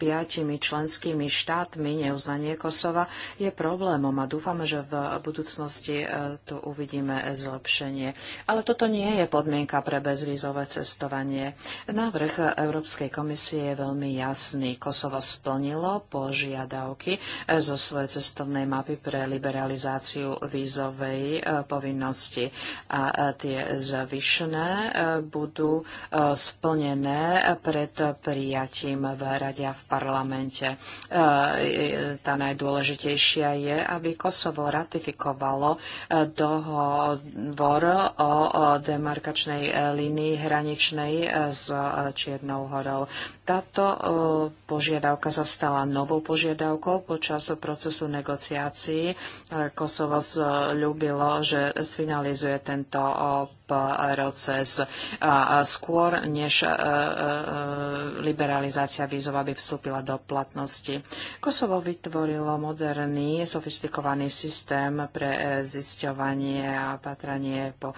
piatimi členmi členskými štátmi neuznanie Kosova je problémom a dúfame, že v budúcnosti e, tu uvidíme zlepšenie. Ale toto nie je podmienka pre bezvízové cestovanie. Návrh Európskej komisie je veľmi jasný. Kosovo splnilo požiadavky e, zo svojej cestovnej mapy pre liberalizáciu vízovej e, povinnosti a tie zvyšné budú splnené pred prijatím v Rade a v parlamente že e, tá najdôležitejšia je, aby Kosovo ratifikovalo e, dohovor o demarkačnej e, línii hraničnej s Čiernou horou. Táto požiadavka sa stala novou požiadavkou počas procesu negociácií. Kosovo zľúbilo, že sfinalizuje tento proces. A skôr, než e, e, e, liberalizácia vízova by vstúpila do platnosti. Kosovo vytvorilo moderný, sofistikovaný systém pre zisťovanie a patranie po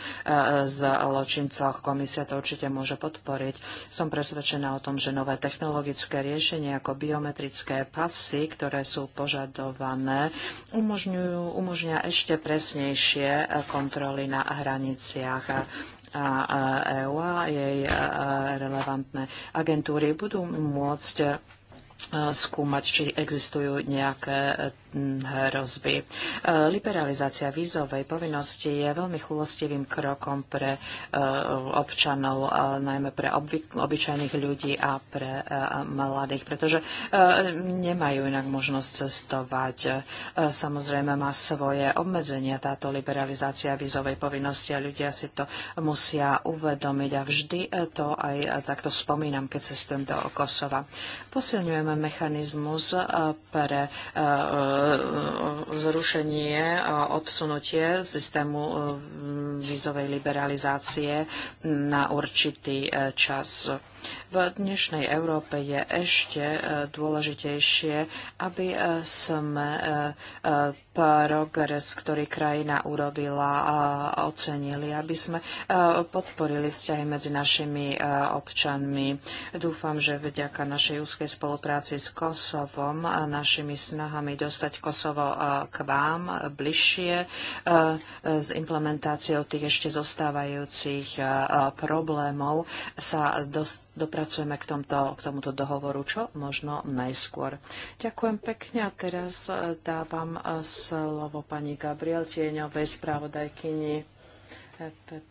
zločincoch. Komisia to určite môže podporiť. Som presvedčená o tom, že nové technologické riešenie ako biometrické pasy, ktoré sú požadované, umožňujú, umožňujú ešte presnejšie kontroly na hraniciach a a EÚ a jej relevantné agentúry budú môcť E, skúmať, či existujú nejaké e, hrozby. E, liberalizácia vízovej povinnosti je veľmi chulostivým krokom pre občanov, najmä pre obyčajných ľudí a pre mladých, pretože nemajú inak možnosť cestovať. Samozrejme má svoje obmedzenia táto liberalizácia vízovej povinnosti a ľudia si to musia uvedomiť a vždy to aj takto spomínam, keď cestujem do Kosova. Posilňujeme mechanizmus e, pre e, e, zrušenie a odsunutie systému vízovej liberalizácie na určitý čas. V dnešnej Európe je ešte e, dôležitejšie, aby e, sme e, progres, ktorý krajina urobila, ocenili, aby sme podporili vzťahy medzi našimi občanmi. Dúfam, že vďaka našej úzkej spolupráci s Kosovom a našimi snahami dostať Kosovo k vám bližšie s implementáciou tých ešte zostávajúcich problémov sa dostať dopracujeme k, tomto, k tomuto dohovoru čo možno najskôr. Ďakujem pekne a teraz e, dávam e, slovo pani Gabriel Tieňovej správodajkyni EPP.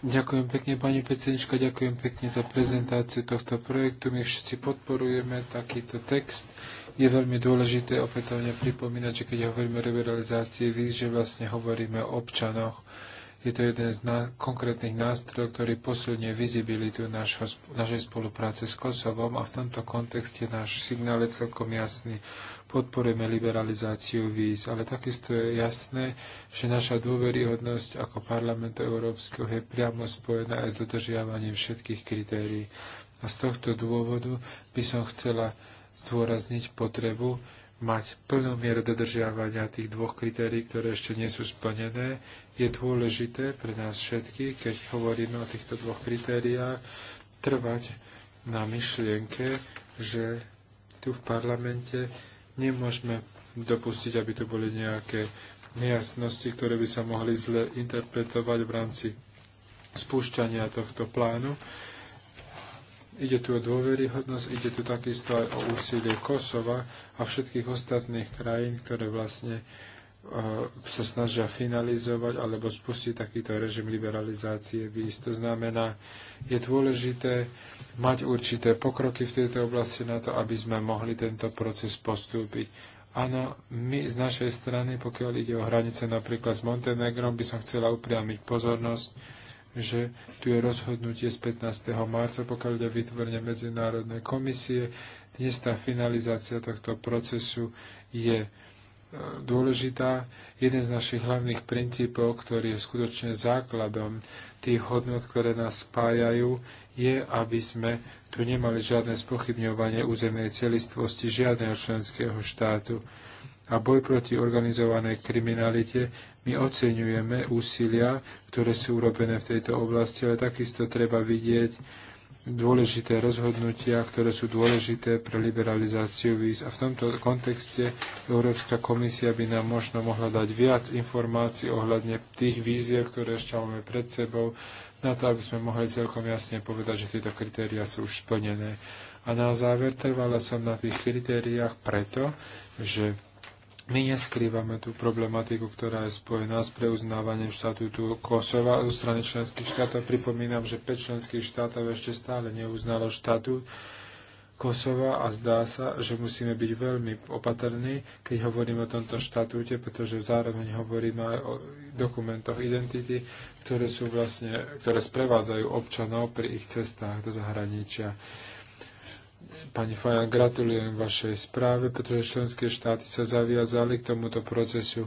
Ďakujem pekne, pani predsednička, ďakujem pekne za prezentáciu tohto projektu. My všetci podporujeme takýto text. Je veľmi dôležité opätovne pripomínať, že keď hovoríme o liberalizácii víz, že vlastne hovoríme o občanoch, je to jeden z na- konkrétnych nástrojov, ktorý posilňuje vizibilitu našho, našej spolupráce s Kosovom a v tomto kontexte náš signál je celkom jasný. Podporujeme liberalizáciu víz, ale takisto je jasné, že naša dôveryhodnosť ako parlamentu európskeho je priamo spojená aj s dodržiavaním všetkých kritérií. A z tohto dôvodu by som chcela zdôrazniť potrebu mať plnú mieru dodržiavania tých dvoch kritérií, ktoré ešte nie sú splnené. Je dôležité pre nás všetky, keď hovoríme o týchto dvoch kritériách, trvať na myšlienke, že tu v parlamente nemôžeme dopustiť, aby tu boli nejaké nejasnosti, ktoré by sa mohli zle interpretovať v rámci spúšťania tohto plánu. Ide tu o dôveryhodnosť, ide tu takisto aj o úsilie Kosova a všetkých ostatných krajín, ktoré vlastne e, sa snažia finalizovať alebo spustiť takýto režim liberalizácie víz. To znamená, je dôležité mať určité pokroky v tejto oblasti na to, aby sme mohli tento proces postúpiť. Áno, my z našej strany, pokiaľ ide o hranice napríklad s Montenegrom, by som chcela upriamiť pozornosť že tu je rozhodnutie z 15. marca, pokiaľ ide vytvorenie medzinárodnej komisie. Dnes tá finalizácia tohto procesu je e, dôležitá. Jeden z našich hlavných princípov, ktorý je skutočne základom tých hodnot, ktoré nás spájajú, je, aby sme tu nemali žiadne spochybňovanie územnej celistvosti žiadneho členského štátu a boj proti organizovanej kriminalite my oceňujeme úsilia, ktoré sú urobené v tejto oblasti, ale takisto treba vidieť dôležité rozhodnutia, ktoré sú dôležité pre liberalizáciu víz. A v tomto kontexte Európska komisia by nám možno mohla dať viac informácií ohľadne tých víziev, ktoré ešte máme pred sebou, na to, aby sme mohli celkom jasne povedať, že tieto kritéria sú už splnené. A na záver trvala som na tých kritériách preto, že my neskrývame tú problematiku, ktorá je spojená s preuznávaním štatútu Kosova zo strany členských štátov. Pripomínam, že 5 členských štátov ešte stále neuznalo štatút Kosova a zdá sa, že musíme byť veľmi opatrní, keď hovoríme o tomto štatúte, pretože zároveň hovoríme aj o dokumentoch identity, ktoré, sú vlastne, ktoré sprevádzajú občanov pri ich cestách do zahraničia. Pani Fajan, gratulujem vašej správe, pretože členské štáty sa zaviazali k tomuto procesu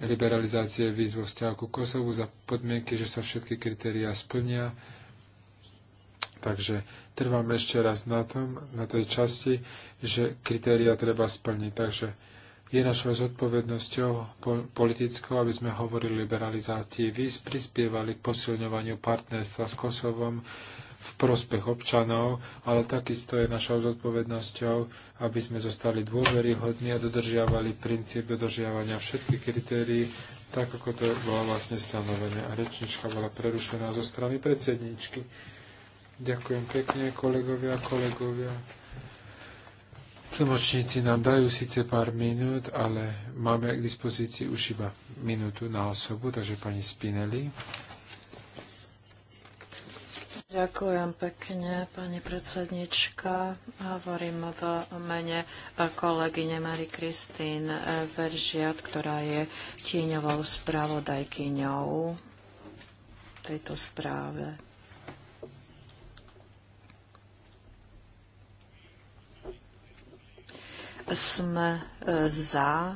liberalizácie víz vo vzťahu ku Kosovu za podmienky, že sa všetky kritériá splnia. Takže trvám ešte raz na tom, na tej časti, že kritéria treba splniť. Takže je našou zodpovednosťou politickou, aby sme hovorili o liberalizácii víz, prispievali k posilňovaniu partnerstva s Kosovom, v prospech občanov, ale takisto je našou zodpovednosťou, aby sme zostali dôveryhodní a dodržiavali princíp dodržiavania všetkých kritérií, tak ako to bolo vlastne stanovené. A rečnička bola prerušená zo strany predsedničky. Ďakujem pekne, kolegovia a kolegovia. Tlmočníci nám dajú síce pár minút, ale máme k dispozícii už iba minútu na osobu, takže pani Spinelli. Ďakujem pekne, pani predsednička. Hovorím v mene kolegyne Mary Kristín Veržiat, ktorá je tieňovou spravodajkyňou tejto správe. sme e, za e,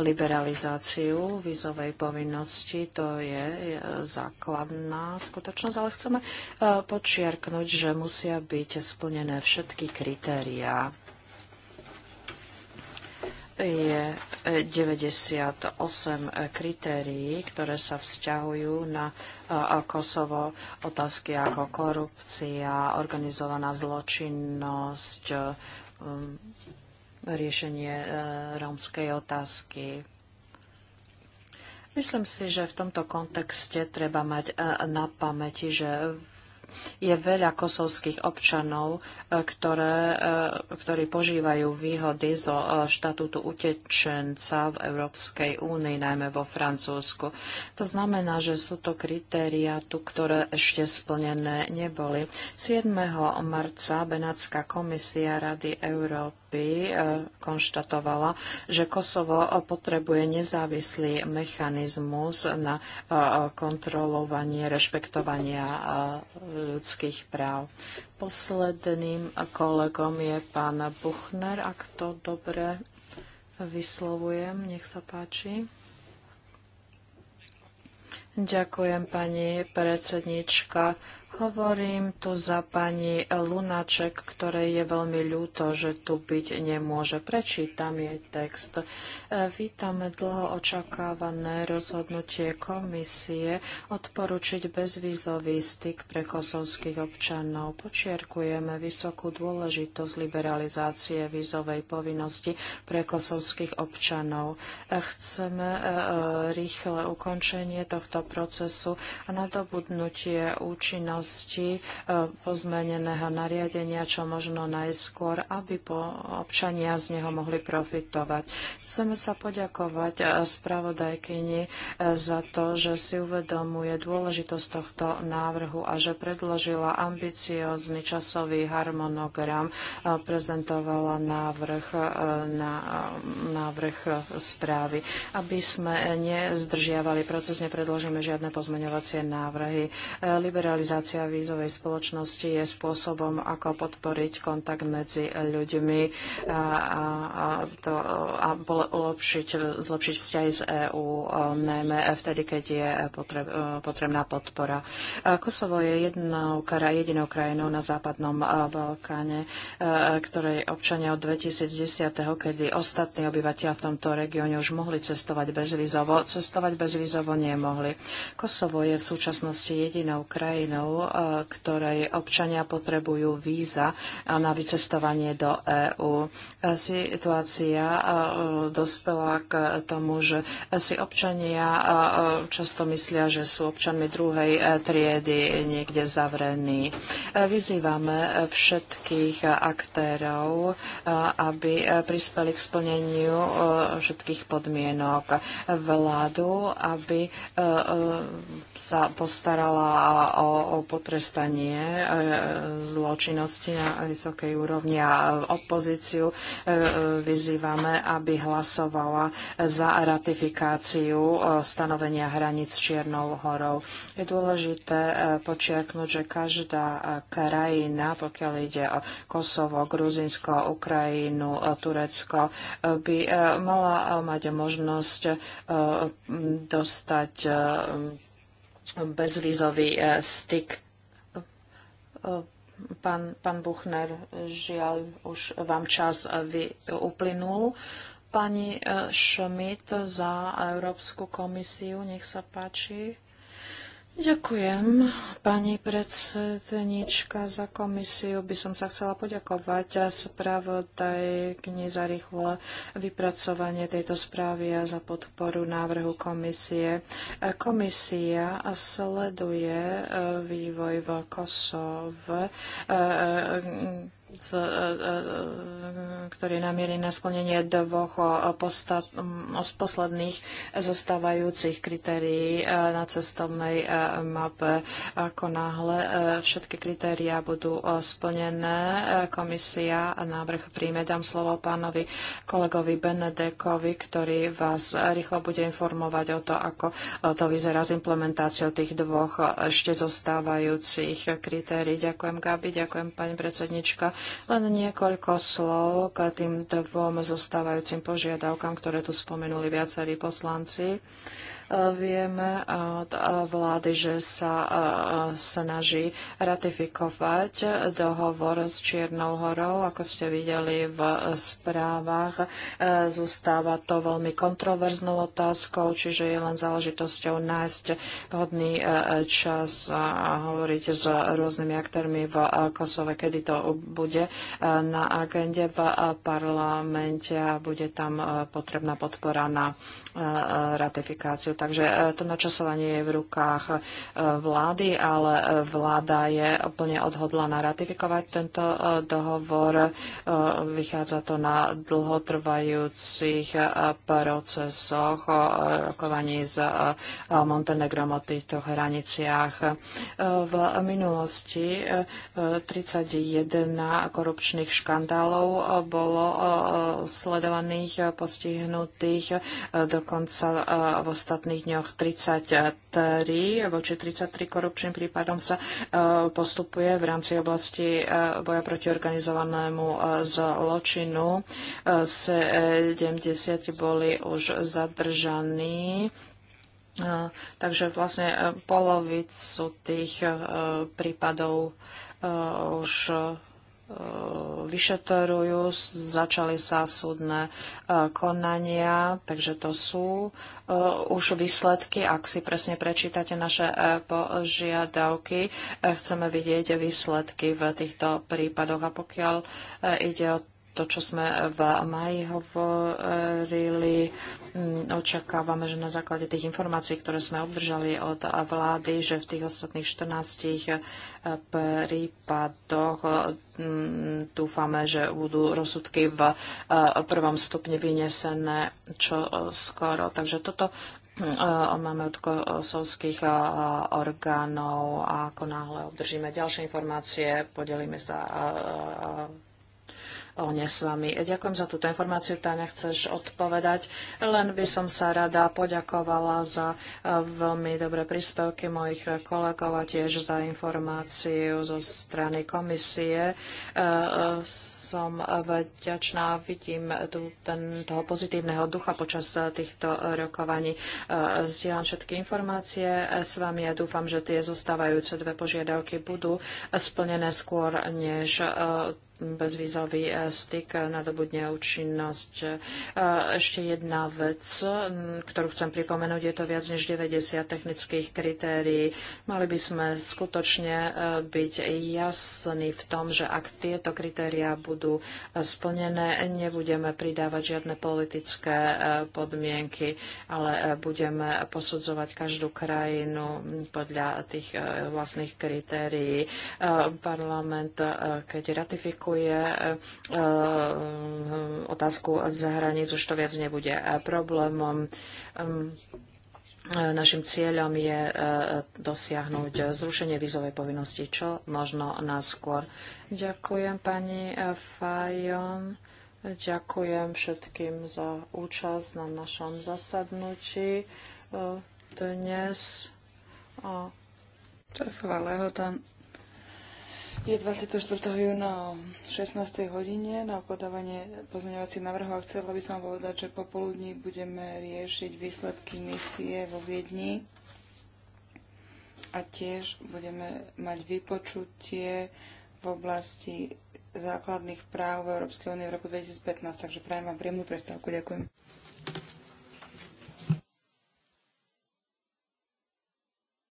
liberalizáciu vizovej povinnosti, to je e, základná skutočnosť, ale chceme počiarknúť, že musia byť splnené všetky kritériá je 98 kritérií, ktoré sa vzťahujú na Kosovo. Otázky ako korupcia, organizovaná zločinnosť, riešenie e, rómskej otázky. Myslím si, že v tomto kontexte treba mať e, na pamäti, že je veľa kosovských občanov, e, ktoré, ktorí požívajú výhody zo štatútu utečenca v Európskej únii, najmä vo Francúzsku. To znamená, že sú to kritéria, tu, ktoré ešte splnené neboli. 7. marca Benátska komisia Rady Európy Európy e, konštatovala, že Kosovo e, potrebuje nezávislý mechanizmus na e, kontrolovanie rešpektovania ľudských práv. Posledným kolegom je pán Buchner, ak to dobre vyslovujem. Nech sa páči. Ďakujem, pani predsednička. Hovorím tu za pani Lunaček, ktorej je veľmi ľúto, že tu byť nemôže. Prečítam jej text. Vítame dlho očakávané rozhodnutie komisie odporučiť bezvízový styk pre kosovských občanov. Počiarkujeme vysokú dôležitosť liberalizácie vízovej povinnosti pre kosovských občanov. Chceme e, e, rýchle ukončenie tohto procesu a nadobudnutie účinnosti účinnosti e, pozmeneného nariadenia čo možno najskôr, aby občania z neho mohli profitovať. Chceme sa poďakovať e, spravodajkyni e, za to, že si uvedomuje dôležitosť tohto návrhu a že predložila ambiciózny časový harmonogram, prezentovala návrh na návrh správy. Aby sme nezdržiavali proces, nepredložíme žiadne pozmeňovacie návrhy. Liberalizácia Organizácia vízovej spoločnosti je spôsobom, ako podporiť kontakt medzi ľuďmi a, a, to, a lepšiť, zlepšiť vzťahy z EÚ, um, najmä vtedy, keď je potreb, uh, potrebná podpora. Uh, Kosovo je jednou, jedinou krajinou na západnom uh, Balkáne, ktorej občania od 2010, kedy ostatní obyvateľ v tomto regióne už mohli cestovať bezvízovo, cestovať bezvízovo nemohli. Kosovo je v súčasnosti jedinou krajinou E, ktorej občania potrebujú víza na vycestovanie do EÚ. E, situácia e, dospela k tomu, že si občania často myslia, že sú občanmi druhej triedy niekde zavrení. Vyzývame všetkých aktérov, aby prispeli k splneniu všetkých podmienok vládu, aby sa postarala o potrestanie e, zločinnosti na vysokej úrovni a opozíciu e, e, vyzývame, aby hlasovala za ratifikáciu stanovenia hraníc Čiernou horou. Je dôležité počiaknúť, že každá krajina, pokiaľ ide o Kosovo, Gruzinsko, Ukrajinu, Turecko, by mala mať možnosť dostať bezvízový e, styk. E, pán, pán Buchner, žiaľ, už vám čas vy, uplynul. Pani e, Schmidt za Európsku komisiu, nech sa páči. Ďakujem, pani predsednička za komisiu. By som sa chcela poďakovať spravodajkni za rýchle vypracovanie tejto správy a za podporu návrhu komisie. Komisia sleduje e, vývoj v Kosove, e, e, z, e, e, ktorý namierí na sklnenie dvoch z posledných zostávajúcich kritérií e, na cestovnej mape. Ako náhle všetky kritériá budú splnené, komisia návrh príjme. Dám slovo pánovi kolegovi Benedekovi, ktorý vás rýchlo bude informovať o to, ako to vyzerá s implementáciou tých dvoch ešte zostávajúcich kritérií. Ďakujem, Gabi, ďakujem, pani predsednička. Len niekoľko slov k tým dvom zostávajúcim požiadavkám, ktoré tu spomenuli viacerí poslanci. Vieme od vlády, že sa eh, snaží ratifikovať dohovor s Čiernou horou. Ako ste videli v správach, eh, zostáva to veľmi kontroverznou otázkou, čiže je len záležitosťou nájsť hodný eh, čas a hovoriť s rôznymi aktérmi v Kosove, kedy to bude na agende v parlamente a bude tam potrebná podpora na ratifikáciu. Takže e, to načasovanie je v rukách e, vlády, ale e, vláda je úplne odhodlaná ratifikovať tento dohovor. Vychádza to na dlhotrvajúcich procesoch rokovaní s Montenegrom o týchto hraniciach. V minulosti 31 korupčných škandálov bolo sledovaných, postihnutých dokonca v ostatných posledných dňoch 33. Voči 33 korupčným prípadom sa e, postupuje v rámci oblasti e, boja proti organizovanému e, zločinu. 70 boli už zadržaní. Takže vlastne polovicu tých prípadov už vyšetrujú, začali sa súdne e, konania, takže to sú e, už výsledky, ak si presne prečítate naše e, požiadavky, chceme vidieť výsledky v týchto prípadoch a pokiaľ ide o to, čo sme v maji hovorili, Mm, očakávame, že na základe tých informácií, ktoré sme obdržali od vlády, že v tých ostatných 14 eh, prípadoch eh, mm, dúfame, že budú rozsudky v eh, prvom stupni vynesené čo skoro. Takže toto máme od kosovských orgánov a ako náhle obdržíme ďalšie informácie, podelíme sa ne s vami. Ďakujem za túto informáciu, Táňa, chceš odpovedať. Len by som sa rada poďakovala za e, veľmi dobré príspevky mojich kolegov a tiež za informáciu zo strany komisie. E, e, som vďačná, vidím tu ten, toho pozitívneho ducha počas týchto rokovaní. Zdieľam všetky informácie s vami a dúfam, že tie zostávajúce dve požiadavky budú splnené skôr, než bezvízový eh, styk nadobudne účinnosť. Eh, ešte jedna vec, ktorú chcem pripomenúť, je to viac než 90 technických kritérií. Mali by sme skutočne eh, byť jasní v tom, že ak tieto kritériá budú splnené, nebudeme pridávať žiadne politické podmienky, ale budeme posudzovať každú krajinu podľa tých vlastných kritérií. Parlament, keď ratifikuje blokuje e, e, otázku z hranic, už to viac nebude problémom. E, našim cieľom je dosiahnuť zrušenie vízovej povinnosti čo možno náskôr. Ďakujem pani Fajon. Ďakujem všetkým za účasť na našom zasadnutí dnes. Časová lehota je 24. júna o 16. hodine na podávanie pozmeňovacích návrhov a chcela by som povedať, že popoludní budeme riešiť výsledky misie vo Viedni a tiež budeme mať vypočutie v oblasti základných práv v Európskej únie v roku 2015. Takže prajem vám príjemnú prestávku. Ďakujem.